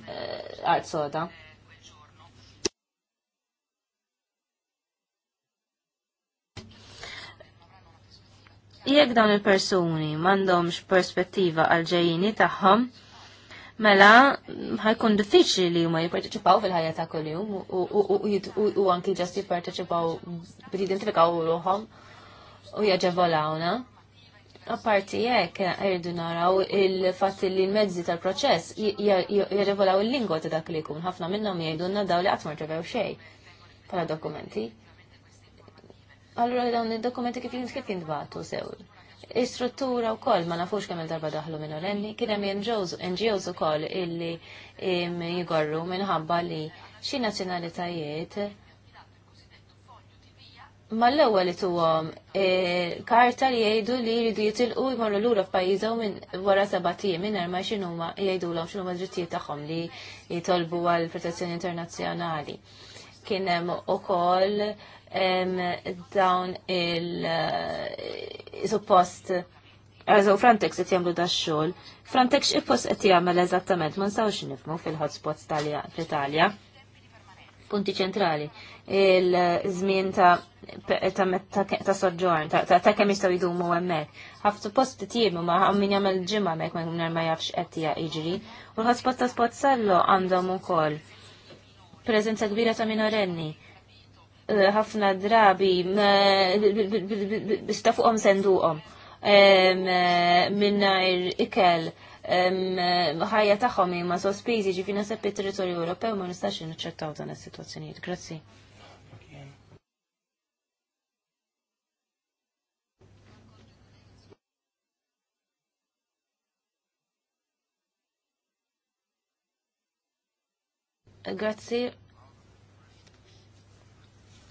eh, art soda. Jek dawn il-persuni mandomx perspettiva għal-ġejjini taħħom, mela ħajkun diffiċli li huma jipparteċipaw fil-ħajja ta' kuljum u anki ġast jipparteċipaw bid-identifikaw u ruħom u jaġevolawna. Apparti jekk irridu naraw il-fatt li l-mezzi tal-proċess jirrevolaw il-lingwa ta' dak li jkun ħafna minnhom jgħidulna daw li qatt ma rċevew xejn bħala dokumenti. Allura dawn id-dokumenti kif kif jintbagħtu sew. Istruttura wkoll ma nafux kemm il-darba daħlu minn orenni, kien hemm NGOs ukoll illi jgorru minħabba li xi nazzjonalitajiet mal-ewwel li tuhom e, karta li jgħidu li jridu jitilqu jmorru lura f'pajjiżhom minn wara seba' tim minn erma x'in huma jgħidulhom x'inhu d-drittijiet tagħhom li jitolbu għal protezzjoni internazzjonali. Kien hemm ukoll dawn il-suppost eh, Għazaw Frontex qed jagħmlu da xogħol. Frontex ippost qed jagħmel eżattament ma nsawx nifmu fil-hotspots tal-Italja. tal italja punti ċentrali. Il-żmien ta' ta' soġġorn, ta' kemm jistgħu jdumu hemmhekk. Ħafna post t-tim, ma' min jagħmel ġimgħa ma' minn ma jafx qed jiġri. U l-ħodspot ta' spot sallo għandhom ukoll preżenza kbira ta' minorenni eh, ħafna drabi eh, bista fuqhom senduqhom eh, minnajr ikel ħajja tagħhom huma sospiżi ġifi naseb seppi territorju Ewropew ma nistax niċċettaw dan is-sitwazzjonijiet. Grazzi. Grazzi.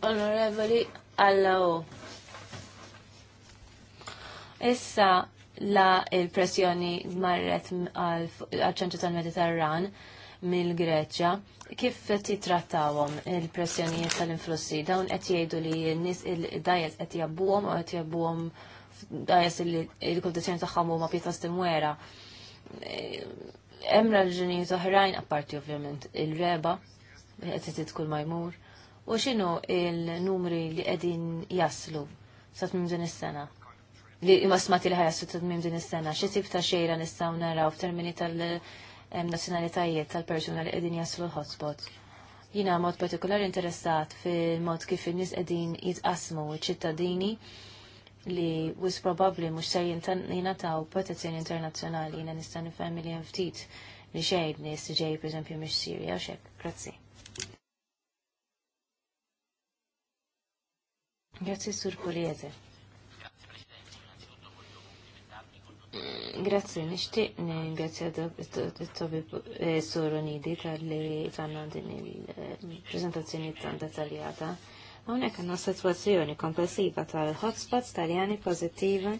Onorevoli Allahu. Issa la il-pressjoni marret għal-ċentru tal-Mediterran mill-Greċja. Kif titrattawhom il-pressjonijiet tal-influssi? Dawn qed jgħidu li n-nies il-dajes qed jabbuhom u qed jabbuhom dajes il-kondizzjoni tagħhom huma pjuttost imwera. Hemm raġunijiet oħrajn apparti ovvjament il-reba qed titkun majmur u x'inhu il-numri li qegħdin jaslu sa tmiem din is-sena li wasmati li ħajassu t-tmim din is-sena, xi tip ta' xejra nistgħu naraw f'termini tal-nazzjonalitajiet tal-persuna li qegħdin jaslu l-hotspot. Jina mod partikolari interessat fi mod kif in-nies qegħdin jitqasmu ċittadini li wis probabli mhux se jingħataw protezzjoni internazzjonali jina nista' nifhem li hemm ftit li xejn nis ġej pereżempju mux Sirja xek. Grazzi. Grazzi Sur Puliese. Grazzi, grazie a tutti i suoi tal-li tanna din il presentazioni tan dettaljata. Għonek għanna situazzjoni komplessiva tal-hotspots taljani pozittiva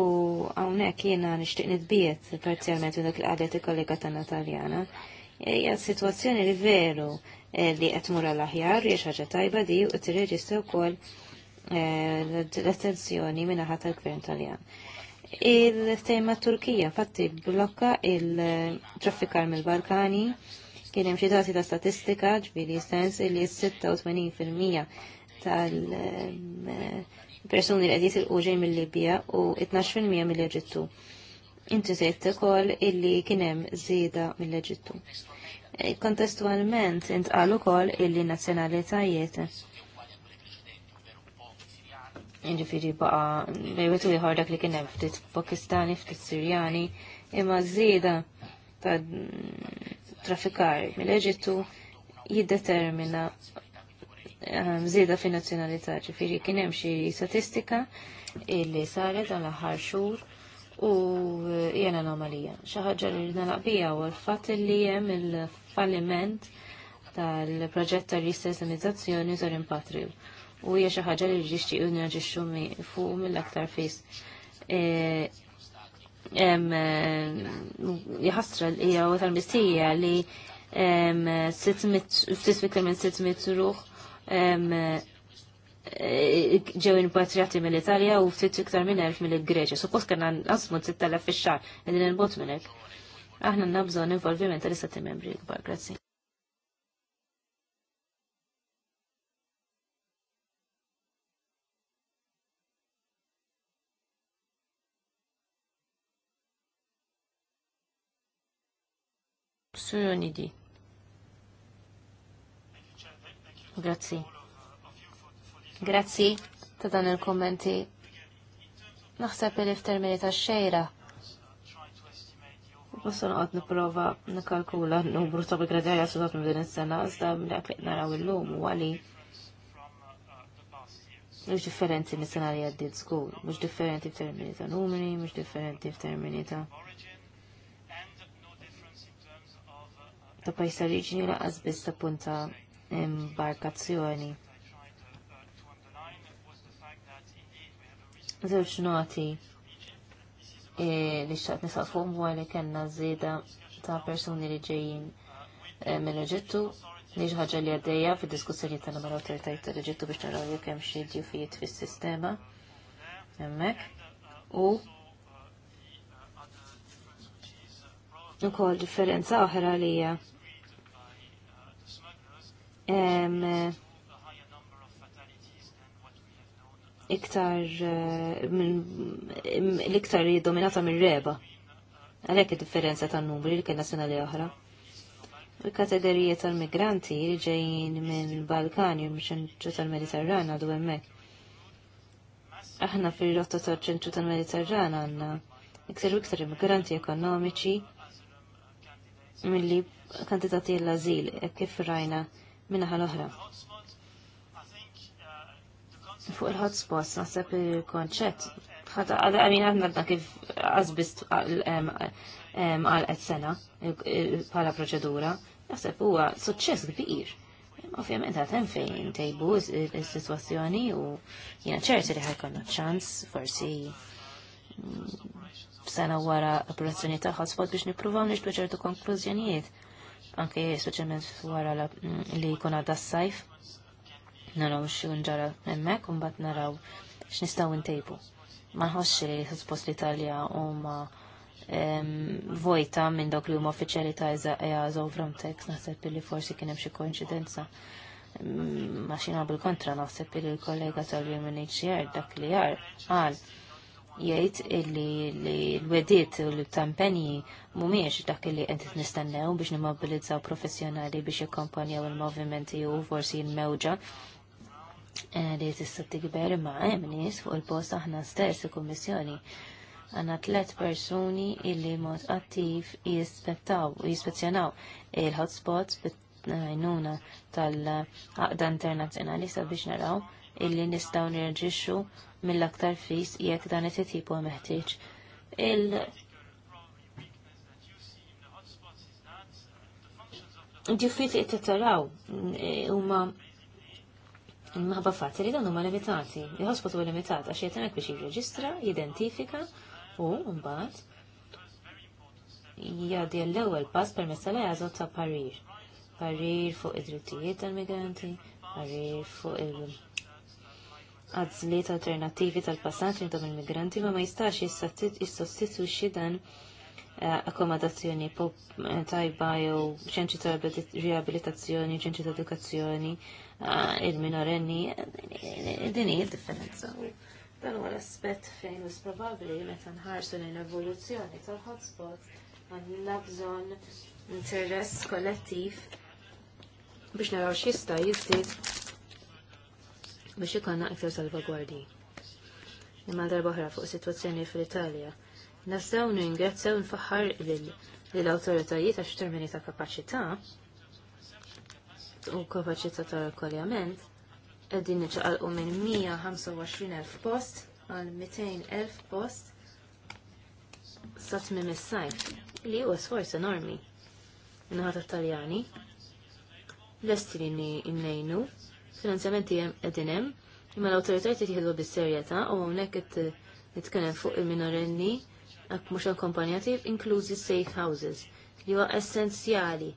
u għonek jena nishtiq nidbiet parzialment dak li għadet il-kollega tanna taljana. Ija situazzjoni li veru eh, li għetmura l-aħjar, jiex ħagġa tajba di u t-reġistaw kol eh, l-attenzjoni minna ħata l-gvern taljan il tema Turkija fatti blokka il-traffikar mill-Balkani kien hemm xi dati ta' statistika ġbiri sens li 86% tal-persuni li qed jisilqu ġej mill-Libja u 12% mill-Eġittu. Inti sejt ukoll illi kien hemm żieda mill-Eġittu. Kontestualment intqal ukoll illi nazzjonalitajiet Ġifiri baqa, bejwetu liħor dak li kienem ftit Pakistani, ftit Sirjani, imma zida ta' trafikar mill-Eġittu jiddetermina zida ehm, fin nazzjonalità ġifiri kienem xi statistika illi saret għal aħħar xhur u jena anomalija. Xaħġa ħaġa li nalaqbija u l-fatt li hemm il-falliment tal-proġett ta' risessamizzazzjoni zorin patriju u hija xi ħaġa li jixtiequ nirġixxu fuq mill-aktar fis. E, e, jħassra hija tal-mistija li 600 minn 600 ruħ e, ġew impatriati mill-Italja u ftit iktar minn 1000 mill-Greċja. Suppost kellna nasmu 6000 fix-xahar qegħdin il-bot minn hekk. Aħna nabżon involviment tal-istati membri kbar, grazzi. Surjonidi. Grazzi. Grazzi ta' dan il-kommenti. Naħseb li f'termini ta' xejra. Bossa naqgħod nipprova nikkalkula n-numru ta' bigradjarja sudat minn din is-sena, iżda dak li naraw illum u għali Mux differenti mis-sena li għaddiet żgur, mhux differenti f'termini ta' numri, mux differenti f'termini ta' ta' pajis ta' riġni laqas biss ta' punta imbarkazzjoni. Zewċ noti e, li xtaqt nisaqfuhom huwa li kena zida ta' personi li ġejjin e, mill-Eġittu li ġħagġa li għaddejja fid-diskussjoni tagħna mal-awtoritajiet tal-Eġittu biex naraw jekk hemm xi djufijiet fis-sistema hemmhekk u ukoll differenza oħra li hija iktar eh, l-iktar dominata minn reba. Għalhekk id-differenza tan-numri li sena li oħra. Il-kategorija tal-migranti li ġejjin minn Balkani u ċentru tal-Mediterran għadu hemmhekk. Aħna fir-rotta tal-ċentru tal-Mediterran għandna iktar u iktar immigranti ekonomiċi mill-li kandidati l-azil kif rajna minna l-oħra. Fuq il-hotspots, naħseb il-konċett. Għamin għadna għadna kif għazbist għal sena bħala proċedura, naħseb huwa suċċess kbir. Ovvjament hemm fejn tejbu il-situazzjoni u jena ċerti li ħajkonna ċans forsi mm, sena wara operazzjoni ta' hotspot biex nipruvaw nixbu ċertu konklużjonijiet anke soċjalment wara mm, li jkun għadda s-sajf. Naraw x'jun nġara hemmhekk u mbagħad naraw x'nistgħu ntejbu. Ma nħossx li suppost l-Italja huma vojta minn dawk li huma uffiċjali ta' eżaw Frontex naħseb li forsi kien hemm xi koinċidenza mm, ma xina bil-kontra naħseb li l-kollega tal-UMNHCR dak li jar qal jgħid illi l-wedit u l-kampanji mumiex dak li qed nistennew biex nimmobilizzaw professjonali biex jikkompanjaw il-movimenti u forsi l-mewġa eh, li tista' tikber imma hemm nies fuq il-post aħna stess il-Kummissjoni għanna tlet persuni illi mod attiv jispettaw u jispezzjonaw il-hotspots bit najnuna tal-għaqda internazzjonali sabiex naraw illi nistaw nirġixxu mill-aktar fis jekk dan it tipu meħtieġ. Il Ġifrit it taraw e, huma maħba fatti li dan huma limitati. Il-ħospot huwa limitat għax qed hemmhekk biex jirreġistra, jidentifika u mbagħad jgħaddi l-ewwel pass permezz tal ta' parir. Parir fuq id-drittijiet tal-migranti, parir fuq il- għadżliet alternattivi tal-passat intom il-migranti ma ma jistax jistostitu dan eh, akkomodazzjoni eh, tajba jew ċentri ta' riabilitazzjoni, ċentri ta' edukazzjoni, eh, il-minorenni, din hija differenza. Dan huwa l-aspett fejn hu probabbli meta nħarsu lejn evoluzzjoni tal hotspot għandna bżonn interess kollettiv biex naraw x'jista' jiżdied biex ikonna iktar salvagwardi. Imma darba oħra fuq situazzjoni fl-Italja. Nassew ningrazzjaw nfaħħar lill-awtoritajiet għax termini ta' kapaċità u kapaċità ta' rkoljament qegħdin niċċaqalqu minn 125,000 post għal 200,000 post sa tmiem is-sajf li huwa sforz enormi. Inħata Taljani lesti li nejnu finanzjamenti qegħdin hemm, imma l-awtoritajiet qed jieħdu bis-serjetà u hawnhekk qed eh, nitkellem fuq il-minorenni mhux akkompanjati inklużi safe houses li huwa essenzjali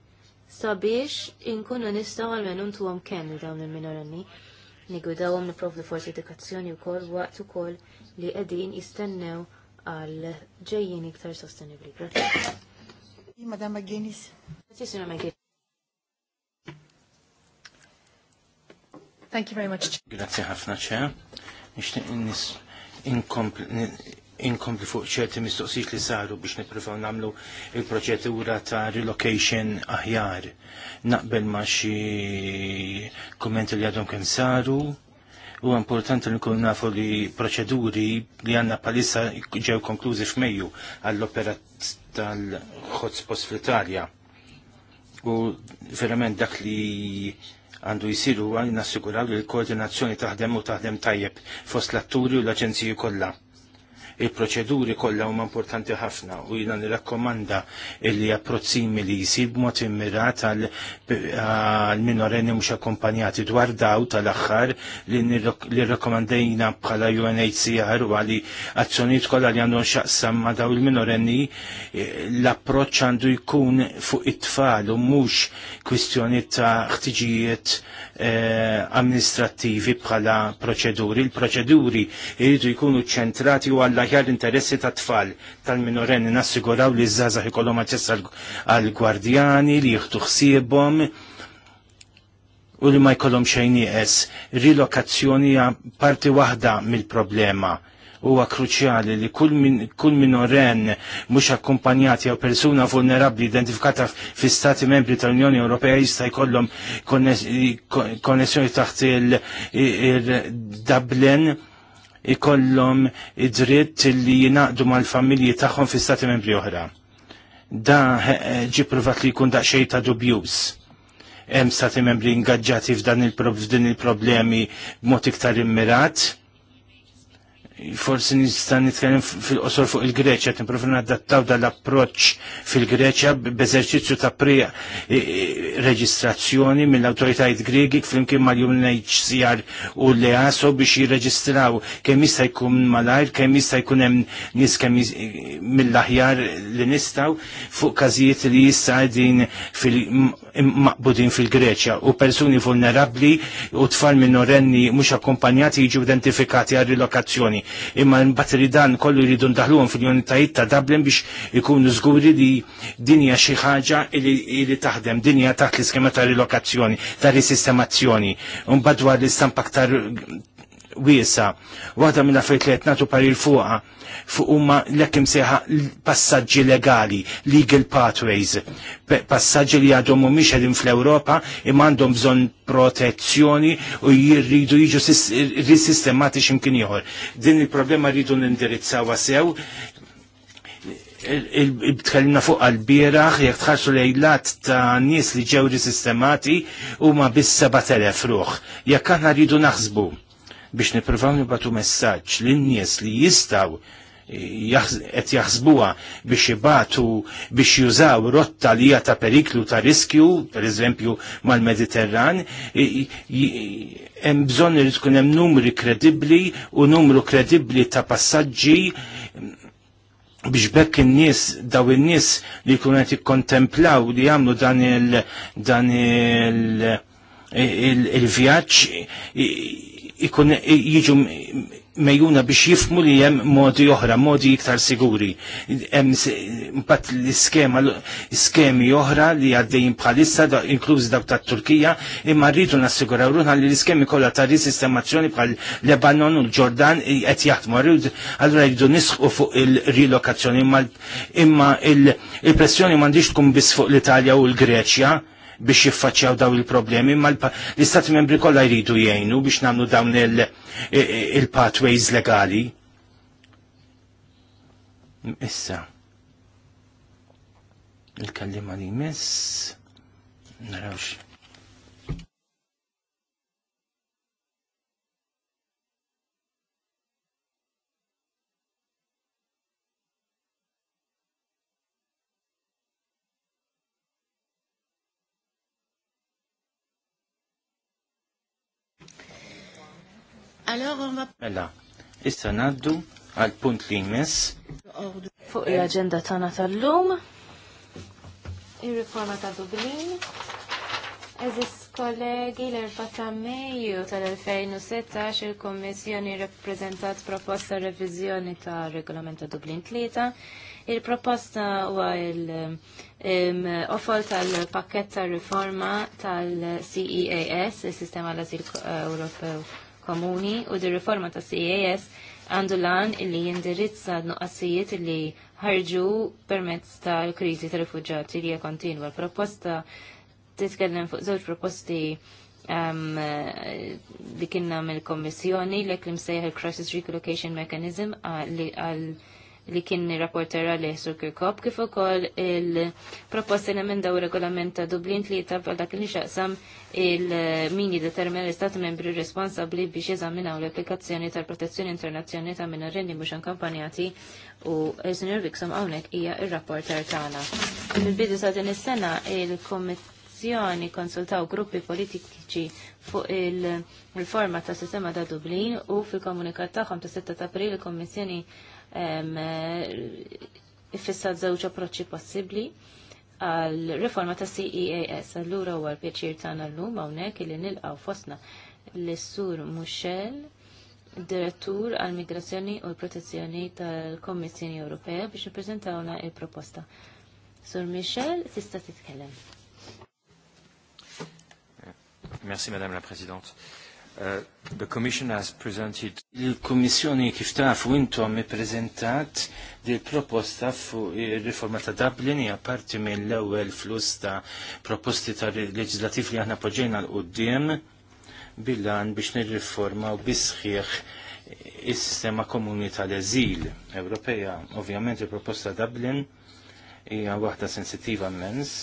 sabiex inkunu nistgħu għalmenu ntuhom kemm li dawn il-minorenni nigwidawhom niprovdu forsi edukazzjoni wkoll waqt ukoll li qegħdin jistennew għal ġejjin iktar sostenibbli. Grazzi. Madam McGuinness. Grazzi, Sina McGuinness. Thank you very much. Grazie ħafna ċe. Nishtiq inkompli fuq ċerti mistoqsijiet li saru biex nippruvaw nagħmlu il-proċedura ta' relocation aħjar. Naqbel ma' xi kummenti li għadhom kemm saru u importanti li nkunu nafu li proċeduri li għanna palissa ġew konklużi f'Mejju għall-opera tal ħotspost fl-Italja. U verament dak li għandu jisiru għaj nassiguraw li l-koordinazzjoni taħdem u taħdem tajjeb fost l-atturi u l aġenziju kollha il-proċeduri kollha huma importanti ħafna u jiena nirrakkomanda li approzzimi li jsib mod immirat għal minorenni mhux akkompanjati dwar daw tal-aħħar li nirrakkomandejna bħala UNHCR u għali azzjonijiet kollha li għandhom x'aqsam ma' daw il-minorenni l-approċċ għandu jkun fuq it-tfal u mhux kwistjoni ta' ħtiġijiet eh, amministrattivi bħala proċeduri. Il-proċeduri jridu jkunu ċentrati u għalla aħjar interessi ta' tfal tal-minorenni nassiguraw li żgħażagħ ikollhom aċċess għall-gwardjani li jieħdu ħsiebhom u li ma jkollhom xejn nieqes. Rilokazzjoni hija parti waħda mill-problema huwa kruċjali li kull, min, kull minoren mhux akkumpanjati jew persuna vulnerabbli identifikata fi stati membri tal-Unjoni Ewropea jista' jkollhom konnessjoni taħt il-Dublin il ikollhom id-dritt li jinaqdu mal-familji tagħhom fi stati membri oħra. Da ġi provat li jkun daqsxejn ta' dubjus hemm stati membri ingaġġati f'dan il-problemi b'mod iktar immirat forsi nista' nitkellem fil-qosor fuq il-Greċja, tinprofu nadattaw dal-approċċ fil-Greċja b'eżerċizzju ta' prija e, e, reġistrazzjoni mill-awtoritajiet Griegi flimkien mal-UNHCR u l-EASO biex jirreġistraw kemm jista' jkun malajr, kemm jista' jkun hemm nies kemm mill-aħjar li nistgħu fuq każijiet li jista' qegħdin maqbudin fil-Greċja u persuni vulnerabbli u tfal minorenni mhux akkumpanjati jiġu identifikati għal rilokazzjoni imma mbagħad batteri dan kollu jridu ndaħluhom fil-unitajiet ta' Dublin biex ikunu żguri li dinja xi ħaġa li taħdem dinja taħt l-iskema ta' rilokazzjoni, ta' risistemazzjoni. un dwar l-istamp aktar wiesa, waħda minna fejt li qed nagħtu parir fuqha fuq huma l-ekim seħa passaġġi legali, legal pathways, passaġġi li għadhom mhumiex qegħdin fl-Ewropa imma għandhom bżonn protezzjoni u jirridu jiġu sistematiċ imkien ieħor. Din il-problema rridu nindirizzawha sew tkellimna fuq għal-bieraħ, jek tħarsu lejlat ta' nies li ġew sistemati u ma bis 7000 ruħ. Jekk aħna rridu naħsbu biex nippruvaw nibatu messaġġ lin nies li jistaw qed jaħsbuha biex ibatu biex jużaw rotta li hija ta' periklu ta' riskju, per eżempju mal-Mediterran, hemm bżonn li tkun hemm numri kredibbli u numru kredibbli ta' passaġġi biex bekk in-nies daw in-nies li jkunu qed ikkontemplaw li jagħmlu dan il dan il il-vjaġġ ikun jiġu Mejuna biex jifmu li jem modi oħra, modi iktar siguri. mbatt l-iskema, iskemi oħra li għaddejn bħalissa, da, dawk ta' Turkija, imma rridu nassiguraw ruħna li l-iskemi kollha ta' risistemazzjoni bħal Lebanon u l-Ġordan qed jaħdmu rridu, allura jridu nisħu fuq il-rilokazzjoni, imma il-pressjoni mandiġ tkun biss fuq l-Italja u l-Greċja, biex jiffaċċjaw daw il-problemi, ma l-istati membri kollha jridu jgħinu biex nagħmlu dawn il-pathways legali. Issa, il-kallima li mess, narawx Alors on va... Mela, issa naddu għal punt li jmiss. Fuq l-agenda tana tal-lum, ir-riforma ta' Dublin, eżis kollegi l-4 ta' Mejju tal-2016 il-Kommissjoni rappresentat proposta revizjoni ta' regolament ta' Dublin 3. Il-proposta huwa l offol tal-pakket ta' riforma tal-CEAS, il-Sistema l-Azil Ewropew komuni u di riforma ta' CAS għandu lan illi jindirizza nuqqassijiet illi ħarġu permezz tal-kriżi ta' rifugġati li hija kontinwa. Proposta titkellem fuq żewġ proposti um, li kienna mill-Kommissjoni li klim sejħ il-Crisis Relocation Mechanism għal li kien rapportera li Sur Kirkop kif ukoll il-proposti li minn daw regolament ta' Dublin li bħal dak li xaqsam il-min jiddetermina l-istat membri responsabbli biex jeżaminaw l-applikazzjoni tal-protezzjoni internazzjoni ta' minorenni mhux inkampanjati u Sr. Vixom hawnhekk hija ir-rapporter tagħna. Fil-bidu sa' din is-sena il-Komitat kommissjoni konsultaw gruppi politiċi fuq il-riforma ta' sistema ta' Dublin u fil-komunikat tagħhom ta' 6 ta' April il-Kommissjoni eh, fissat żewġ approċċi possibbli għal-riforma ta' CEAS. Allura huwa l-pjaċir tagħna llum hawnhekk li nilqgħu fostna l-Sur Muxell direttur għal migrazzjoni u l-protezzjoni tal-Kommissjoni Ewropea biex nippreżentawna il-proposta. Sur Michel, tista' titkellem. Merci, Madame la Uh, the Commission has presented... Il-Kommissjoni kif tafu intom prezentat dil proposta fuq il-riforma ta' Dublin hija parti mill-ewwel flus ta' proposti ta' legislativ li aħna poġġejna l-qudiem bilan biex nirriforma u bisħiħ il sistema komuni tal-eżil Ewropea. Ovvjament il-proposta Dublin hija waħda sensitiva mens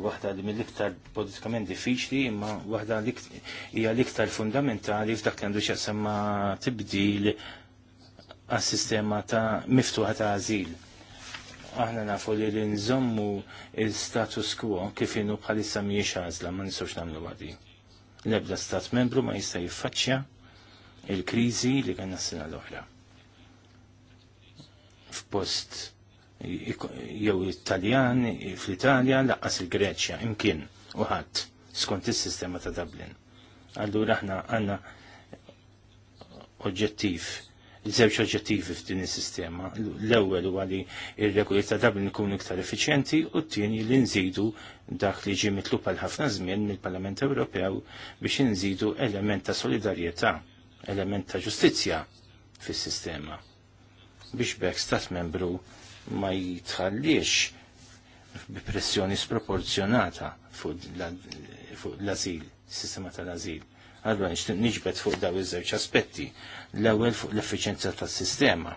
waħda li mill-iktar politikament diffiċli imma waħda li hija l-iktar fundamentali f'dak li għandu xasemma tibdil għas-sistema ta' miftuħa ta' azil. Aħna nafu li l-inżommu il-status quo kif inhu bħalissa mhijiex għażla ma nistgħux nagħmlu għadi. L-ebda stat membru ma jista' jiffaċċja il-kriżi li kellna s-sena l-oħra. F'post jew Italjan fl-Italja laqqas il-Greċja imkien u ħadd skont is-sistema ta' Dublin. Allura aħna għandna oġġettiv żewġ oġġettivi f'din is-sistema. L-ewwel huwa li r-regoli ta' Dublin ikunu iktar effiċjenti u t-tieni li nżidu dak li ġie mitlub għal ħafna żmien mill-Parlament Ewropew biex inżidu element ta' solidarjetà, element ta' ġustizzja fis-sistema biex bekk stat membru ma jitħallix bi pressjoni sproporzjonata fuq l-azil, sistema tal-azil. Allora nixtieq niġbed fuq daw iż-żewġ aspetti. L-ewwel fuq l-effiċenza tas-sistema.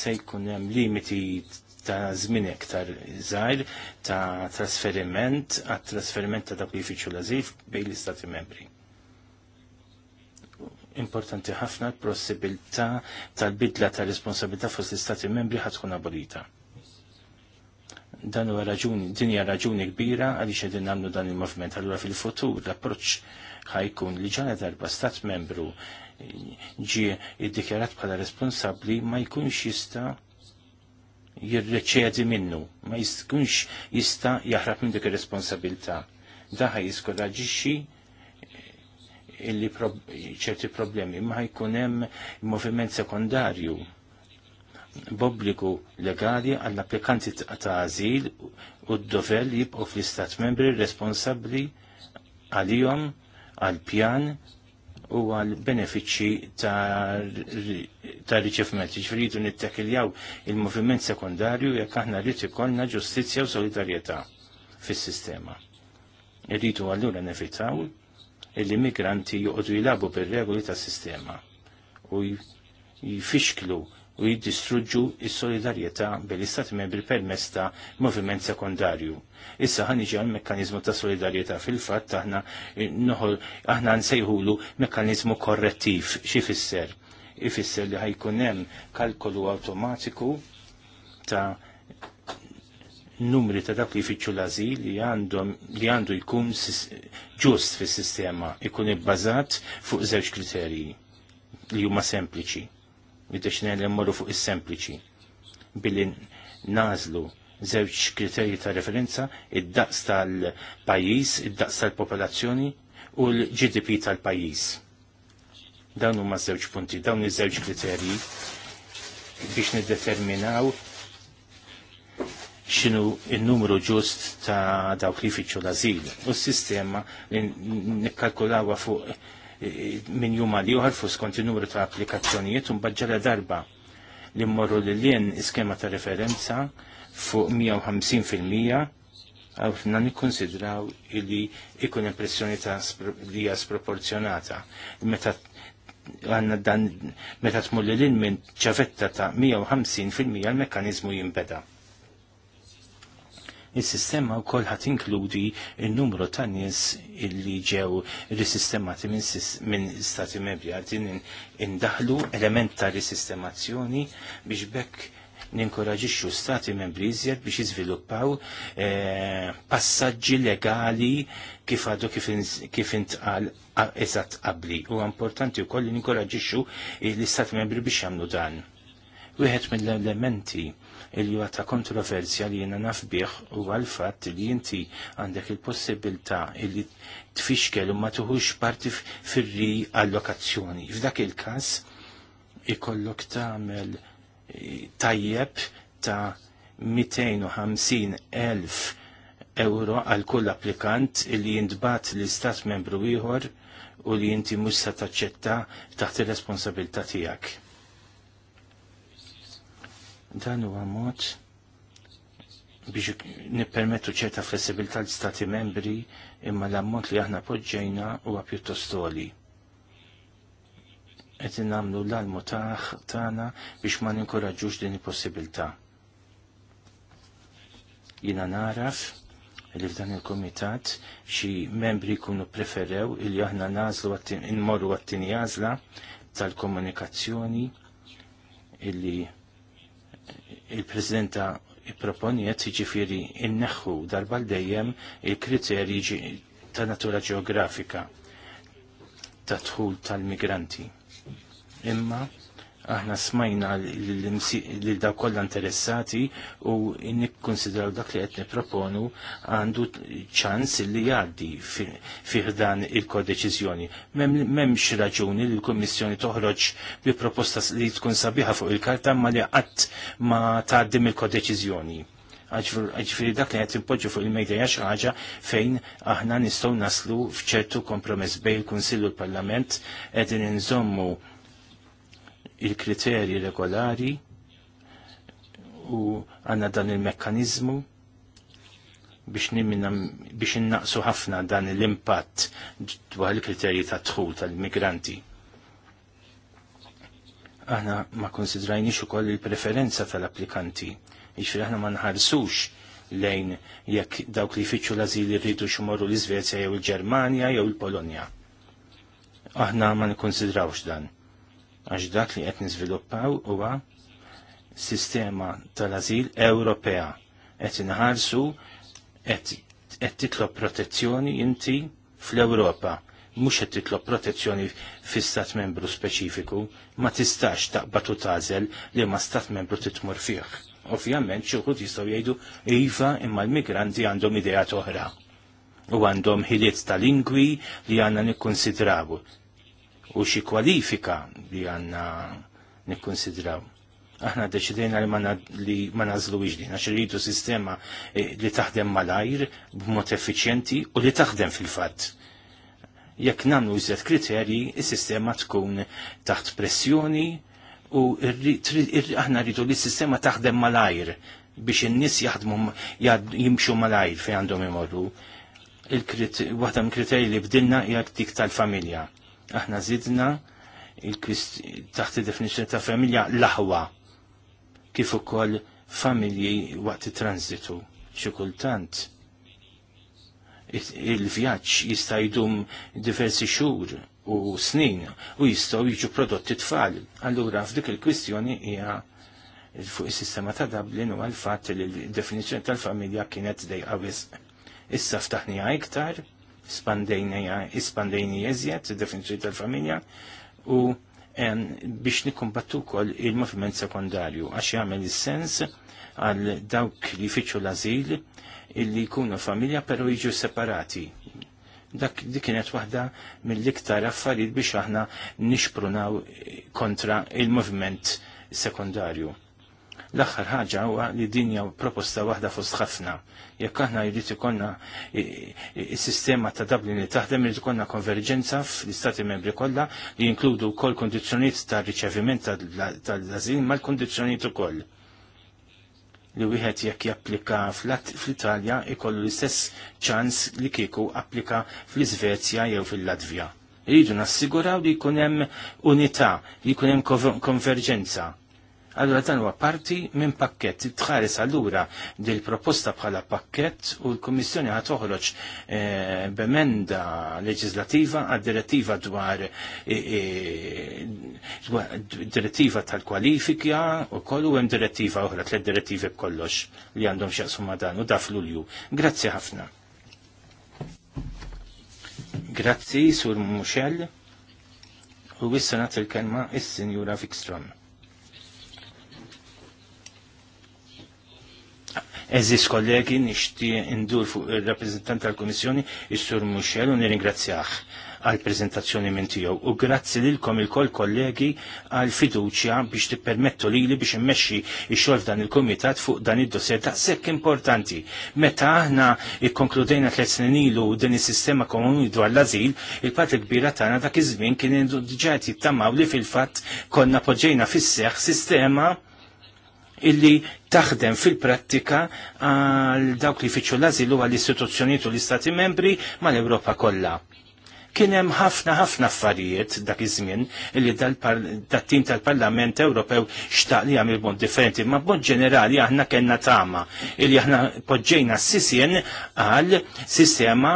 Se jkun hemm limiti ta' żmien iktar żgħir ta' trasferiment għat trasferiment ta' dawk li jfittxu l-azil bejn l-Istati Membri importanti ħafna l-possibilità tal-bidla ta' responsabilità fost l-Istati membri ħatkun abolita. Dan huwa raġuni, din hija raġuni kbira għaliex qegħdin nagħmlu dan il-movement. Allura fil-futur l-approċċ ħajkun li ġala darba stat membru ġie iddikjarat bħala responsabbli ma jkunx jista' jirreċedi minnu, ma jkunx jista' jaħrab minn dik ir-responsabilità. Daħa jiskoraġixxi illi ċerti problemi ma jkun hemm moviment sekondarju bobbliku legali għall-applikanti ta' azil u d-dover li jibqgħu fl-istat membri responsabbli għalihom għal-pjan u għal-benefiċċji ta' riċevment. Ġifridu nittakiljaw il-moviment sekundarju jekk aħna rrid ikollna ġustizzja u solidarjetà fis-sistema. Irridu allura nevitaw l-immigranti joqogħdu jilabu per regoli tas-sistema u jfixklu u jiddistruġġu is-solidarjetà bil-Istati Membri permezz ta' moviment sekondarju. Issa ħan iġi għal ta' solidarjetà fil-fatt aħna noħol aħna nsejħulu mekkanizmu korrettiv xi fisser. Ifisser li ħajkunem hemm kalkolu awtomatiku ta' numri ta' dak li jfittxu l-azil li għandu jkun ġust fis sistema jkun ibbażat fuq żewġ kriterji li huma sempliċi. Biex morru fuq is-sempliċi. Billi nażlu żewġ kriterji ta' referenza, id-daqs tal-pajjiż, id-daqs tal-popolazzjoni u l-GDP tal-pajjiż. Dawn huma żewġ punti, dawn iż-żewġ kriterji biex niddeterminaw xinu il-numru ġust ta' dawk li fitxu l-azil. U s-sistema li nikkalkulawa fuq e, e, minn juma li uħar fuq skont il-numru ta' applikazzjonijiet un bħadġala darba li mmorru li l-lien iskema ta' referenza fuq 150% għawna nikkonsidraw li ikun impressjoni ta' li sproporzjonata. Meta għanna dan meta tmulli l minn ċavetta ta' 150% l mekanizmu jimbeda. Is-sistema wkoll ħadd inkludi n-numru ta' nies illi ġew risistemati minn stati membri għaddin din indaħlu element ta' risistemazzjoni biex bekk ninkoraġixxu stati membri iżjed biex jiżviluppaw eh, passaġġi legali kif għadu kif intqal eżatt qabli. U importanti wkoll li ninkoraġixxu l-istati membri biex jagħmlu dan. Wieħed mill-elementi il huwa ta' kontroversja li jiena nafbiħ u għal-fatt li inti għandek il-possibilità li tfixkel u ma tuħux parti fir allokazzjoni. F'dak il-każ ikollok tagħmel tajjeb ta' 250 elf euro għal kull applikant li jindbat l-istat membru ieħor u li inti mhux se taċċetta taħt ir-responsabilità tiegħek Dan huwa mod biex nippermettu ċerta flessibilità l-Stati membri imma l-ammont li aħna poġġejna huwa pjuttost toli. Qed nagħmlu l-almu tagħna biex ma ninkoraġġux din il-possibilità. Jiena naraf li f'dan il-komitat xi membri jkunu preferew il aħna nażlu immorru għat-tini għażla tal-komunikazzjoni illi il-Presidenta proponiet ġifiri inneħu darba dejjem il-kriterji ta' natura ġeografika ta' tħul tal-migranti. Imma Aħna smajna li dak kollha interessati u nikkonsidraw dak li qed niproponu għandu ċans li jgħaddi fih dan il-kodeċiżjoni. M'hemmx raġuni li l-Kummissjoni toħroġ bi proposta li tkun sabiħa fuq il-karta ma li qatt ma tgħaddim il-kodeċiżjoni ġifiri dak li għet impoġġu fuq il-mejda jax ħaġa fejn aħna nistaw naslu fċertu kompromess bej il-Konsillu l-Parlament edin nżommu il-kriterji regolari u għanna dan il-mekkanizmu biex nimminam biex innaqsu ħafna dan l-impatt dwar il-kriterji ta' dħul tal-migranti. Aħna ma konsidrajniex ukoll il-preferenza tal-applikanti, jiġri aħna ma nħarsux lejn jekk dawk li fitxu l-azil irridu xumorru l-Iżvezja jew il-Ġermanja jew il-Polonja. Aħna ma nikkonsidrawx dan għax dak li qed niżviluppaw huwa sistema tal-azil Ewropea. Qed inħarsu qed titlob protezzjoni inti fl-Ewropa mhux qed titlob protezzjoni fi stat membru speċifiku, ma tistax taqbad u tażel li ma stat membru titmur fih. Ovvjament xi wħud jistgħu jgħidu iva imma l-migranti għandhom idea oħra u għandhom ħiliet ta' lingwi li għanna nikkonsidrawu u xi kwalifika li għanna nikkonsidraw. Aħna deċidejna li ma nażlu iġdin, għax rridu sistema eh, li taħdem malajr b'mod effiċjenti u li taħdem fil-fatt. Jekk nagħmlu iżjed kriterji, is-sistema tkun taħt pressjoni u aħna rridu li s-sistema taħdem malajr biex in-nies jaħdmu jimxu malajr fejn għandhom imorru. Waħda mill-kriterji li bdilna hija dik tal-familja Aħna zidna taħt id-definizjoni ta' familja laħwa kif ukoll familji waqt it-transitu. Xi kultant il-vjaġġ jista' jdum diversi xhur u snin u jistgħu jiġu prodotti tfal. Allura f'dik il-kwistjoni hija fuq is-sistema ta' Dublin u għal fatt li l-definizzjoni tal-familja kienet dejqa wisq. Issa ftaħnija iktar spandejni jeżjed, definizjoni tal-familja, u biex nikumbattu kol il-moviment sekundarju, għax jagħmel is-sens għal dawk li fitxu l-azil illi jkunu familja pero jiġu separati. Dak di kienet waħda mill-iktar affarijiet biex aħna nixprunaw kontra il-moviment sekundarju. L-aħħar ħaġa huwa li dinja proposta waħda fost ħafna. Jekk aħna jrid ikollna is-sistema ta' Dublin li taħdem irid ikollna konverġenza fl-istati membri kollha li jinkludu wkoll kondizzjonijiet ta' riċeviment tal ażil mal-kondizzjonijiet ukoll li wieħed jekk japplika fl-Italja ikollu l-istess ċans li kieku applika fl-Iżvezja jew fil-Latvja. Rridu nassiguraw li jkun hemm unità, li jkun hemm konverġenza Allura dan huwa parti minn pakkett tħares allura dil proposta bħala pakkett u l-Kummissjoni ħad toħroġ eh, b'emenda leġislativa għad-direttiva eh, eh, dwar direttiva tal-kwalifika u kollu hemm direttiva oħra tliet direttivi kollox li għandhom x'jaqsmu ma' dan u daf lulju. Grazzi ħafna. Grazzi, Sur Muxell. U wissa nagħti il-kelma is-Sinjura Vikstrom. Eżis kollegi nixti indur fuq il-rappresentant tal-Komissjoni, il-Sur Muxel, u nirringrazzjaħ għal-prezentazzjoni minn tiegħu. U grazzi lilkom il-koll kollegi għal-fiduċja biex tippermettu li li biex immexxi x-xogħol f'dan il-Kumitat fuq dan id-dossier ta' sekk importanti. Meta aħna ikkonkludejna tliet snin ilu din is-sistema komuni dwar l-ażil, il-parti kbira tagħna dak iż-żmien kien diġà jittamaw li fil-fatt konna poġġejna fis-seħħ sistema illi taħdem fil-prattika għal dawk li fiċu l-azilu għall istituzzjoniet u l-Istati membri mal-Ewropa kollha. Kien hemm ħafna ħafna affarijiet dak iż-żmien illi dat-tim tal-Parlament Ewropew xtaq li għamil bond differenti, ma bond ġenerali aħna kellna tama illi aħna poġġejna s-sisien għal sistema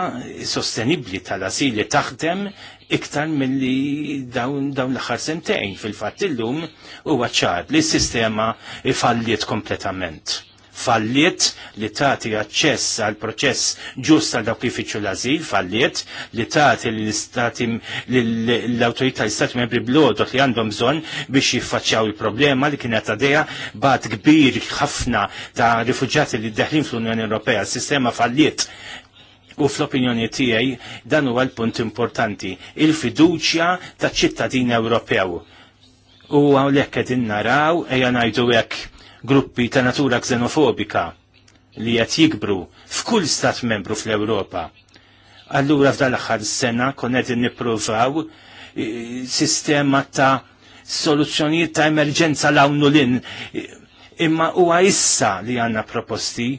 sostenibbli tal-asil taħdem iktar mill-li dawn, l-axar sentejn fil-fatt illum u għacċar li s-sistema falliet kompletament falliet li tati aċċess għal proċess ġust għal dawk li fiċu l-azil, falliet li tati l autorita l istati membri blodot li għandhom bżon biex jiffaċċjaw il-problema li kienet għadeja bat kbir ħafna ta' rifugġati li d-deħlin fl-Unjoni Ewropea. Sistema falliet u fl-opinjoni tiegħi dan huwa l-punt importanti, il-fiduċja taċ ċittadin Ewropew. U għawlek qegħdin naraw ejja ngħidu hekk gruppi ta' natura xenofobika li qed jikbru f'kull stat membru fl-Ewropa. Allura f'dan l-aħħar sena kon qegħdin nippruvaw sistema ta' soluzzjonijiet ta' emerġenza lawnu lin imma huwa issa li għandna proposti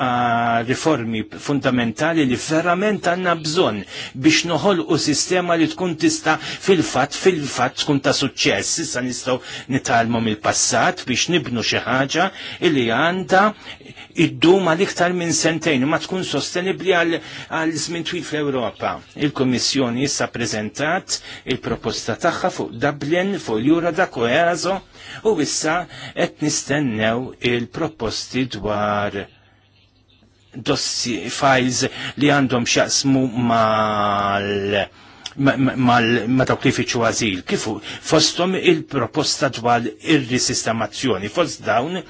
Eh, riformi fundamentali li verament għanna bżon biex noħol u sistema li tkun tista fil-fat, fil-fat tkun ta' suċċess. Issa nistaw nitalmu il passat biex nibnu xi ħaġa li għanda id-dum għal-iktar minn sentejn ma tkun sostenibli għal żmien twil fl-Ewropa. Il-Kommissjoni issa prezentat il-proposta tagħha fuq Dublin, fuq l-Jura da Koeazo u issa qed nistennew il-proposti dwar dossi files li għandhom xaqsmu mal ma dawk li għazil. Kifu, fostom il-proposta dwar ir-risistamazzjoni, fost dawn,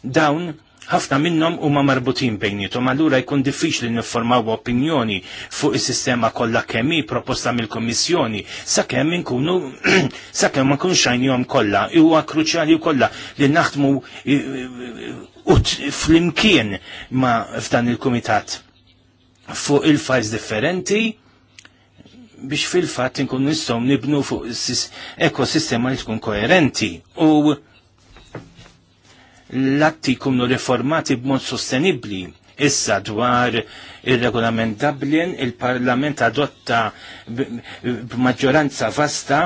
dawn ħafna minnhom huma marbutin bejnietom, allura jkun diffiċli nifformaw opinjoni fuq is-sistema kollha kemm proposta mill-Kummissjoni sakemm inkunu sakemm ma nkunx għajnihom kollha. Huwa kruċjali kollha li naħdmu u flimkien ma f'dan il-kumitat fuq il-fajs differenti biex fil-fat nkun nistgħu nibnu fuq ekosistema li tkun koerenti u l-atti jkunu riformati b'mod sostenibbli. Issa dwar il-regolament Dublin, il-Parlament adotta b'maġġoranza vasta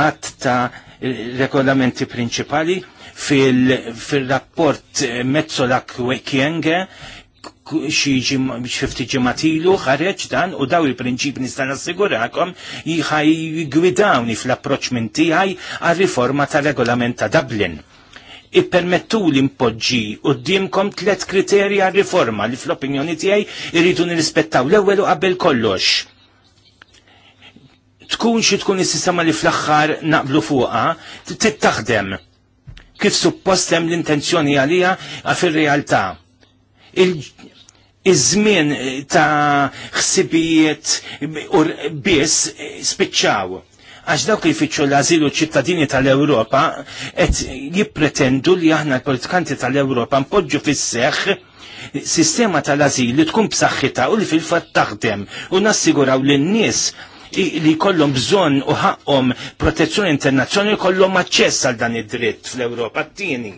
għat ta' regolamenti prinċipali fil-rapport fil Mezzola Kienge xifti ġematilu ħareġ dan u daw il-prinċip nistan assigurakom jħaj gwidawni fl-approċ minn tiegħi għal-riforma ta' regolament ta' Dublin ippermettu li mpoġġi u d-dimkom tlet kriterja riforma li fl-opinjoni tijaj irridu nirrispettaw l-ewel u qabel kollox tkun xi tkun is-sistema li fl-aħħar naqblu fuqha tittaħdem kif suppost hemm l-intenzjoni għalija fir-realtà. Iż-żmien ta' ħsibijiet biss spiċċaw għax dawk li jfittxu l-azilu ċittadini tal-Ewropa qed jippretendu li aħna l-politikanti tal-Ewropa npoġġu fis-seħħ sistema tal-azil li tkun b'saħħitha u li fil-fatt taħdem u nassiguraw lin nies li kollhom bżonn u ħaqhom protezzjoni internazzjonali kollhom aċċess għal dan id-dritt fl-Ewropa t-tieni.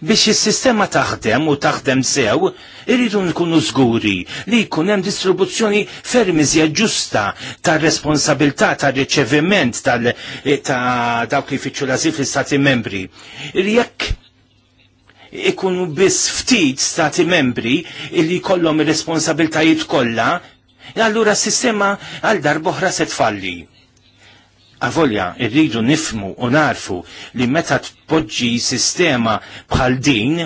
Biex is-sistema taħdem u taħdem sew, irridu nkunu żguri li jkun hemm distribuzzjoni ferm iżjed ġusta tar-responsabilità tar-riċeviment tal eh, ta' dawk li fiċċu l-azil fl-Istati membri. Jekk ikunu biss ftit stati membri illi kollhom ir-responsabiltajiet kollha E allura s-sistema għal darboħra se tfalli. Avolja, irridu nifmu u narfu li meta tpoġġi sistema bħal din,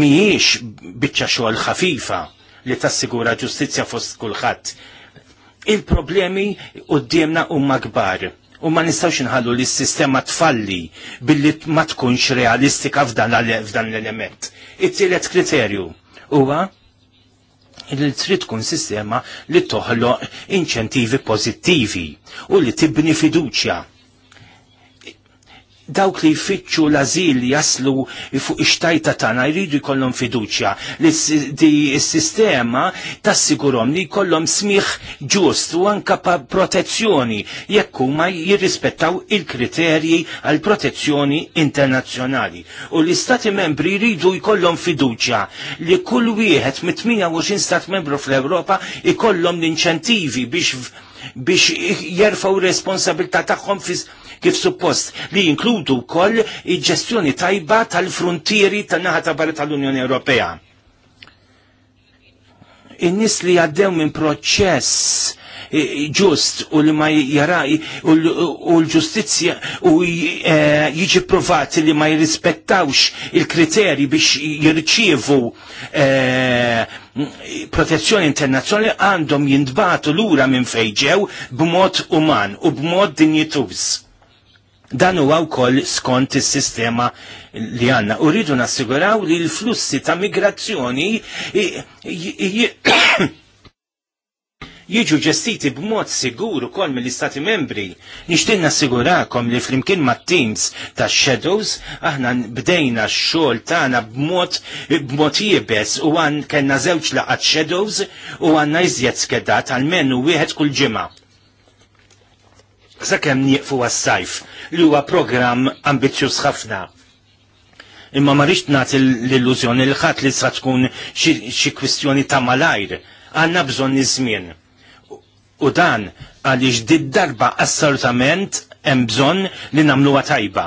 miħiex bicċa xogħol ħafifa li tassigura ġustizzja fost kulħadd. Il-problemi qudiemna huma kbar u ma nistawx nħallu li s-sistema tfalli billi ma tkunx realistika f'dan l-element. It-tielet kriterju huwa li trid tkun sistema li toħloq inċentivi pożittivi u li tibni fiduċja dawk li jfittxu l-azil jaslu fuq ixtajta tagħna jridu jkollhom fiduċja li s-sistema tassigurhom li jkollhom smiħ ġust u anka protezzjoni jekk huma jirrispettaw il-kriterji għal protezzjoni internazzjonali. U l-Istati membri jridu jkollhom fiduċja li kull wieħed mit-28 stat membru fl-Ewropa jkollhom l-inċentivi biex biex jerfaw responsabilta tagħhom fis kif suppost li jinkludu wkoll il-ġestjoni tajba tal-frontieri tan-naħa ta' barra tal-Unjoni Ewropea. In-nies li għaddew minn proċess ġust u li ma jaraj u l-ġustizja u e, jiġi provati li ma jirrispettawx il-kriteri biex jirċievu e, protezzjoni internazzjonali għandhom jindbatu lura minn fejġew b'mod uman u b'mod dinjituż. Dan huwa wkoll skont is-sistema li għandna. U rridu nassiguraw li l-flussi ta' migrazzjoni jiġu ġestiti b'mod sigur ukoll mill-Istati Membri. Nixtieq nassigurakom li flimkien mat-teams tax Shadows aħna bdejna x-xogħol tagħna b'mod b'mod jiebes u għan kellna żewġ laqat Shadows u għandna iżjed skedat għalmenu wieħed kull ġimgħa sakemm nieqfu għas-sajf li huwa programm ambizzjuż ħafna. Imma ma rridx nagħti l-illużjoni il ħadd li sa tkun xi kwistjoni ta' malajr. Għandna bżonn iż-żmien. U dan għaliex did darba assolutament hemm bżonn li nagħmluha tajba.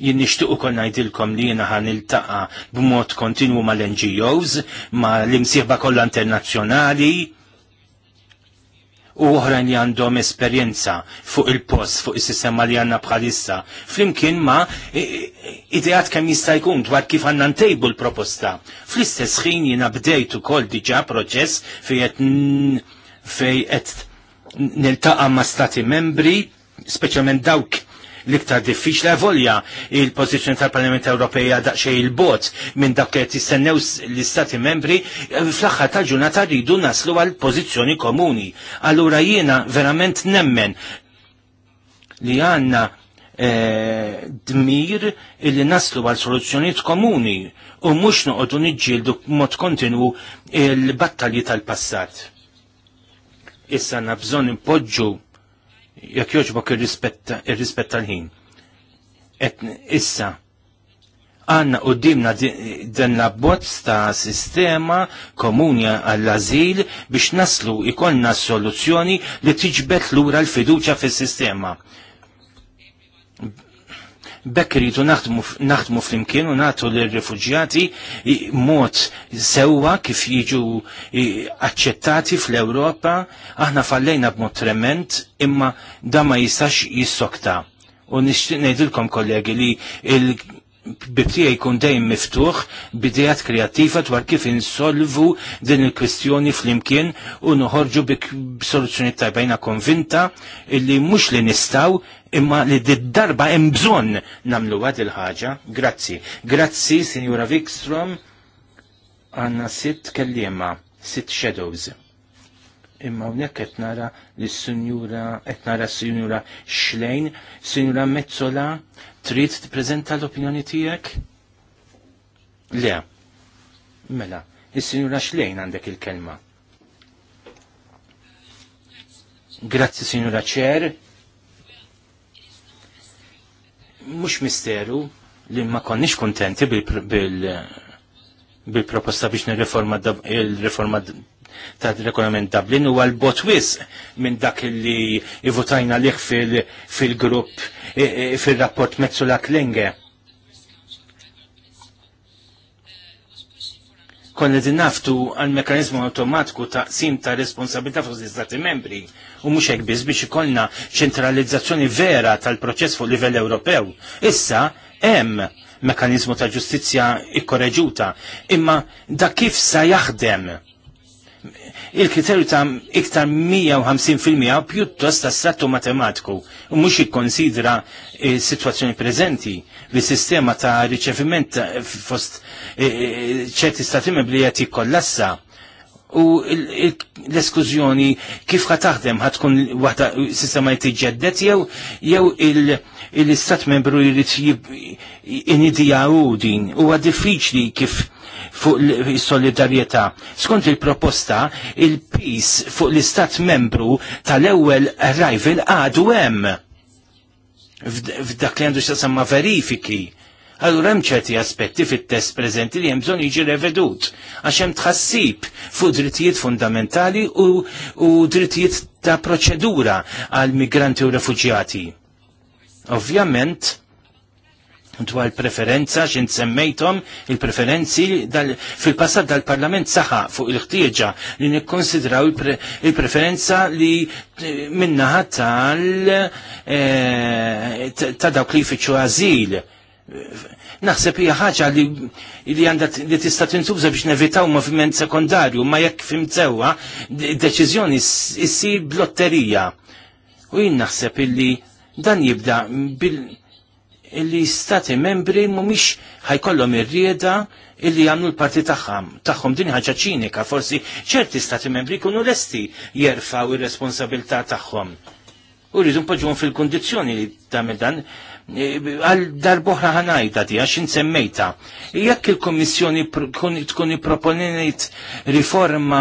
Jien nixtieq ukoll ngħidilkom li jiena ħan iltaqa' b'mod kontinwu mal-NGOs, mal-imsieħba kollha internazzjonali, u oħrajn li għandhom esperjenza fuq il-post, fuq is-sistema li għandna bħalissa. Flimkien ma ideat kemm jista' jkun dwar kif għandna ntejbu l-proposta. Fl-istess ħin jiena bdejt ukoll diġà proċess fejn qed niltaqa' ma' stati membri, speċjalment dawk l-iktar diffiċli volja il-pożizzjoni tal-Parlament Ewropeja daqsxejn il-bot minn dak li tistennew l-Istati membri eh, fl-aħħar ta' ġurnata rridu naslu għal pożizzjoni komuni. Allura jiena verament nemmen li għanna eh, dmir illi naslu għal soluzzjoniet komuni u mux noqodu nġildu mod kontinu il-battalji tal-passat. Issa na impoġġu jekk joġbok ir rispetta tal-ħin. Issa, għanna u dimna dan l bozz ta' sistema komuni għall-azil biex naslu ikonna soluzzjoni li tiġbet lura l-fiduċa fis sistema Bekk iridu naħdmu flimkien u nagħtu lir-refuġjati mod sewwa kif jiġu aċċettati fl-Ewropa, aħna fallejna b'mod trement imma da ma jistax jissokta. U nixtieq ngħidilkom kollegi li bibtija jkun dejjem miftuħ bidejat kreattiva dwar kif insolvu din il-kwistjoni flimkien u noħorġu bi soluzzjoni tajbajna konvinta illi mhux li nistaw imma li d-darba hemm bżonn għad il-ħaġa. Grazzi. Grazzi, Sinjura Wikstrom, għanna sitt kellima, sitt shadows imma hawnhekk qed nara lis-Sinjura qed nara s-Sinjura Xlejn, Sinjura Mezzola, trid tippreżenta l-opinjoni tiegħek? Le. Mela, is-Sinjura Xlejn għandek il-kelma. Grazzi Sinjura Ċer. Mhux misteru li ma konniex kontenti bil-proposta biex nirreforma il-reforma ta' regolament Dublin huwa l-botwis minn dak li votajna liħ fil-grupp fil e, grupp e, fil rapport Metzula Klinge. Konna li naftu għal mekanizmu automatiku ta' sim ta' responsabilità fuq l-Istati membri u mhux hekk biss biex ikollna ċentralizzazzjoni vera tal-proċess fuq livell Ewropew. Issa hemm mekanizmu ta' ġustizzja ikkoreġuta, imma da kif sa jaħdem il-kriterju ta' iktar 150% pjuttost ta' strattu matematiku u mux jikkonsidra eh, situazzjoni prezenti li sistema ta' riċeviment eh, fost eh, ċerti stati membri jati kollassa u l eskuzjoni kif ħa taħdem ħa tkun waħda sistema li ġeddet jew jew il-istat membru jrid inidjaw din huwa diffiċli kif fuq il-solidarieta. Skont il-proposta, il-pis fuq l-istat membru tal-ewel arrival għadu hemm f'dak li għandu xasamma verifiki. Allura hemm ċerti aspetti fit-test preżenti li hemm bżonn jiġi revedut għax hemm tħassib fuq drittijiet fundamentali u, u drittijiet ta' proċedura għal migranti u refuġjati. Ovvjament, dwar preferenza xin semmejtom il-preferenzi fil-passat dal-parlament saħa fuq il-ħtieġa li nikkonsidraw il-preferenza li eh, minnaħa tal eh, ta' dawk li fiċu għazil naħseb hija ħaġa li li għandha li tista' tintuża biex nevitaw moviment sekondarju, ma jekk fim sewwa deċiżjoni issir blotterija. U jien naħseb illi dan jibda bil illi stati membri mumiex ħajkollhom ir-rieda illi għamlu l-parti tagħhom. Tagħhom din ħaġa ċinika, forsi ċerti stati membri kunu lesti jerfaw ir-responsabilità tagħhom. U rridu npoġġuhom fil-kundizzjoni li tagħmel dan E, għal darboħra ħanajta ti għax insemmejta. Jekk il komissjoni tkun proponenit riforma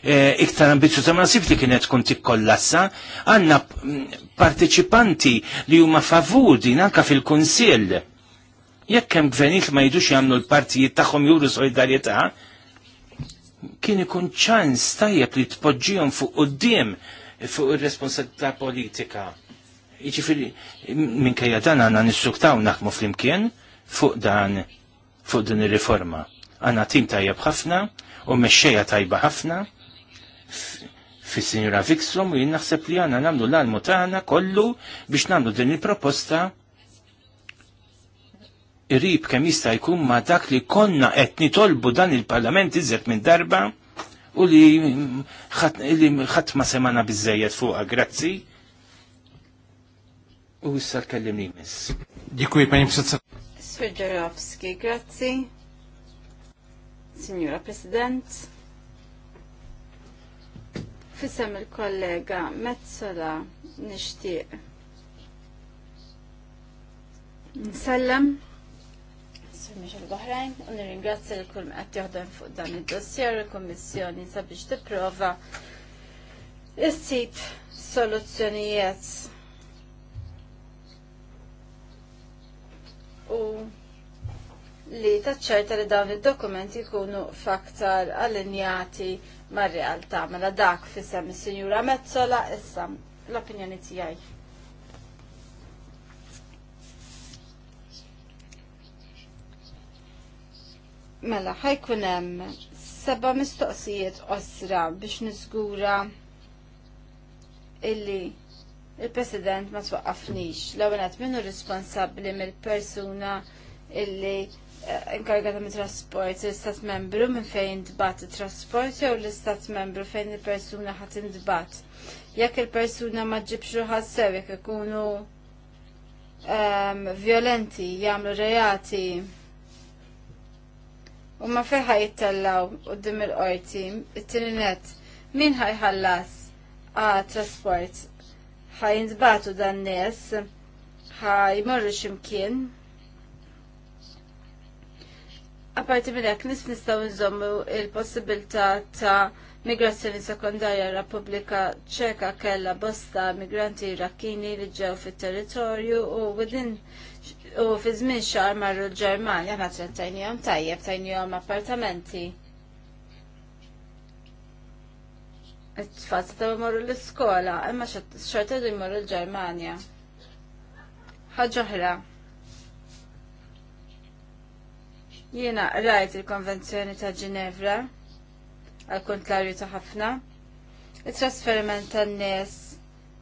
e, iktar ambizjuza ma nasib li kienet tkun tikkollassa, għanna partecipanti li huma favur din anka fil-Kunsill. Jekk hemm gvernijiet ma jidux jagħmlu l-partijiet tagħhom juru solidarjetà, kien ikun ċans tajjeb li tpoġġihom fuq quddiem fuq ir-responsabilità politika Iġifiri, minkejja dan għanna nissuktaw naħmu fl-imkien fuq dan fuq din ir-riforma. Għanna tim tajjeb ħafna u mexxejja tajba ħafna fis sinjura Vikstrom u jien naħseb li għanna namlu l-almu tagħna kollu biex namlu din il-proposta irrib kemm jista' jkun ma' dak li konna qed nitolbu dan il-Parlament iżjed minn darba u li ħatma semana biżejjed fuqha, grazzi U issa l-kellimni miss. Dziękuję Pani Przewodnicząca. Sfidżerowski, grazzi. Signora President. Fissem il-kollega Mezzola nishtiq. Nsellem. Sur Michel Bohrajn, u nirringrazzja li kull qed joħdem fuq dan id-dossier il-Kummissjoni sabiex tipprova issib soluzzjonijiet u li taċċerta li dawn id-dokumenti jkunu faktar allinjati mar realtà mela dak fisem is-Sinjura Mezzola issa l-opinjoni tiegħi. Mela ħajkun hemm seba' mistoqsijiet osra biex niżgura illi il-President ma twaqqafnix. L-għawenat minnu responsabli mill-persuna illi eh, inkargata mit trasport l-istat membru minn fejn dbat trasport jew l-istat membru fejn il-persuna ħat indbat. Jekk il-persuna ma ġibx ruħas sew jekk ikunu um, violenti, jagħmlu reati. U ma fejħa jittallaw u dim il-qorti, it-tininet, min ħajħallas għal trasport ħajnżbatu dan nies morru ximkien. Aparti minn hekk nis nistgħu nżommu il-possibilità ta' migrazzjoni sekondarja Repubblika Ċeka kellha bosta migranti Irakkini li ġew fit-territorju u widin u fi żmien xahar marru l-Ġermanja ma trattajnihom tajjeb tajnihom appartamenti. it-tfal ta' jmorru l-iskola, imma xorta jdu jmorru l-Ġermanja. Ħagġoħra. Jiena rajt il-Konvenzjoni ta' Ginevra għal kontlarju ta' ħafna. Il-trasferiment tan nies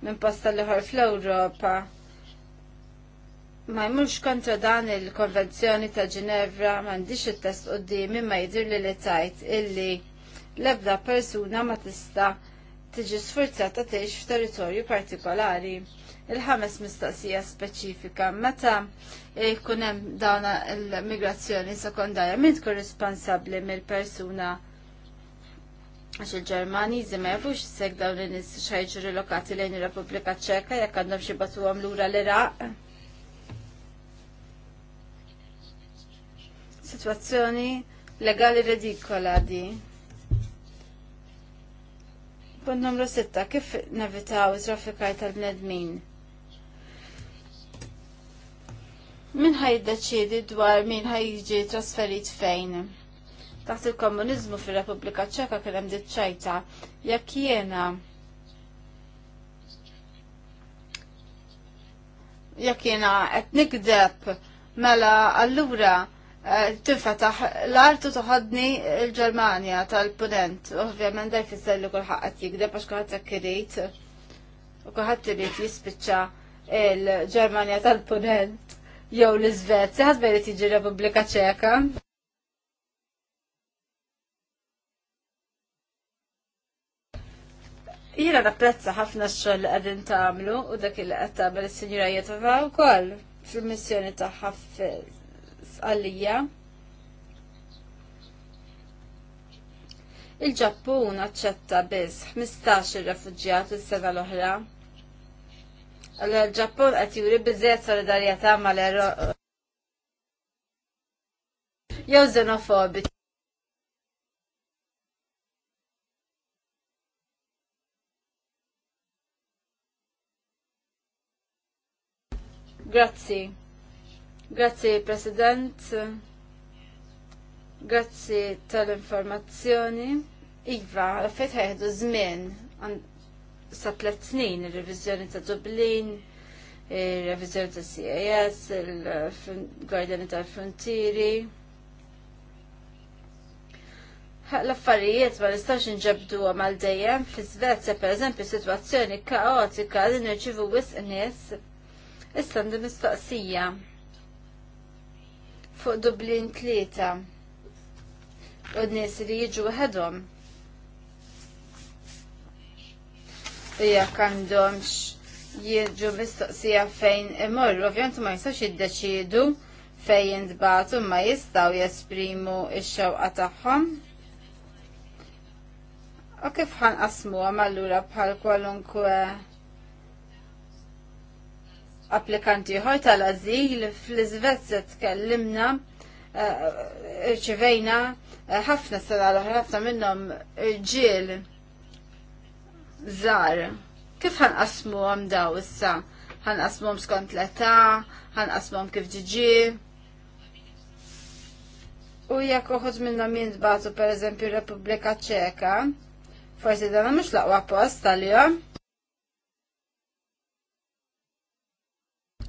minn posta l-ħor fl-Ewropa ma jmurx kontra dan il-Konvenzjoni ta' Ginevra m'għandix it-test quddiem ma' jidir li li tajt illi l-ebda persuna ma tista' tiġi sforzata tgħix f'territorju partikolari. Il-ħames mistaqsija speċifika meta jkun hemm dawn il-migrazzjoni sekondarja min tkun responsabbli mill-persuna għax il-Ġermaniżi ma jafux sek dawn in-nies xejġu rilokati lejn ir-Repubblika Ċeka jekk għandhom xi batuhom lura l-Iraq. Situazzjoni legali redikola di. Punt numru 6. Kif nevitaw traffikar tal-bnedmin? Min ħaj id dwar min ħaj jiġi trasferit fejn? Taħt il-komunizmu fil-Repubblika Ċeka kien hemm diċċajta, jekk jiena jekk jiena qed nikdeb mela allura Eh, tinfetaħ l-artu toħodni l-Ġermanja tal-punent. Ovvjament daj fisser li kullħat qed jikdeb għax kulħadd jakkirit u kulħadd irid jispiċċa l-Ġermanja tal-punent jew l-Iżvezja ħadd li tiġi Repubblika Ċeka. Jiena napprezza ħafna x-xogħol li qegħdin tagħmlu u dak li qed tagħmel is-Sinjura Jetova wkoll fil-missjoni ta' fil għalija. Il-Ġappun aċċetta biss 15 il-refugġjat is-sena l-oħra. il-Ġappun qed juri ma solidarjetà mal jew xenofobi. Grazzi. Grazzi President, grazzi tal-informazzjoni. Iva, fejt ħeħdu zmin, sa tlet snin, il-revizjoni ta' Dublin, il-revizjoni ta' CAS, il-Gwardjani tal-Frontieri l-affarijiet ma nistax nġabdu għamal dejjem fi Svezja per eżempju situazzjoni kaotika li nirċivu wisq nies issa għandi mistoqsija fuq Dublin tlieta u n-nies li jiġu waħedhom. U jekk għandhomx jiġu mistoqsija fejn imorru, ovvjament ma jistax jiddeċiedu fejn jintbagħtu ma jistgħu jesprimu x-xewqa tagħhom. U kif ħanqasmuha allura bħal kwalunkwe applikanti ieħor tal-azil fl-Iżvezja tkellimna eh, ċivejna eh, ħafna sala l ħafna minnhom irġiel żgħar. Kif qasmu għam daw issa? għam skont l-età, għam kif ġiġi. U jekk uħud minnhom per pereżempju Repubblika Ċeka, forsi dana mhux laqwa post tal-jom.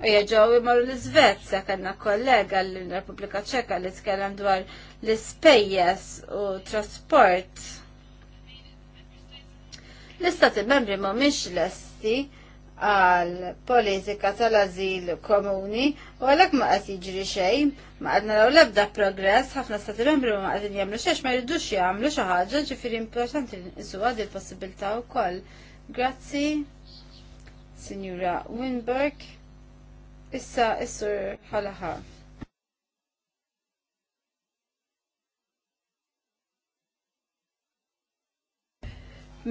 U jieġaw imorru l-Svezja, kanna kollega l-Repubblika Ċeka li tkellem dwar l-spejjes u trasport. L-istati membri ma miex l-esti għal politika tal-azil komuni u għalek ma għat jiġri xej, ma għadna law lebda progress, ħafna stati membri ma għadin jamlu xex, ma jridux jamlu xaħġa ġifiri importanti nżu għad il-possibilta u koll. Grazzi, Signora Winberg. Issa, issur ħalaħa.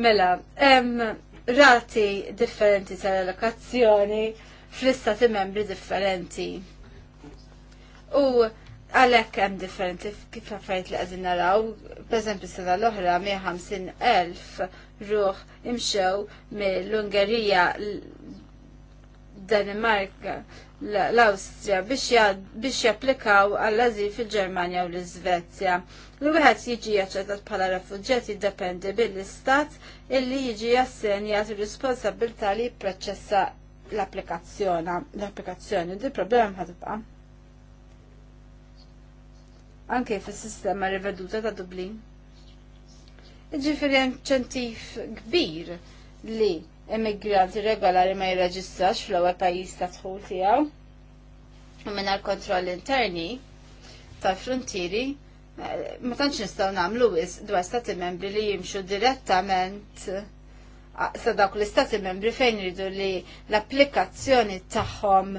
Mela, em, rati differenti tal-allokazzjoni fl-istati membri differenti. U għalek hemm differenti kif affarijiet li qegħdin naraw, pereżempju sena l-oħra 150 elf ruħ imxew mill-Ungerija danimarka l-Awstrija biex japplikaw għall-azil fil-Ġermanja u l-Iżvezja. Li wieħed jiġi jaċċettat bħala refuġġjat jiddependi bil-istat illi jiġi jassen ir-responsabilità li jipproċessa l-applikazzjoni. L-applikazzjoni di problema ħadibqa' anke fis-sistema riveduta ta' Dublin. Ġifiri ċentif kbir li immigranti regolari ma jirreġistrax fl-ewwel pajjiż ta' dħul tiegħu. U mingħajr kontroll interni tal-frontieri eh, ma tantx nistgħu nagħmlu wis dwar stati membri li jimxu direttament sa dawk l-istati membri fejn jridu li l-applikazzjoni tagħhom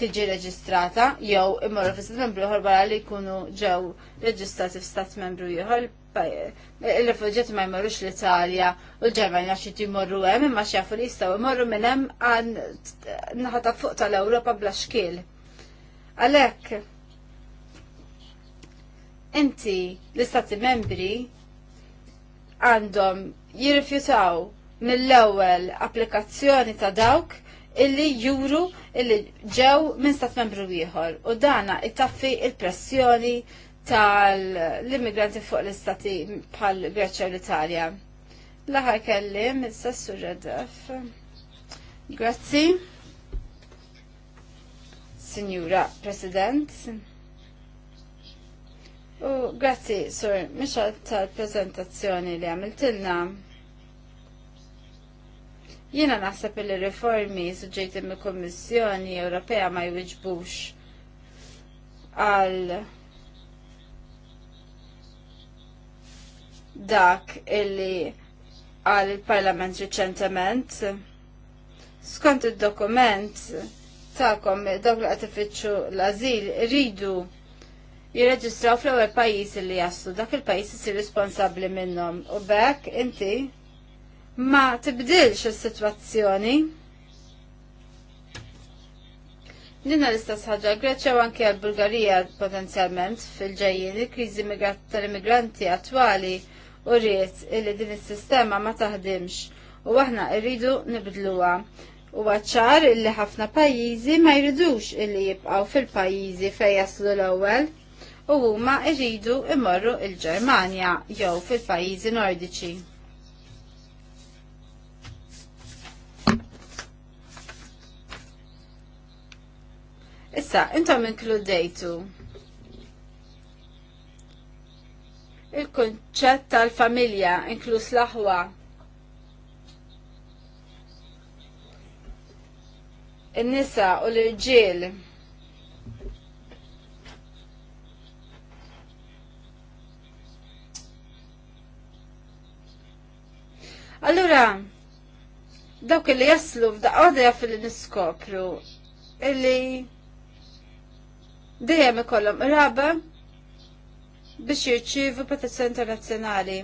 tiġi reġistrata jew imorru fi stat membru ieħor barra li jkunu ġew reġistrati f'stat membru ieħor il refugġiet ma jmorrux l-Italja u l-Ġermanja xi jmorru hemm imma xafu li jistgħu jmorru minn hemm għan naħa fuq tal-Ewropa bla xkiel. Għalhekk inti l-istati membri għandhom jirrifjutaw mill-ewwel applikazzjoni ta' dawk illi juru illi ġew minn stat membru ieħor u dana itaffi il-pressjoni il pressjoni tal-immigranti fuq l-istati pal Greċja u l-Italja. l kellim is-sessu Redef. Grazzi. Signora President. U grazzi, Sur Michal, tal-prezentazzjoni li għamiltilna. Jiena naħseb li riformi suġġejti mill kommissjoni Ewropea ma jwiġbux għal dak illi għal il-Parlament riċentement. Skont il-dokument ta'kom dok li għatifiċu l-azil rridu jirreġistraw fl-ewwel pajjiż li jaslu, dak il-pajjiż isir responsabbli minnhom u bekk inti ma tibdilx is-sitwazzjoni. Nina l-istess ħaġa Greċja u anke l Bulgarija potenzjalment fil-ġejjin il-kriżi tal-immigranti attwali u rrit illi din is-sistema ma taħdimx u aħna rridu nibdluha. U għacċar illi ħafna pajjiżi ma jridux illi jibqaw fil-pajjiżi fej jaslu l-ewwel u huma rridu imorru il-Ġermanja jew fil-pajjiżi nordiċi. Issa, intom inkludejtu il-konċett tal-familja, inkluż l-aħwa. In-nisa u l-irġiel. Allura, dawk li jaslu f'daqqa fil-niskopru illi dejjem ikollhom raba' biex jirċivu protezzjoni internazzjonali.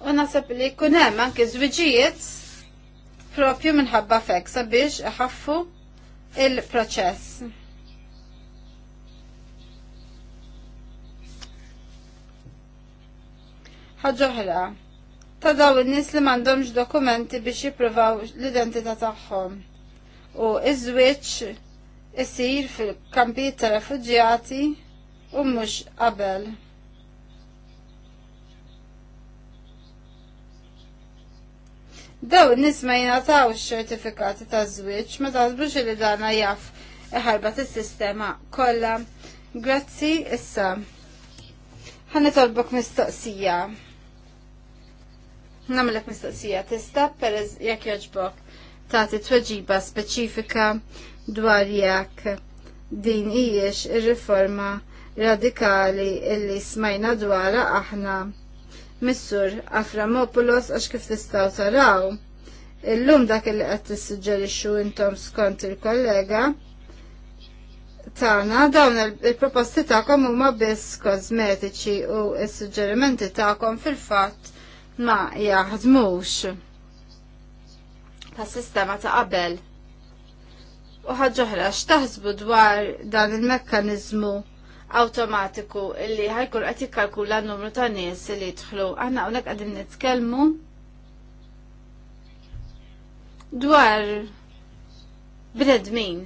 U nasab li kun hemm anke żwiġijiet propju minħabba fek sabiex iħaffu il-proċess. ħagġoħra, ta' daw il-nis li mandomx dokumenti biex jipruvaw l-identità tagħhom. U iż-żwieġ isir fil-kampijiet ta' refuġjati u mhux qabel. Daw nisma ma jingħataw ix-ċertifikati ta' żwieġ ma taħsbux li dana jaff iħarbat is-sistema kollha. Grazzi issa. Ħanitolbok mistoqsija. Namlek mistoqsija tista' perez jekk jogħġbok tagħti tweġiba speċifika dwar jekk din ijiex ir-riforma radikali illi smajna dwara aħna Missur Aframopoulos għax kif tistaw taraw. Illum dak illi qed tissuġġerixxu intom skont il-kollega tagħna dawn il-proposti tagħkom huma biss kosmetiċi u s-suġġerimenti tagħkom fil-fatt ma jaħdmux ta' sistema ta' qabel. U ħagġoħra, taħsbu dwar dan il-mekkanizmu automatiku li ħajkun qed kalkula n-numru ta' nies li jidħlu. Għanna hawnhekk qegħdin nitkellmu dwar bnedmin.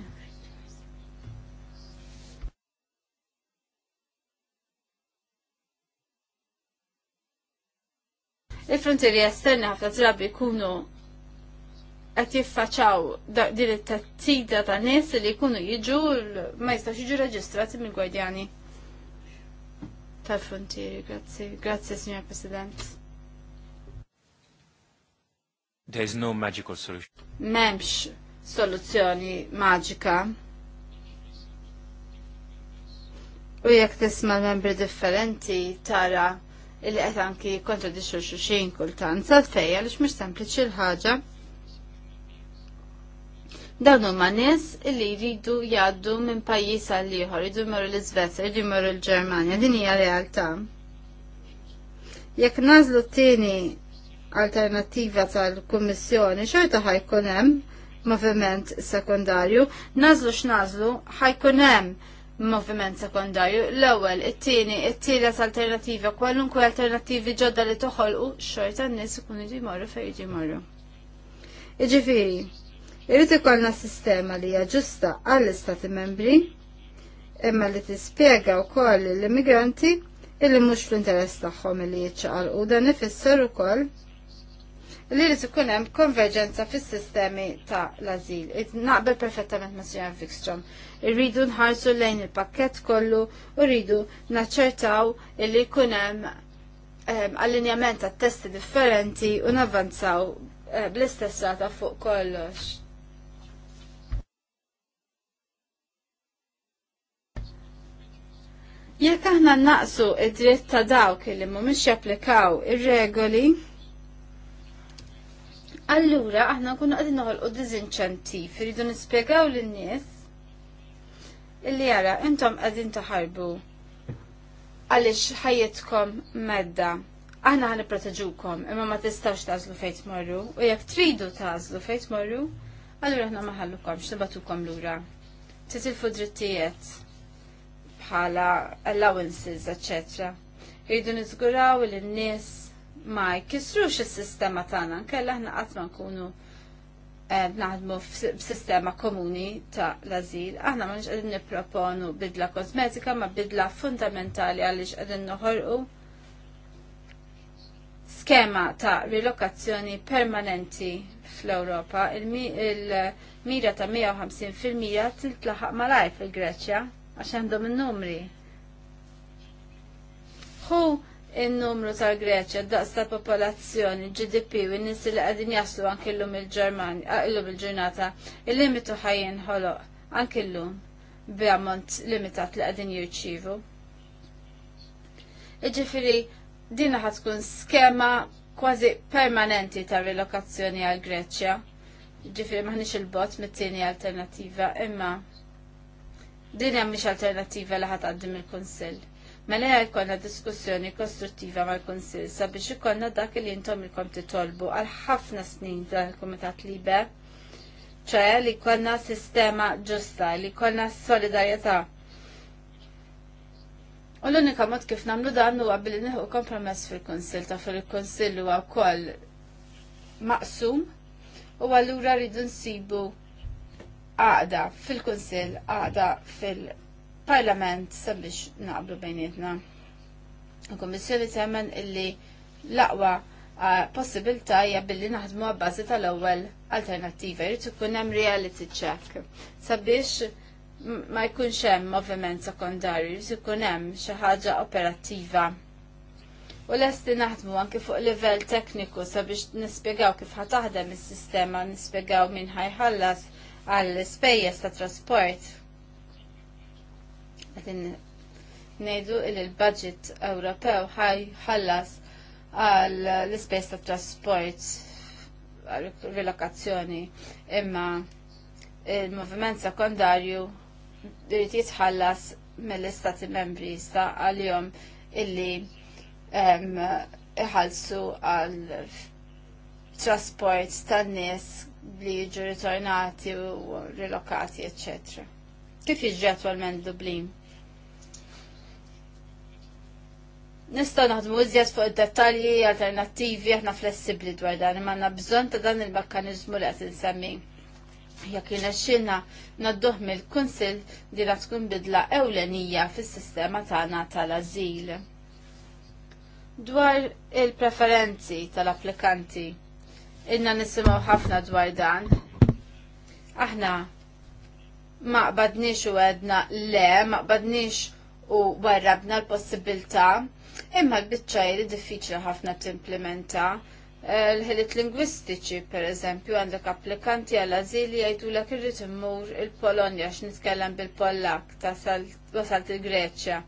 Il-frontieri esterni ħafna drabi jkunu qed jiffaċċaw din it-tazzida ta' nies li jkunu jiġu ma jistax jiġu reġistrati mill-gwardjani tal-frontieri. Grazzi, grazzi Signor President. There is no magical solution. Memx soluzzjoni maġika. U jekk tisma' membri differenti tara il qed anki kontra di xulxin kultant, sa tfejja lix mhux sempliċi l-ħaġa. Dawn huma nies li jridu jgħaddu minn pajjiż għal ieħor, jridu jmorru l-Iżvezja, jridu jmorru l-Ġermanja, din hija realtà. Jekk nażlu t-tieni alternattiva tal-Kummissjoni, xorta ħajkun hemm moviment sekundarju, nażlu x'nażlu ħajkun hemm moviment sekundarju, l-ewwel, it-tieni, it-tielet alternattiva, kwalunkwe alternattivi ġodda li toħolqu xorta n-nies ikunu jmorru fejn jmorru. Iġifieri, Irrid ikollna sistema li hija ġusta għall-Istati membri imma li tispjega wkoll l-immigranti illi mhux fl-interess tagħhom li jiċċaqalqu dan ifisser ukoll li li ikun hemm konverġenza fis-sistemi ta' l-azil. Naqbel perfettament ma' Sjan Fikstrom. Irridu nħarsu lejn il-pakkett kollu u rridu naċċertaw illi jkun hemm ehm, allinjament ta' testi differenti u navvanzaw eh, bl-istess rata fuq kollox. Jekk aħna naqsu id-dritt ta' dawk li mhumiex japplikaw ir-regoli, allura aħna nkunu qegħdin noħolqu diżinċentiv, iridu nispjegaw lin-nies illi jara intom qegħdin taħarbu għaliex ħajjitkom medda. Aħna ħan proteġukom imma ma tistax tażlu fejn tmorru u jekk tridu tażlu fejn tmorru, allura aħna ma ħallukomx nibatukom lura. Titilfu drittijiet bħala allowances, etc. Rridu niżguraw li n-nies ma jkisrux is-sistema tagħna nkella aħna qatt ma nkunu eh, naħdmu f'sistema komuni ta' l-azil. Aħna ma qegħdin nipproponu bidla kosmetika ma bidla fundamentali għaliex qegħdin noħorqu skema ta' rilokazzjoni permanenti fl-Europa, il-mira ta' 150% tiltlaħaq malaj fil-Greċja għax għandhom il-numri. Hu il-numru tal-Greċja daqs ta' popolazzjoni, GDP u n nissi li għadin jaslu anke kellum il ġermani l il-ġurnata, il-limitu ħajjen ħoloq anke kellum bi b'ammont limitat li għadin jirċivu. Iġifiri, ħat tkun skema kważi permanenti ta' relokazzjoni għal Greċja. Ġifiri maħnix il-bot mit-tieni alternativa imma Din hemm mhix alternattiva li ħadd il-Kunsill. Mela jkollna diskussjoni kostruttiva mal-Kunsill sabiex ikollna dak li intom ilkom titolbu għal ħafna snin dal kumitat Libe. ċe li konna sistema ġusta, li konna solidarjetà. U l-unika mod kif nagħmlu dan huwa billi nieħu kompromess fil-Kunsill ta' fil-Kunsill huwa wkoll maqsum u allura rridu nsibu għada fil-Kunsill, għada fil-Parlament sabiex naqblu bejnietna. Il-Kommissjoni temmen illi l-aqwa possibilità hija billi naħdmu għabbażi tal-ewwel alternattiva, jrid ikun hemm reality check sabiex ma jkunx hemm moviment sekondarju, jrid ikun hemm xi ħaġa operattiva. U lesti naħdmu anke fuq livell tekniku sabiex nispjegaw kif ħataħdem is-sistema, nispjegaw min ħajħallas għal spejjeż ta' trasport. Qegħdin ngħidu li l-budget Ewropew ħallas għal l-ispejjeż ta' trasport relokazzjoni imma il-moviment sekondarju irid jitħallas mill-istati membri sta għalihom illi ehm, iħallsu għal trasport tan-nies li jiġu ritornati u rilokati, etc. Kif jiġri attualment Dublin? Nistgħu naħdmu iżjed fuq id-dettalji alternattivi aħna flessibbli dwar dan imma għandna bżonn ta' dan il-mekkaniżmu li qed insemmi. Jekk jirnexxielna nadduh mill-Kunsill li tkun bidla ewlenija fis-sistema tagħna tal-ażil. Dwar il-preferenzi tal-applikanti inna nisimgħu ħafna dwar dan. Aħna ma qbadniex u għedna le, ma qbadniex u warrabna l-possibilità, imma l-bitċajri diffiċli ħafna timplementa eh, l-ħelit lingwistiċi, per eżempju, għandek applikanti għal azili jgħidu l irrid immur il-Polonja x'nitkellem bil-Pollak ta' wasalt il-Greċja.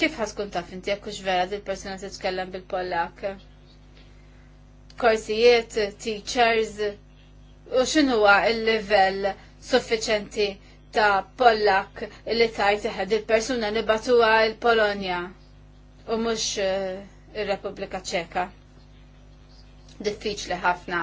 Kif ħaskun taf inti jekk vera dil t titkellem bil-Pollak? korsijiet, teachers, u xinuwa il-level suffiċenti ta' Pollak li tajt iħed il-persuna batuwa il-Polonja u mux eh, il-Repubblika Ċeka. Diffiċli ħafna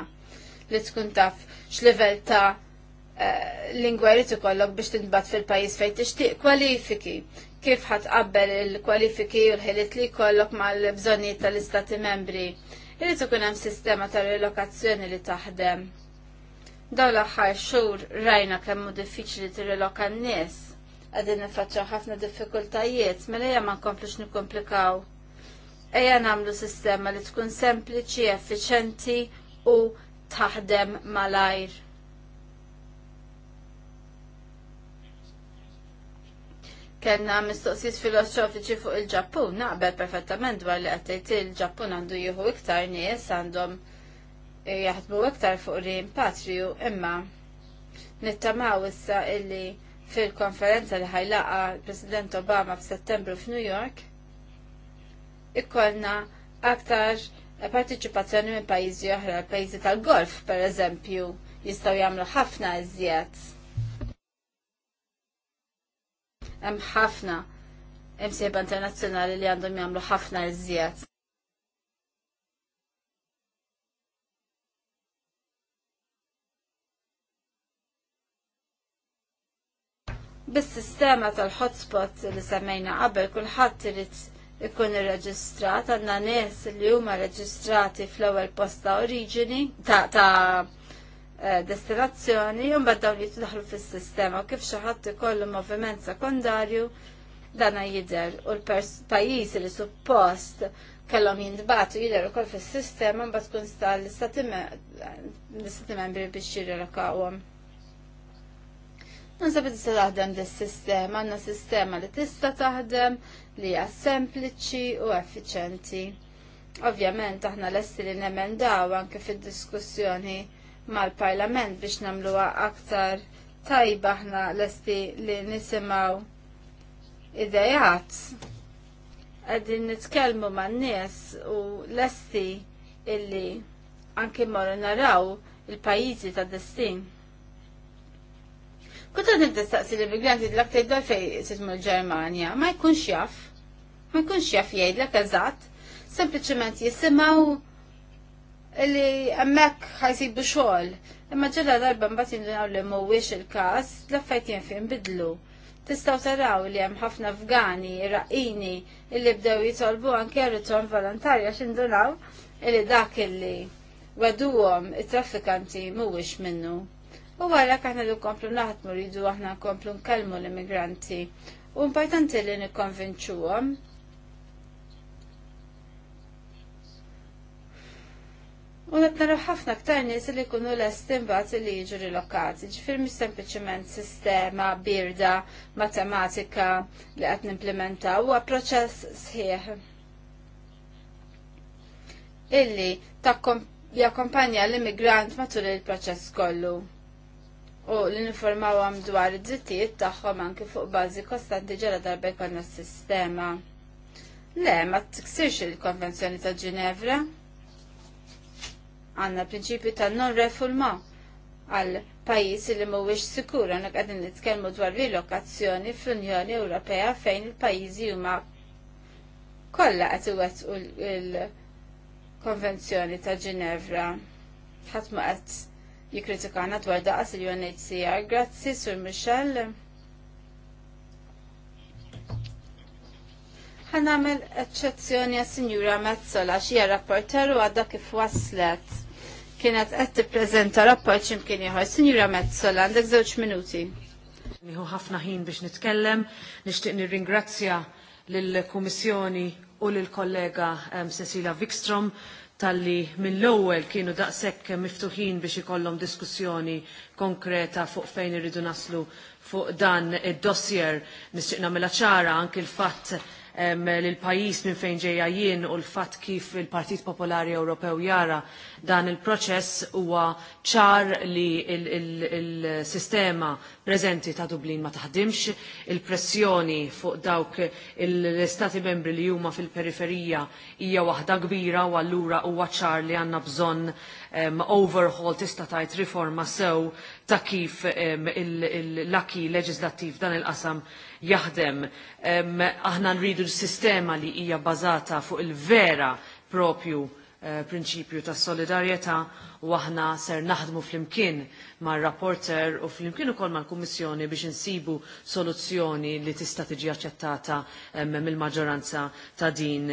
li tkun taf x-level ta' eh, lingwa jrid ikollok biex tinbat fil-pajjiż fejn tixtieq kwalifiki. Kif qabbel il-kwalifiki u l-ħiliet li jkollok mal-bżonnijiet tal-istati membri Irrid ikun hemm sistema ta' relokazzjoni li taħdem. Daw l-aħħar xhur rajna kemm hu diffiċli tirreloka n-nies. Qegħdin nifaċċaw ħafna diffikultajiet, mela hija ma nkomplux nikkomplikaw. Ejja nagħmlu sistema li tkun sempliċi, effiċenti u taħdem malajr. kellna mistoqsijiet filosofiċi fuq il-Ġappun, naqbel perfettament dwar li għattajt il-Ġappun għandu jieħu iktar nies għandhom jaħdmu iktar fuq rimpatriju, imma nittamaw issa illi fil-konferenza li ħajlaqa President Obama f'Settembru f'New York ikkolna aktar partiċipazzjoni minn pajjiżi oħra, pajjiżi tal-golf per eżempju, jistgħu jagħmlu ħafna iżjed Hemm ħafna imsieba internazzjonali li għandhom jagħmlu ħafna iżjed. Bis-sistema tal-hotspot li semmejna qabel kulħadd irid ikun irreġistrat għandna nies li huma reġistrati fl-ewwel posta ta' oriġini ta' Eh, destinazzjoni u mbagħad dawn jitdaħlu fis-sistema u kif xi ħadd ikollu moviment sekondarju dana jidher u l-pajjiżi li suppost kellhom jintbatu jidher ukoll fis-sistema mbagħad tkun sta l-istati membri biex jirrelokawhom. Nasab tista' taħdem dis-sistema, għandna sistema li tista' taħdem li hija sempliċi u effiċenti. Ovvjament aħna lesti li nemendaw anke fid-diskussjoni mal-Parlament biex namluwa aktar tajba ħna lesti li nisimaw idejat. Għaddin nitkelmu man nies u lesti illi anki morru naraw il-pajizi ta' destin. Kuta nintistaqsi li migranti d-laktaj dal-fej sitmu l-Germania, ma' jkunx jaff, ma' jkunx jaff jgħid l-ek sempliciment jisimaw Illi hemmhekk ħajsibu xogħol. Imma ġela darba mbagħad jindunaw li mhuwiex il-każ, l-affarijiet jinfi nbidlu. Tistgħu taraw li hemm ħafna Afgani, Iraqini illi bdew jitolbu anke ritorn volontarja għax indunaw illi dak illi waduhom it-traffikanti mhuwiex minnu. U għara kħana li komplu naħtmu rridu aħna komplu nkellmu l-immigranti. U importanti li nikkonvinċuhom U qed naraw ħafna aktar nies li jkunu lest imbagħad li jiġu rilokati. Ġifier mhux sempliċement sistema birda matematika li qed nimplementaw huwa proċess sħiħ. Illi jakkompanja l-immigrant matul il-proċess kollu u l-informaw għam dwar id-drittijiet tagħhom anke fuq bażi kostanti ġara darba jkollna s-sistema. Le, ma tiksirx il-Konvenzjoni ta' Ġinevra, għanna prinċipju ta' non reforma għal pajis li mhuwiex sikur għanna qegħdin nitkellmu dwar rilokazzjoni fl-Unjoni Ewropea fejn il-pajjiżi huma kollha qed iwettqu l-Konvenzjoni ta' Ginevra. Ħadd ma qed jikkritikana dwar daqas il-UNHCR. Grazzi Sur Michelle. ħanamel eċċezzjoni għas sinjura Mezzola xija rapporteru għadda kif waslet. Kienet qed tippreżenta rapport x'imkien ieħor. Sinjura Mezzola, għandek żewġ minuti. Nieħu ħafna ħin biex nitkellem, nixtieq nirringrazzja lill-Kummissjoni u lill-kollega Cecilia Wikstrom tal-li mill-ewwel kienu daqshekk miftuħin biex ikollhom diskussjoni konkreta fuq fejn irridu naslu fuq dan id-dossier nistiqna nagħmilha ċara anke l-fatt l-pajis minn fejn ġejja jien u l-fatt kif il-Partit Popolari Ewropew jara dan il-proċess huwa ċar li il-sistema preżenti ta' Dublin ma taħdimx, il-pressjoni fuq dawk l-istati membri li huma fil-periferija hija waħda kbira u allura huwa ċar li għandna bżonn um, overhaul tista' tajt riforma sew ta' kif l-laki leġislattiv dan il-qasam jaħdem. Aħna nridu s-sistema li hija bazata fuq il-vera propju Eh, prinċipju ta' solidarjetà u aħna ser naħdmu flimkien mar rapporter u flimkien ukoll mal-Kummissjoni biex insibu soluzzjoni li tista' tiġi aċċettata eh, mill-maġġoranza ta' din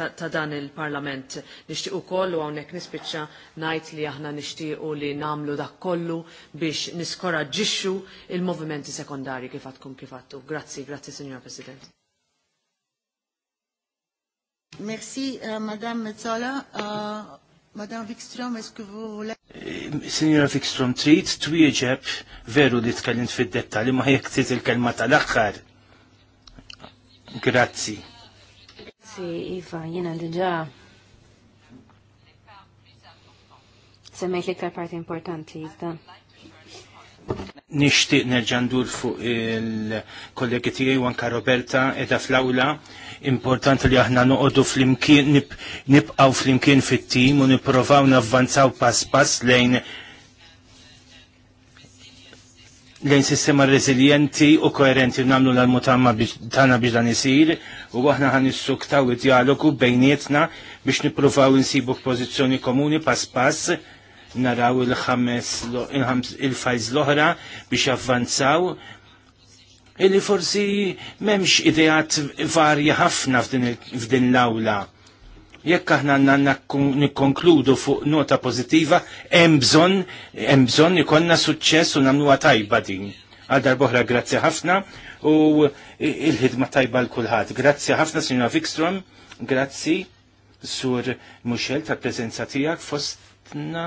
ta' dan il-Parlament. Nixtieq ukoll u hawnhekk nispiċċa ngħid li aħna nixtiequ li nagħmlu dak kollu biex niskoraġġixxu il-movimenti sekondari kif għadkom kif għadtu. Grazzi, grazzi Signor President. Merci, uh, Madame Uh, Madame Wikström, est-ce que vous voulez... Signora Wikström, trid twieġeb veru li tkellimt fid-dettali ma jekk trid il-kelma tal-aħħar. Grazzi. Grazzi, Iva, jena diġa semmejt l-iktar parti importanti iżda. Nishtiq nerġandur fuq il-kollegi tiegħi wanka anka Roberta edha fl-awla importanti li aħna noqogħdu fl-imkien nibqgħu fl-imkien fit-tim u nipprovaw navvanzaw pass pass lejn lejn sistema reżiljenti u koerenti namlu l-mutamma tagħna biex dan isir u aħna ħan id-dialogu bejnietna biex nippruvaw insibu pozizjoni komuni pass pass naraw il-ħames il-fajz l-oħra biex avvanzaw illi forsi memx ideat varja ħafna f'din l-awla. Jekk aħna għanna nikkonkludu fuq nota pożittiva, hemm bżonn bżonn ikollna suċċess u nagħmluha tajba din. Għal darbohra grazzi ħafna u il-ħidma tajba l kulħadd. Grazzi ħafna Sinjora Vikstrom, grazzi Sur Muxel tal-preżenza tiegħek fostna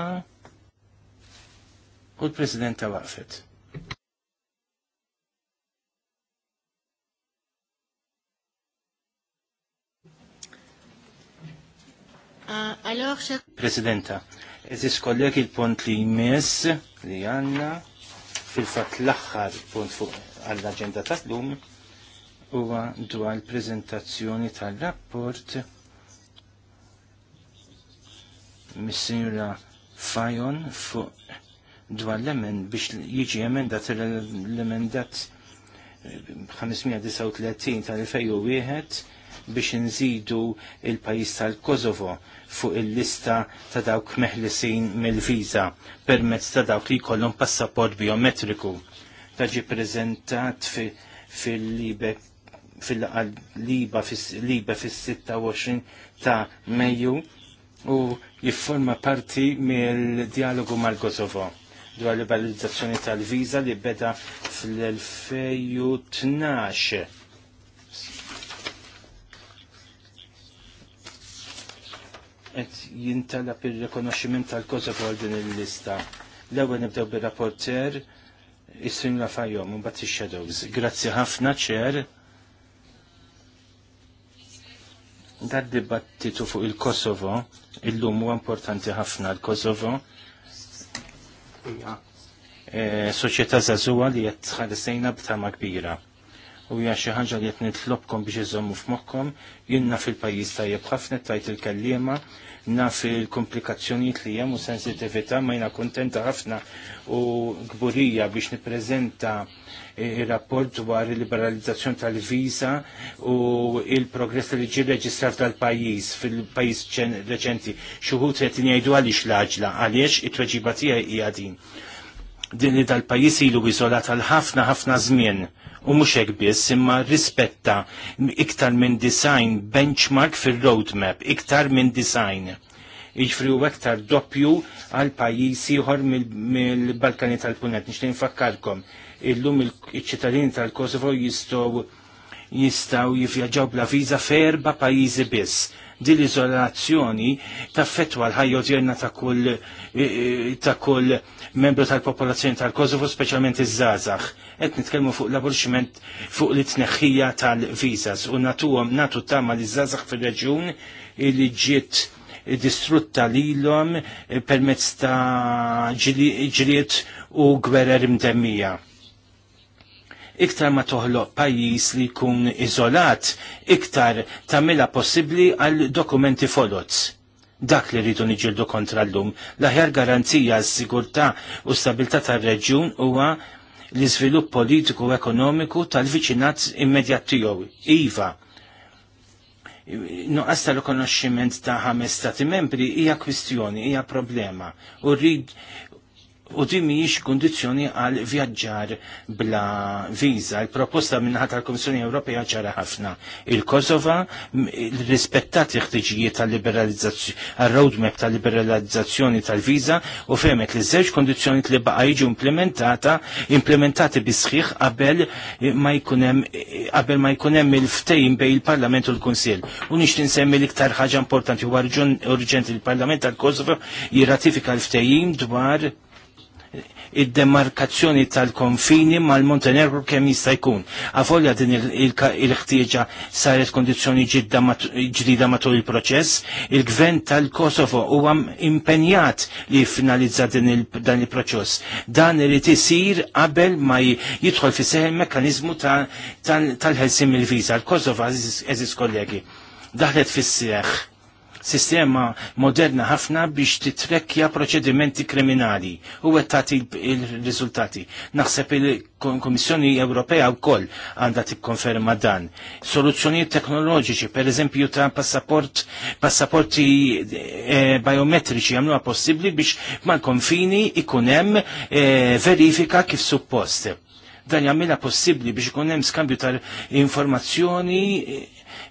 u l-Presidenta waqfet. Ah, Presidenta, eżis kollek il-punt li jmiss li għanna fil-fat l-axħar punt fuq għall-agenda tal-lum huwa dwar l-prezentazzjoni tal-rapport mis-sinjura Fajon fuq dwar l-emen biex jiġi emenda l-emendat 539 tal-2001 biex nżidu il-pajis tal-Kosovo fuq il-lista ta' dawk meħlisin mill-viza permezz ta' dawk li jkollhom passaport biometriku. ġi prezentat fil liba fil-liba fil-26 ta' Mejju u jifforma parti mill-dialogu mal-Kosovo dwar liberalizzazzjoni tal-viza li beda fl-2012. Et jintalab il-rekonoximent tal-Kosovo għal din il-lista. L-ewwel nibdew bir-rapporter is la fajom, un bat shadows Grazzi ħafna ċer. Dar dibattitu fuq il-Kosovo illum huwa importanti ħafna l-Kosovo. il kosovo illum huwa importanti ħafna il lum u importanti ħafna l kosovo hija e, soċjetà żagħżugħa li qed tħaresejna b'tama kbira. U hija xi ħaġa li qed nitlobkom biex iżommu f'moħħkom jinna fil-pajjiż tajjeb ħafna tajt il-kelliema naf il-komplikazzjonijiet li hemm u sensitività ma jina kontenta ħafna u gburija biex nippreżenta eh, il-rapport dwar il-liberalizzazzjoni tal visa u il-progress li ġi reġistrat tal-pajjiż fil-pajjiż reċenti. Xi jettin qed jgħidu għaliex l għaliex it-tweġiba tiegħi hija din din dal-pajis ilu iżolat għal ħafna ħafna żmien u mhux hekk biss imma rispetta iktar minn design benchmark fir-roadmap, iktar minn design. iġfri u iktar doppju għal pajjiż ieħor mill-Balkani tal-Punent. Nixtieq nfakkarkom illum iċ-ċittadini tal-Kosovo jistgħu jistaw jifjaġaw bla viża f'erba' pajjiżi biss din l-izolazzjoni taffetwa l-ħajja odjerna ta' kull eh, eh, ta' kull membru tal-popolazzjoni tal-Kosovo, speċjalment iż-żgħażagħ. Qed nitkellmu fuq l aburximent fuq l-tneħħija tal-viżas u natuhom natu tama li żgħażagħ fir-reġjun li ġiet distrutta lilhom eh, permezz ta' ġiliet u gwerer mdemmija iktar ma toħloq pajjiż li jkun iżolat, iktar tagħmilha possibbli għal dokumenti folots. Dak li rridu niġildu kontra l-lum. L-aħjar garanzija s-sigurtà u stabilta tar-reġjun huwa l-iżvilupp politiku u ekonomiku tal-viċinat immedjat tiegħu. Iva, nuqqas tal-rikonoxximent ta' ħames stati membri hija kwistjoni, hija problema. U rrid u di miex kondizjoni għal vjaġġar bla viza. Il-proposta minnaħat tal-Komissjoni Ewropea ċara ħafna. Il-Kosova rispettat l-ħtiġijiet tal-liberalizzazzjoni, għal-roadmap tal-liberalizzazzjoni tal-viza u femet li żewġ kondizjoni li baqa jiġu implementata, implementati bisħiħ qabel ma jkunem qabel ma jkunem il-ftejn bej il-Parlament u l konsil U tinsemmi l-iktar ħaġa importanti u urġenti il-Parlament tal-Kosovo jirratifika l-ftejn dwar id-demarkazzjoni tal-konfini mal-Montenegro kemm jista' jkun. Afolja din il-ħtieġa saret kondizzjoni ġdida matul il-proċess, il-gvern tal-Kosovo huwa impenjat li finalizza dan il-proċess. Dan irid isir qabel ma jidħol fi seħ il-mekkaniżmu tal-ħelsim il-viża. Il-Kosovo eżis kollegi daħlet fis-seħ sistema moderna ħafna biex titrekkja proċedimenti kriminali u għettati il-riżultati. Naħseb il komissjoni Ewropea wkoll għandha tikkonferma dan. Soluzzjonijiet teknoloġiċi, pereżempju ta' passaport passaporti e, biometriċi għamlu possibbli biex mal-konfini ikun hemm e, verifika kif suppost dan jagħmilha possibbli biex ikun hemm skambju tal-informazzjoni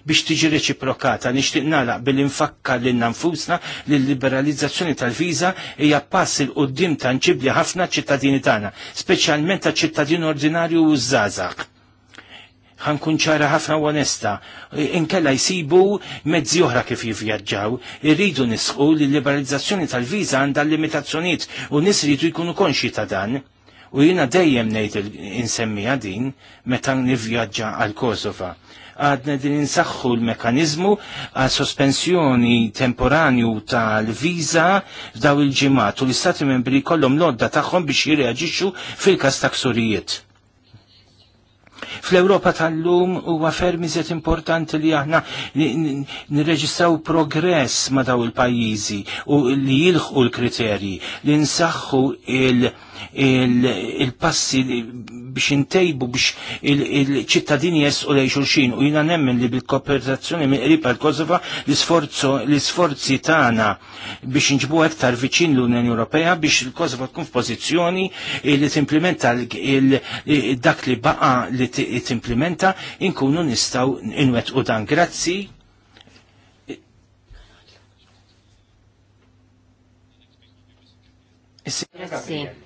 biex tiġi reċiprokata. Nixtieq nagħlaq bil-infakka lil nfusna li l-liberalizzazzjoni tal-viża hija pass il qudiem tanċibli ħafna ċittadini tagħna, speċjalment ta' ċittadin ordinarju u żgħażagħ ħankun ċara ħafna onesta, inkella jisibu mezzi oħra kif jivvjaġġaw, irridu nisqu li liberalizzazzjoni tal-viza għandha limitazzjoniet u nisridu jkunu konxi ta' dan. U jina dejjem ngħid insemmiha din meta nivvjaġġa għal Kosova għadna din insaxħu l-mekanizmu għal sospensjoni temporanju tal-viza f'daw il-ġimat u l-istati membri kollom lodda tagħhom biex jirreagġixxu fil-kas taksurijiet. Fl-Europa tal-lum huwa ferm iżet importanti li aħna nirreġistraw progress ma' daw il-pajjiżi u li jilħqu l-kriterji li nsaħħu il-, -kriterji, il-passi biex intejbu biex il-ċittadini jessu lej xulxin u jina nemmen li bil-kooperazzjoni minn Eripa għal-Kosova l-isforzi tagħna biex nġibu aktar viċin l-Unjoni Ewropea biex il-Kosova tkun f'pożizzjoni li timplementa dak li baqa li timplementa inkunu nistaw inwet u dan. Grazzi. Grazie.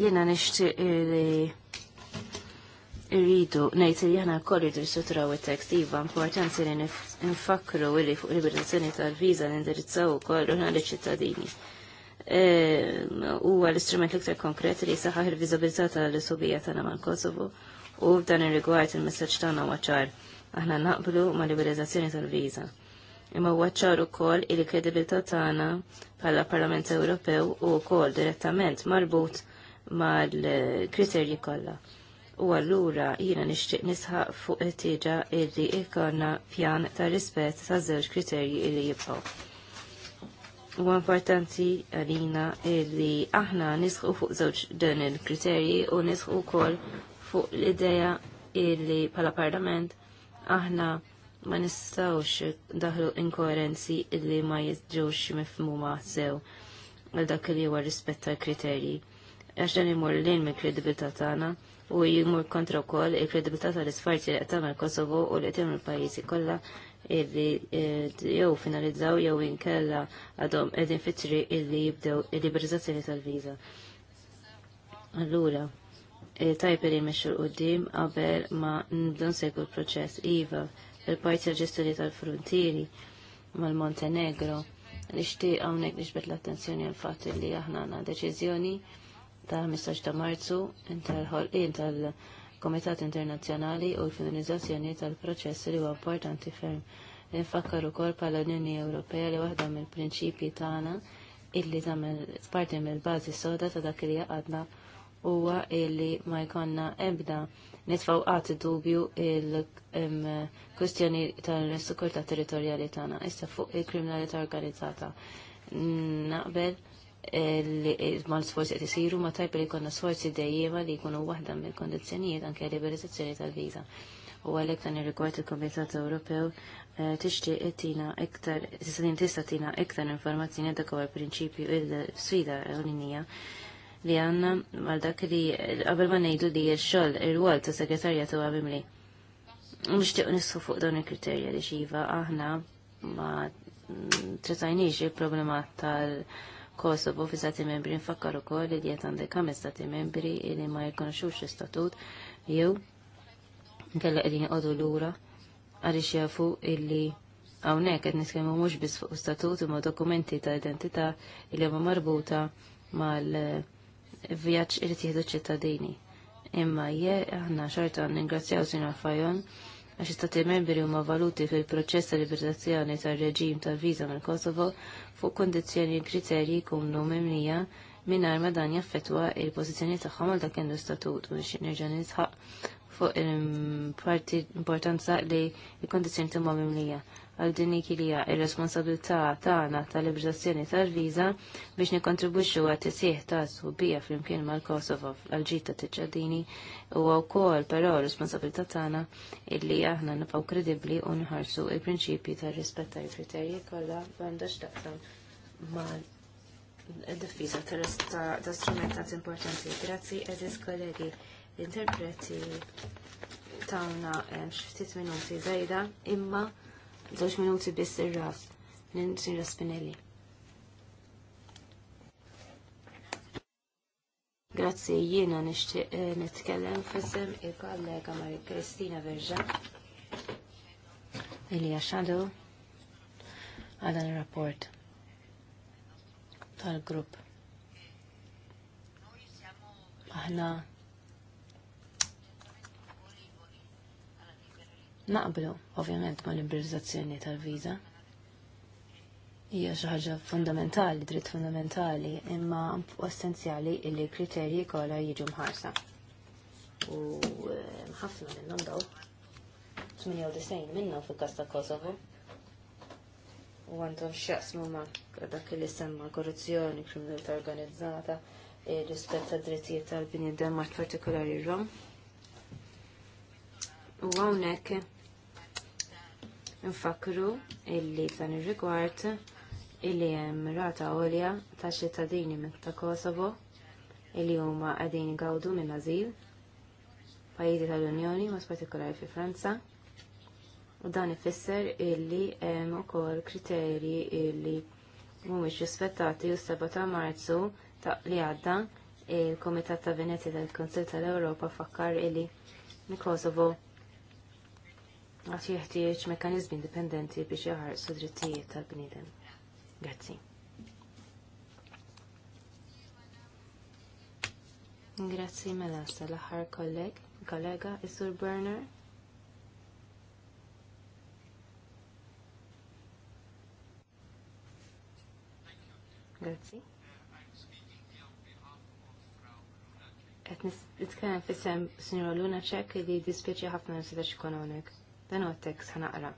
Jena nishti li irridu ngħid li aħna sutra u it-tekst iva importanti li nfakru li fuq liberazzjoni tal-viża nindirizzaw ukoll aħna liċ-ċittadini. E, huwa l-istrument l-iktar konkret li saħħa il vizabilità tal-subija tagħna mal-Kosovo u dan ir-rigward il-messaġġ tagħna waċar aħna naqblu ma' liberizzazzjoni tal-viża. Imma waċċar ukoll il-kredibilità tagħna bħala Parlament Ewropew u wkoll direttament marbut mal-kriterji kollha. U allura jiena nixtieq nisħaq fuq it-tieġa illi ikolna pjan ta' rispett ta' żewġ kriterji illi jibqgħu. U importanti għalina illi aħna nisħu fuq żewġ dan il-kriterji u nisħu wkoll fuq l-idea illi pala parlament aħna ma nistawx daħlu inkoerenzi illi ma jizġewx mifmuma sew għal dak li huwa rispett tal kriterji għax dan imur lejn me kredibilità tagħna u jimur kontra wkoll il-kredibilità tal-isfarzi li qed tagħmel Kosovo u li qed tagħmel pajjiżi kollha illi eh, jew finalizzaw jew inkella għadhom qegħdin fitri illi jibdew il-liberizzazzjoni tal-viża. Allura, eh, tajp li mexxu l-qudiem qabel ma nbdew nsegwu l-proċess iva il-parti ġestjoni tal-frontieri mal-Montenegro nixtieq hawnhekk nixbet l-attenzjoni għal fatt li aħna għandna deċiżjoni ta' 15 ta' Marzu tal-ħolqien eh, tal-Komitat Internazzjonali u l-Finalizzazzjoni tal-proċess li huwa importanti ferm. Nifakkar ukoll bħala l-Unjoni Ewropea li waħda mill-prinċipji tagħna illi tagħmel parti mill-bażi soda ta' dak li għadna huwa illi ma jkollna ebda nitfgħu għat dubju il kwistjoni tal-sikurta territorjali tagħna issa fuq il-kriminalità organizzata. Naqbel mal sforzi qed isiru ma tajb li konna sforzi dejjeva li jkunu waħda mill-kondizzjonijiet anke liberalizzazzjoni tal-viża. U għalhekk dan ir il-Komitat Ewropew eh, tixtieq tina iktar tista' tista' tina iktar informazzjoni dak huwa l-prinċipju il-sfida ewlenija li għanna mal dak li qabel ma ngħidu li x-xogħol ir-rwol ta' segretarja tuha bimli. Nixtieq nisfu fuq dawn il-kriterja li xiva aħna ma tretajniex il-problema tal- Kosovo fi stati membri nfakkar ukoll li qed għandek ħames stati membri li ma jikkonoxux l-istatut jew nkella qegħdin jqogħdu lura għaliex jafu illi hawnhekk qed nitkellmu mhux biss fuq statut imma dokumenti ta' identità li huma marbuta mal-vjaġġ irid jieħdu ċittadini. Imma je aħna xorta ningrazzjaw Sinjor Fajon għax istati membri huma valuti fil-proċess ta' libertazzjoni tar-reġim tal viza mill kosovo fuq kondizjoni kriterji jkunu memnija mingħajr ma dan jaffettwa il-pożizzjoni tagħhom għal dak kendu statut u nixtieq nerġa' nisħaq fuq il importanza li l kondizjoni huma memnija għal din hija ir-responsabilità tagħna tal-leġiżlazzjoni tal-viża biex nikkontribwixxu għat tisih ta' subija flimkien mal-Kosovo għal ġita ta' tiċċadini u wkoll però responsabilità tagħna illi aħna nibqgħu kredibbli u nħarsu il-prinċipji tar-rispett tal-kriterji kollha m'għandux taqsam mal id-diffiża ta' strumentat importanti. Grazzi, eżis kollegi, l-interpreti tawna eh, xiftit minuti zejda, imma Żewġ minuti biss ir-ras. Ninsin Spinelli. Grazzi, jiena nixtieq eh, nitkellem fissem il-kollega Maria Kristina Verġa. Ilija Shadow Għadan il rapport tal-grupp. Aħna Naqblu, ovvjament, ma l imbrizzazzjoni tal-viza. Hija xi ħaġa fundamentali, dritt fundamentali, imma essenzjali li kriterji kollha jiġu mħarsa. U eh, ħafna minnhom daw. 98 minnhom fil-każ ta' Kosovo. U għandhom x'jaqsmu ma' għadak li semma korruzzjoni, kriminalità organizzata, rispett tad drittijiet tal-bini d-demmat partikolari rom. U għawnek, Nfakru illi f'dan ir-rigward illi hemm rata għolja ta' ċittadini ta' Kosovo illi huma qegħdin igawdu minn ażil pajjiżi tal-Unjoni, mas partikolari fi Franza. U dan ifisser illi hemm ukoll kriterji illi mhumiex rispettati u seba ta' Marzu ta' li għadda il-Komitat ta' Venezia tal-Konsil tal-Ewropa fakkar illi Kosovo għat jeħtieġ mekanizmi indipendenti biex jaħarsu drittijiet tal bnidem Grazzi. Grazzi mela sal-aħħar kolleg, kollega Isur Berner. Grazzi. Qed nitkellem fissem s Sinjora Luna Ċek li dispieċi ħafna s sidax Ekonomik. Dan huwa t-tekst ħanaqra.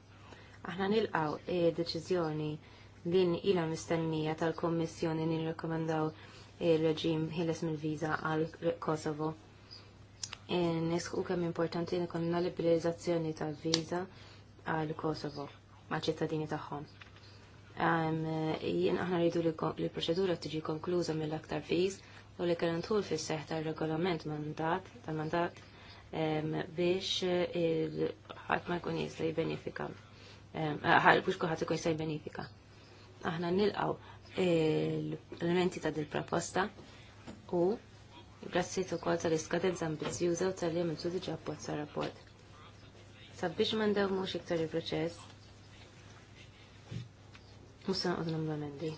Aħna nilqaw deċiżjoni din ilha mistennija tal-Kommissjoni nirrekomendaw il-reġim ħiles mill-viża għal Kosovo. E, Nisħu kemm importanti nikonna liberalizzazzjoni tal-viża għal Kosovo ma' ċittadini tagħhom. Jien aħna rridu li l-proċedura tiġi konkluża mill-aktar viż u li kellhom tul fis seħ tar-regolament mandat tal-mandat biex eh, ħadd ma jkun jista' eh, ħal Biex kuħat jkun jista' jibbenefika. Aħna nilqaw l-elementi ta' dil-proposta u grazzi kol tal-iskadenza ambizjuża u tal il għamiltu diġà sa rapport. Sabiex mandaw mux iktar il-proċess, musa naqdu l-emendi.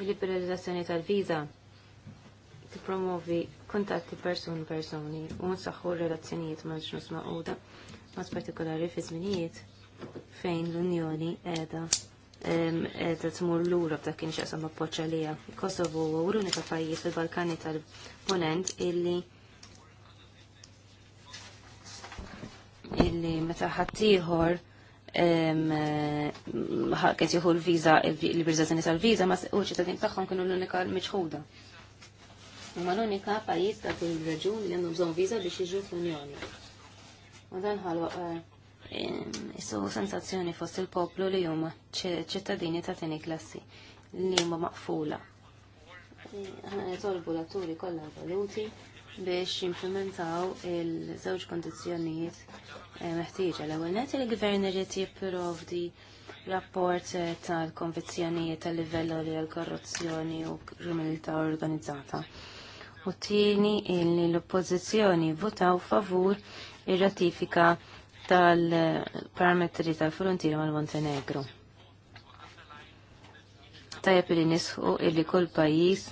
Il-liberalizzazzjoni tal-viza tippromovi kuntatti person personi u nsaħħu relazzjonijiet ma' ġnus maquda, ma' partikolari fi żminijiet fejn l-Unjoni qiegħda qiegħda tmur lura b'dak kien xaqsam appoġġ għalija. Kosovo huwa l-unika pajjiż fil-Balkani tal-Punent illi illi meta ħaddieħor kien jieħu l-viża, l-viżazzjoni tal-viża, ma' ta' din tagħhom kienu l-unika miċħuda. Imma l-unika pajjiż ta' kull raġun li għandhom bżonn viża biex jiġu fl-Unjoni. U dan ħaloq eh, issu sensazzjoni fost il-poplu li huma ċittadini ta' tini klassi li huma maqfula. Għana jitolbu l-atturi kollha valuti biex jimplementaw il-żewġ kondizjonijiet eh, meħtieġa. L-ewwel net il-gvern irid jipprovdi rapport eh, tal-konvizzjonijiet tal-livello li għal korruzzjoni u kriminalità organizzata u tieni illi l-oppożizzjoni votaw favur ir-ratifika tal-parametri tal-frontiera mal-Montenegro. Tajab li nisħu illi kull pajis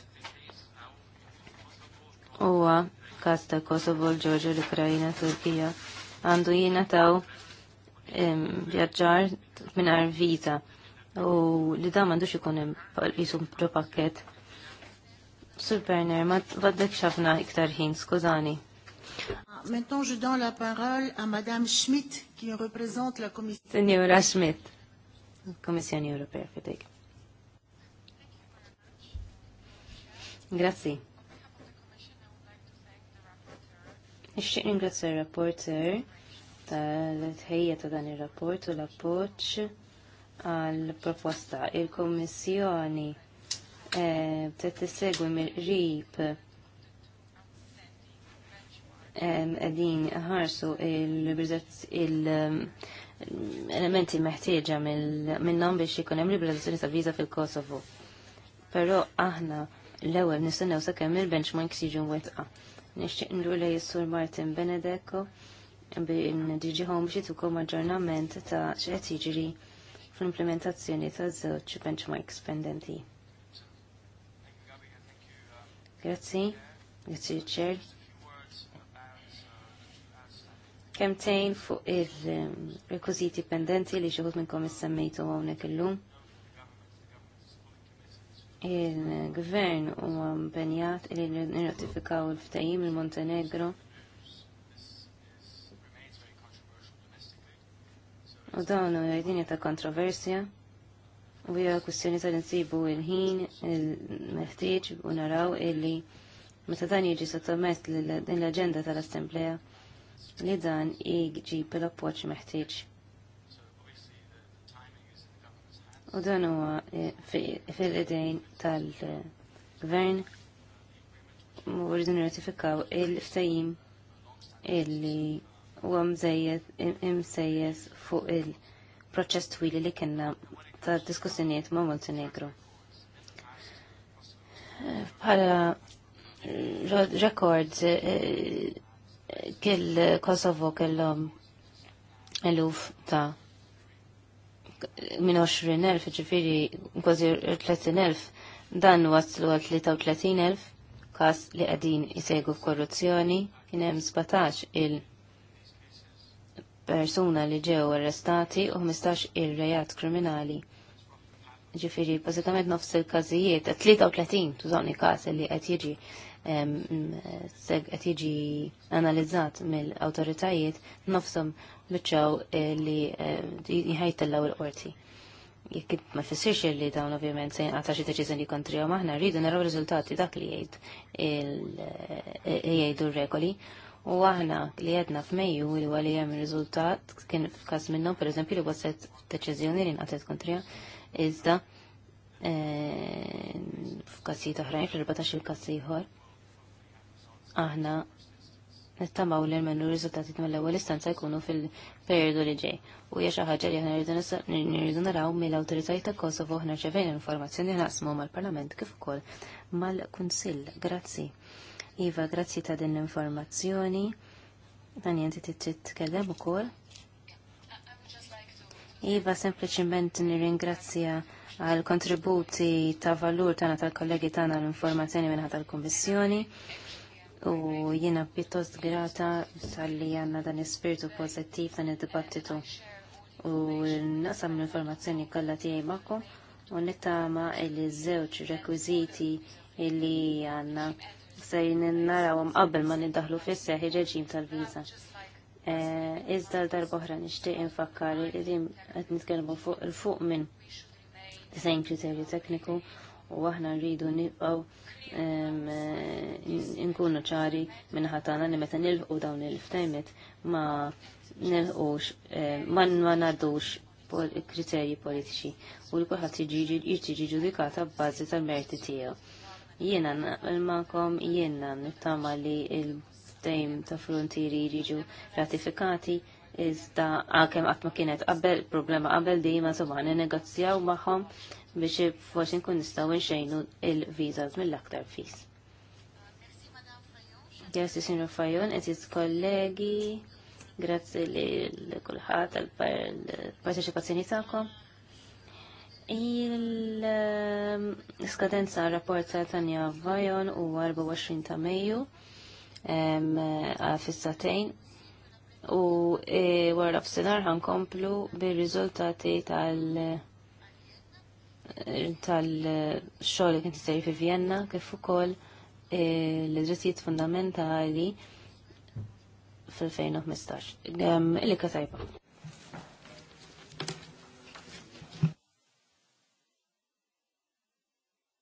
huwa kas ta' Kosovo, l-Ġorġa, l-Ukrajina, Turkija għandu jina taw vjaġġar minar vita u li da m'għandux ikun jisum pakket Sur Berner, ma vaddek xafna iktar ħin, skużani. Maintenant, je donne la parole à Madame Schmidt, qui représente la Commission. Signora Schmidt, Commissione Europea, fidek. Grazie. Nixtieq ringrazzja r-rapporter tal-tħejja ta' dan il rapport u l appoċ għal proposta Il-Kummissjoni E, t-segwi mir-rib għadin e, ħarsu il-elementi mm, meħtieġa minnom biex jikun hemm liberalizzazzjoni ta' viża fil-Kosovo. Però aħna l-ewwel nistennew sakemm il-benchmarks jiġu wetqa. Nixtieq nru lej is-Sur Martin Benedekko diġi home biex jitukom aġġornament ta' x'qed jiġri fl-implementazzjoni ta' żewġ benchmarks pendenti. Grazie, grazie Richard. Kem Kemtejn fuq il-rekwiziti pendenti li xieħut minn komis semmejtu għonek il Il-gvern u għampenjat li nirratifikaw il-ftajim il-Montenegro. U dawn u għedinja ta' kontroversja. U hija kwestjoni tal insibu il-ħin il-meħtieġ u naraw illi meta dan jiġi sottomess din l-aġenda tal-Assembleja li dan jġib l-appoġġ meħtieġ. U dan huwa eh, fil-idejn tal-gvern u rridu nirratifikaw il-ftajim illi huwa imsejjes fuq il-proċess twili li kienna ta' diskussjoniet ma' Montenegro. Bħala rekord eh, kill Kosovo kellhom eluf ta' minn 20.000 ġifiri kważi 30.000 dan waslu għal 33.000 kas li għadin jisegu f'korruzzjoni kien hemm 17 il- persuna li ġew arrestati u 15 il-rejat kriminali. Ġifiri, bazzikament nofs il-kazijiet, 33 tużoni kas li qed jiġi qed jiġi analizzat mill-awtoritajiet nofsom biċċaw eh, li eh, jħajtellaw il-qorti. Jekk ma fissirx li dawn ovvjament se jinqata xi deċiżjoni kontrihom aħna rridu naraw riżultati dak li jgħid eh, jgħidu r-regoli U aħna li għedna f'Mejju li għalli hemm riżultat kien f'każ minnhom pereżempju li wasset deċiżjoni li nqatet kontrija iżda e, f'każijiet oħrajn fl-14 il-każ ieħor aħna nittamaw li l-mennu riżultati mill-ewwel istanza jkunu fil-perjodu li ġej. U hija xi ħaġa li aħna rridu naraw mill-awtoritajiet ta' Kosovo aħna ċevejna informazzjoni naqsmu mal-Parlament kif ukoll mal-Kunsill. Grazzi. Iva, grazzi ta' din l-informazzjoni. Dan jenti titkellem ukoll. Iva, sempliciment nirringrazzja għal kontributi ta' valur tana tal-kollegi tana l-informazzjoni minna tal-Kommissjoni u jiena pjuttost grata tal-li għanna dan ispirtu pozittiv dan il-dibattitu u naqsam l-informazzjoni kollha tiegħi magħkom u nittama li żewġ rekwiżiti li għandna sejn narawhom qabel ma niddaħlu fis-seħ ir-reġim tal-viża. E, iżda l-darba oħra nixtieq infakkar li din qed nitkellmu fuq il-fuq minn disajn kriterju tekniku u aħna rridu nibqgħu nkunu ċari minn ħatana li meta nilħu dawn il ftajmet ma nilħux e, ma ngħaddux kriterji politiċi u l-kulħadd jiġi ġudikata b'bażi tal-merti tiegħu Jiena il mankom jiena nittama li il dejm ta' frontieri jiġu ratifikati iżda għakem għatma kienet qabel problema qabel dejjem insomma negozjaw magħhom biex forsi nkun nistgħu nxejnu il-viżas mill-aktar fis. Grazie, Sinjor Fajon, eżiz kollegi, grazzi li kulħadd għal-parteċipazzjoni tagħkom. Il-skadenza ta' tanja Vajon u 24 ta' Mejju fissatejn u e, wara f'sinar komplu bir-riżultati tal- tal-xogħol li kien tisir fi Vienna kif ukoll e, l-drittijiet fundamentali fil-2015. Illi tajba.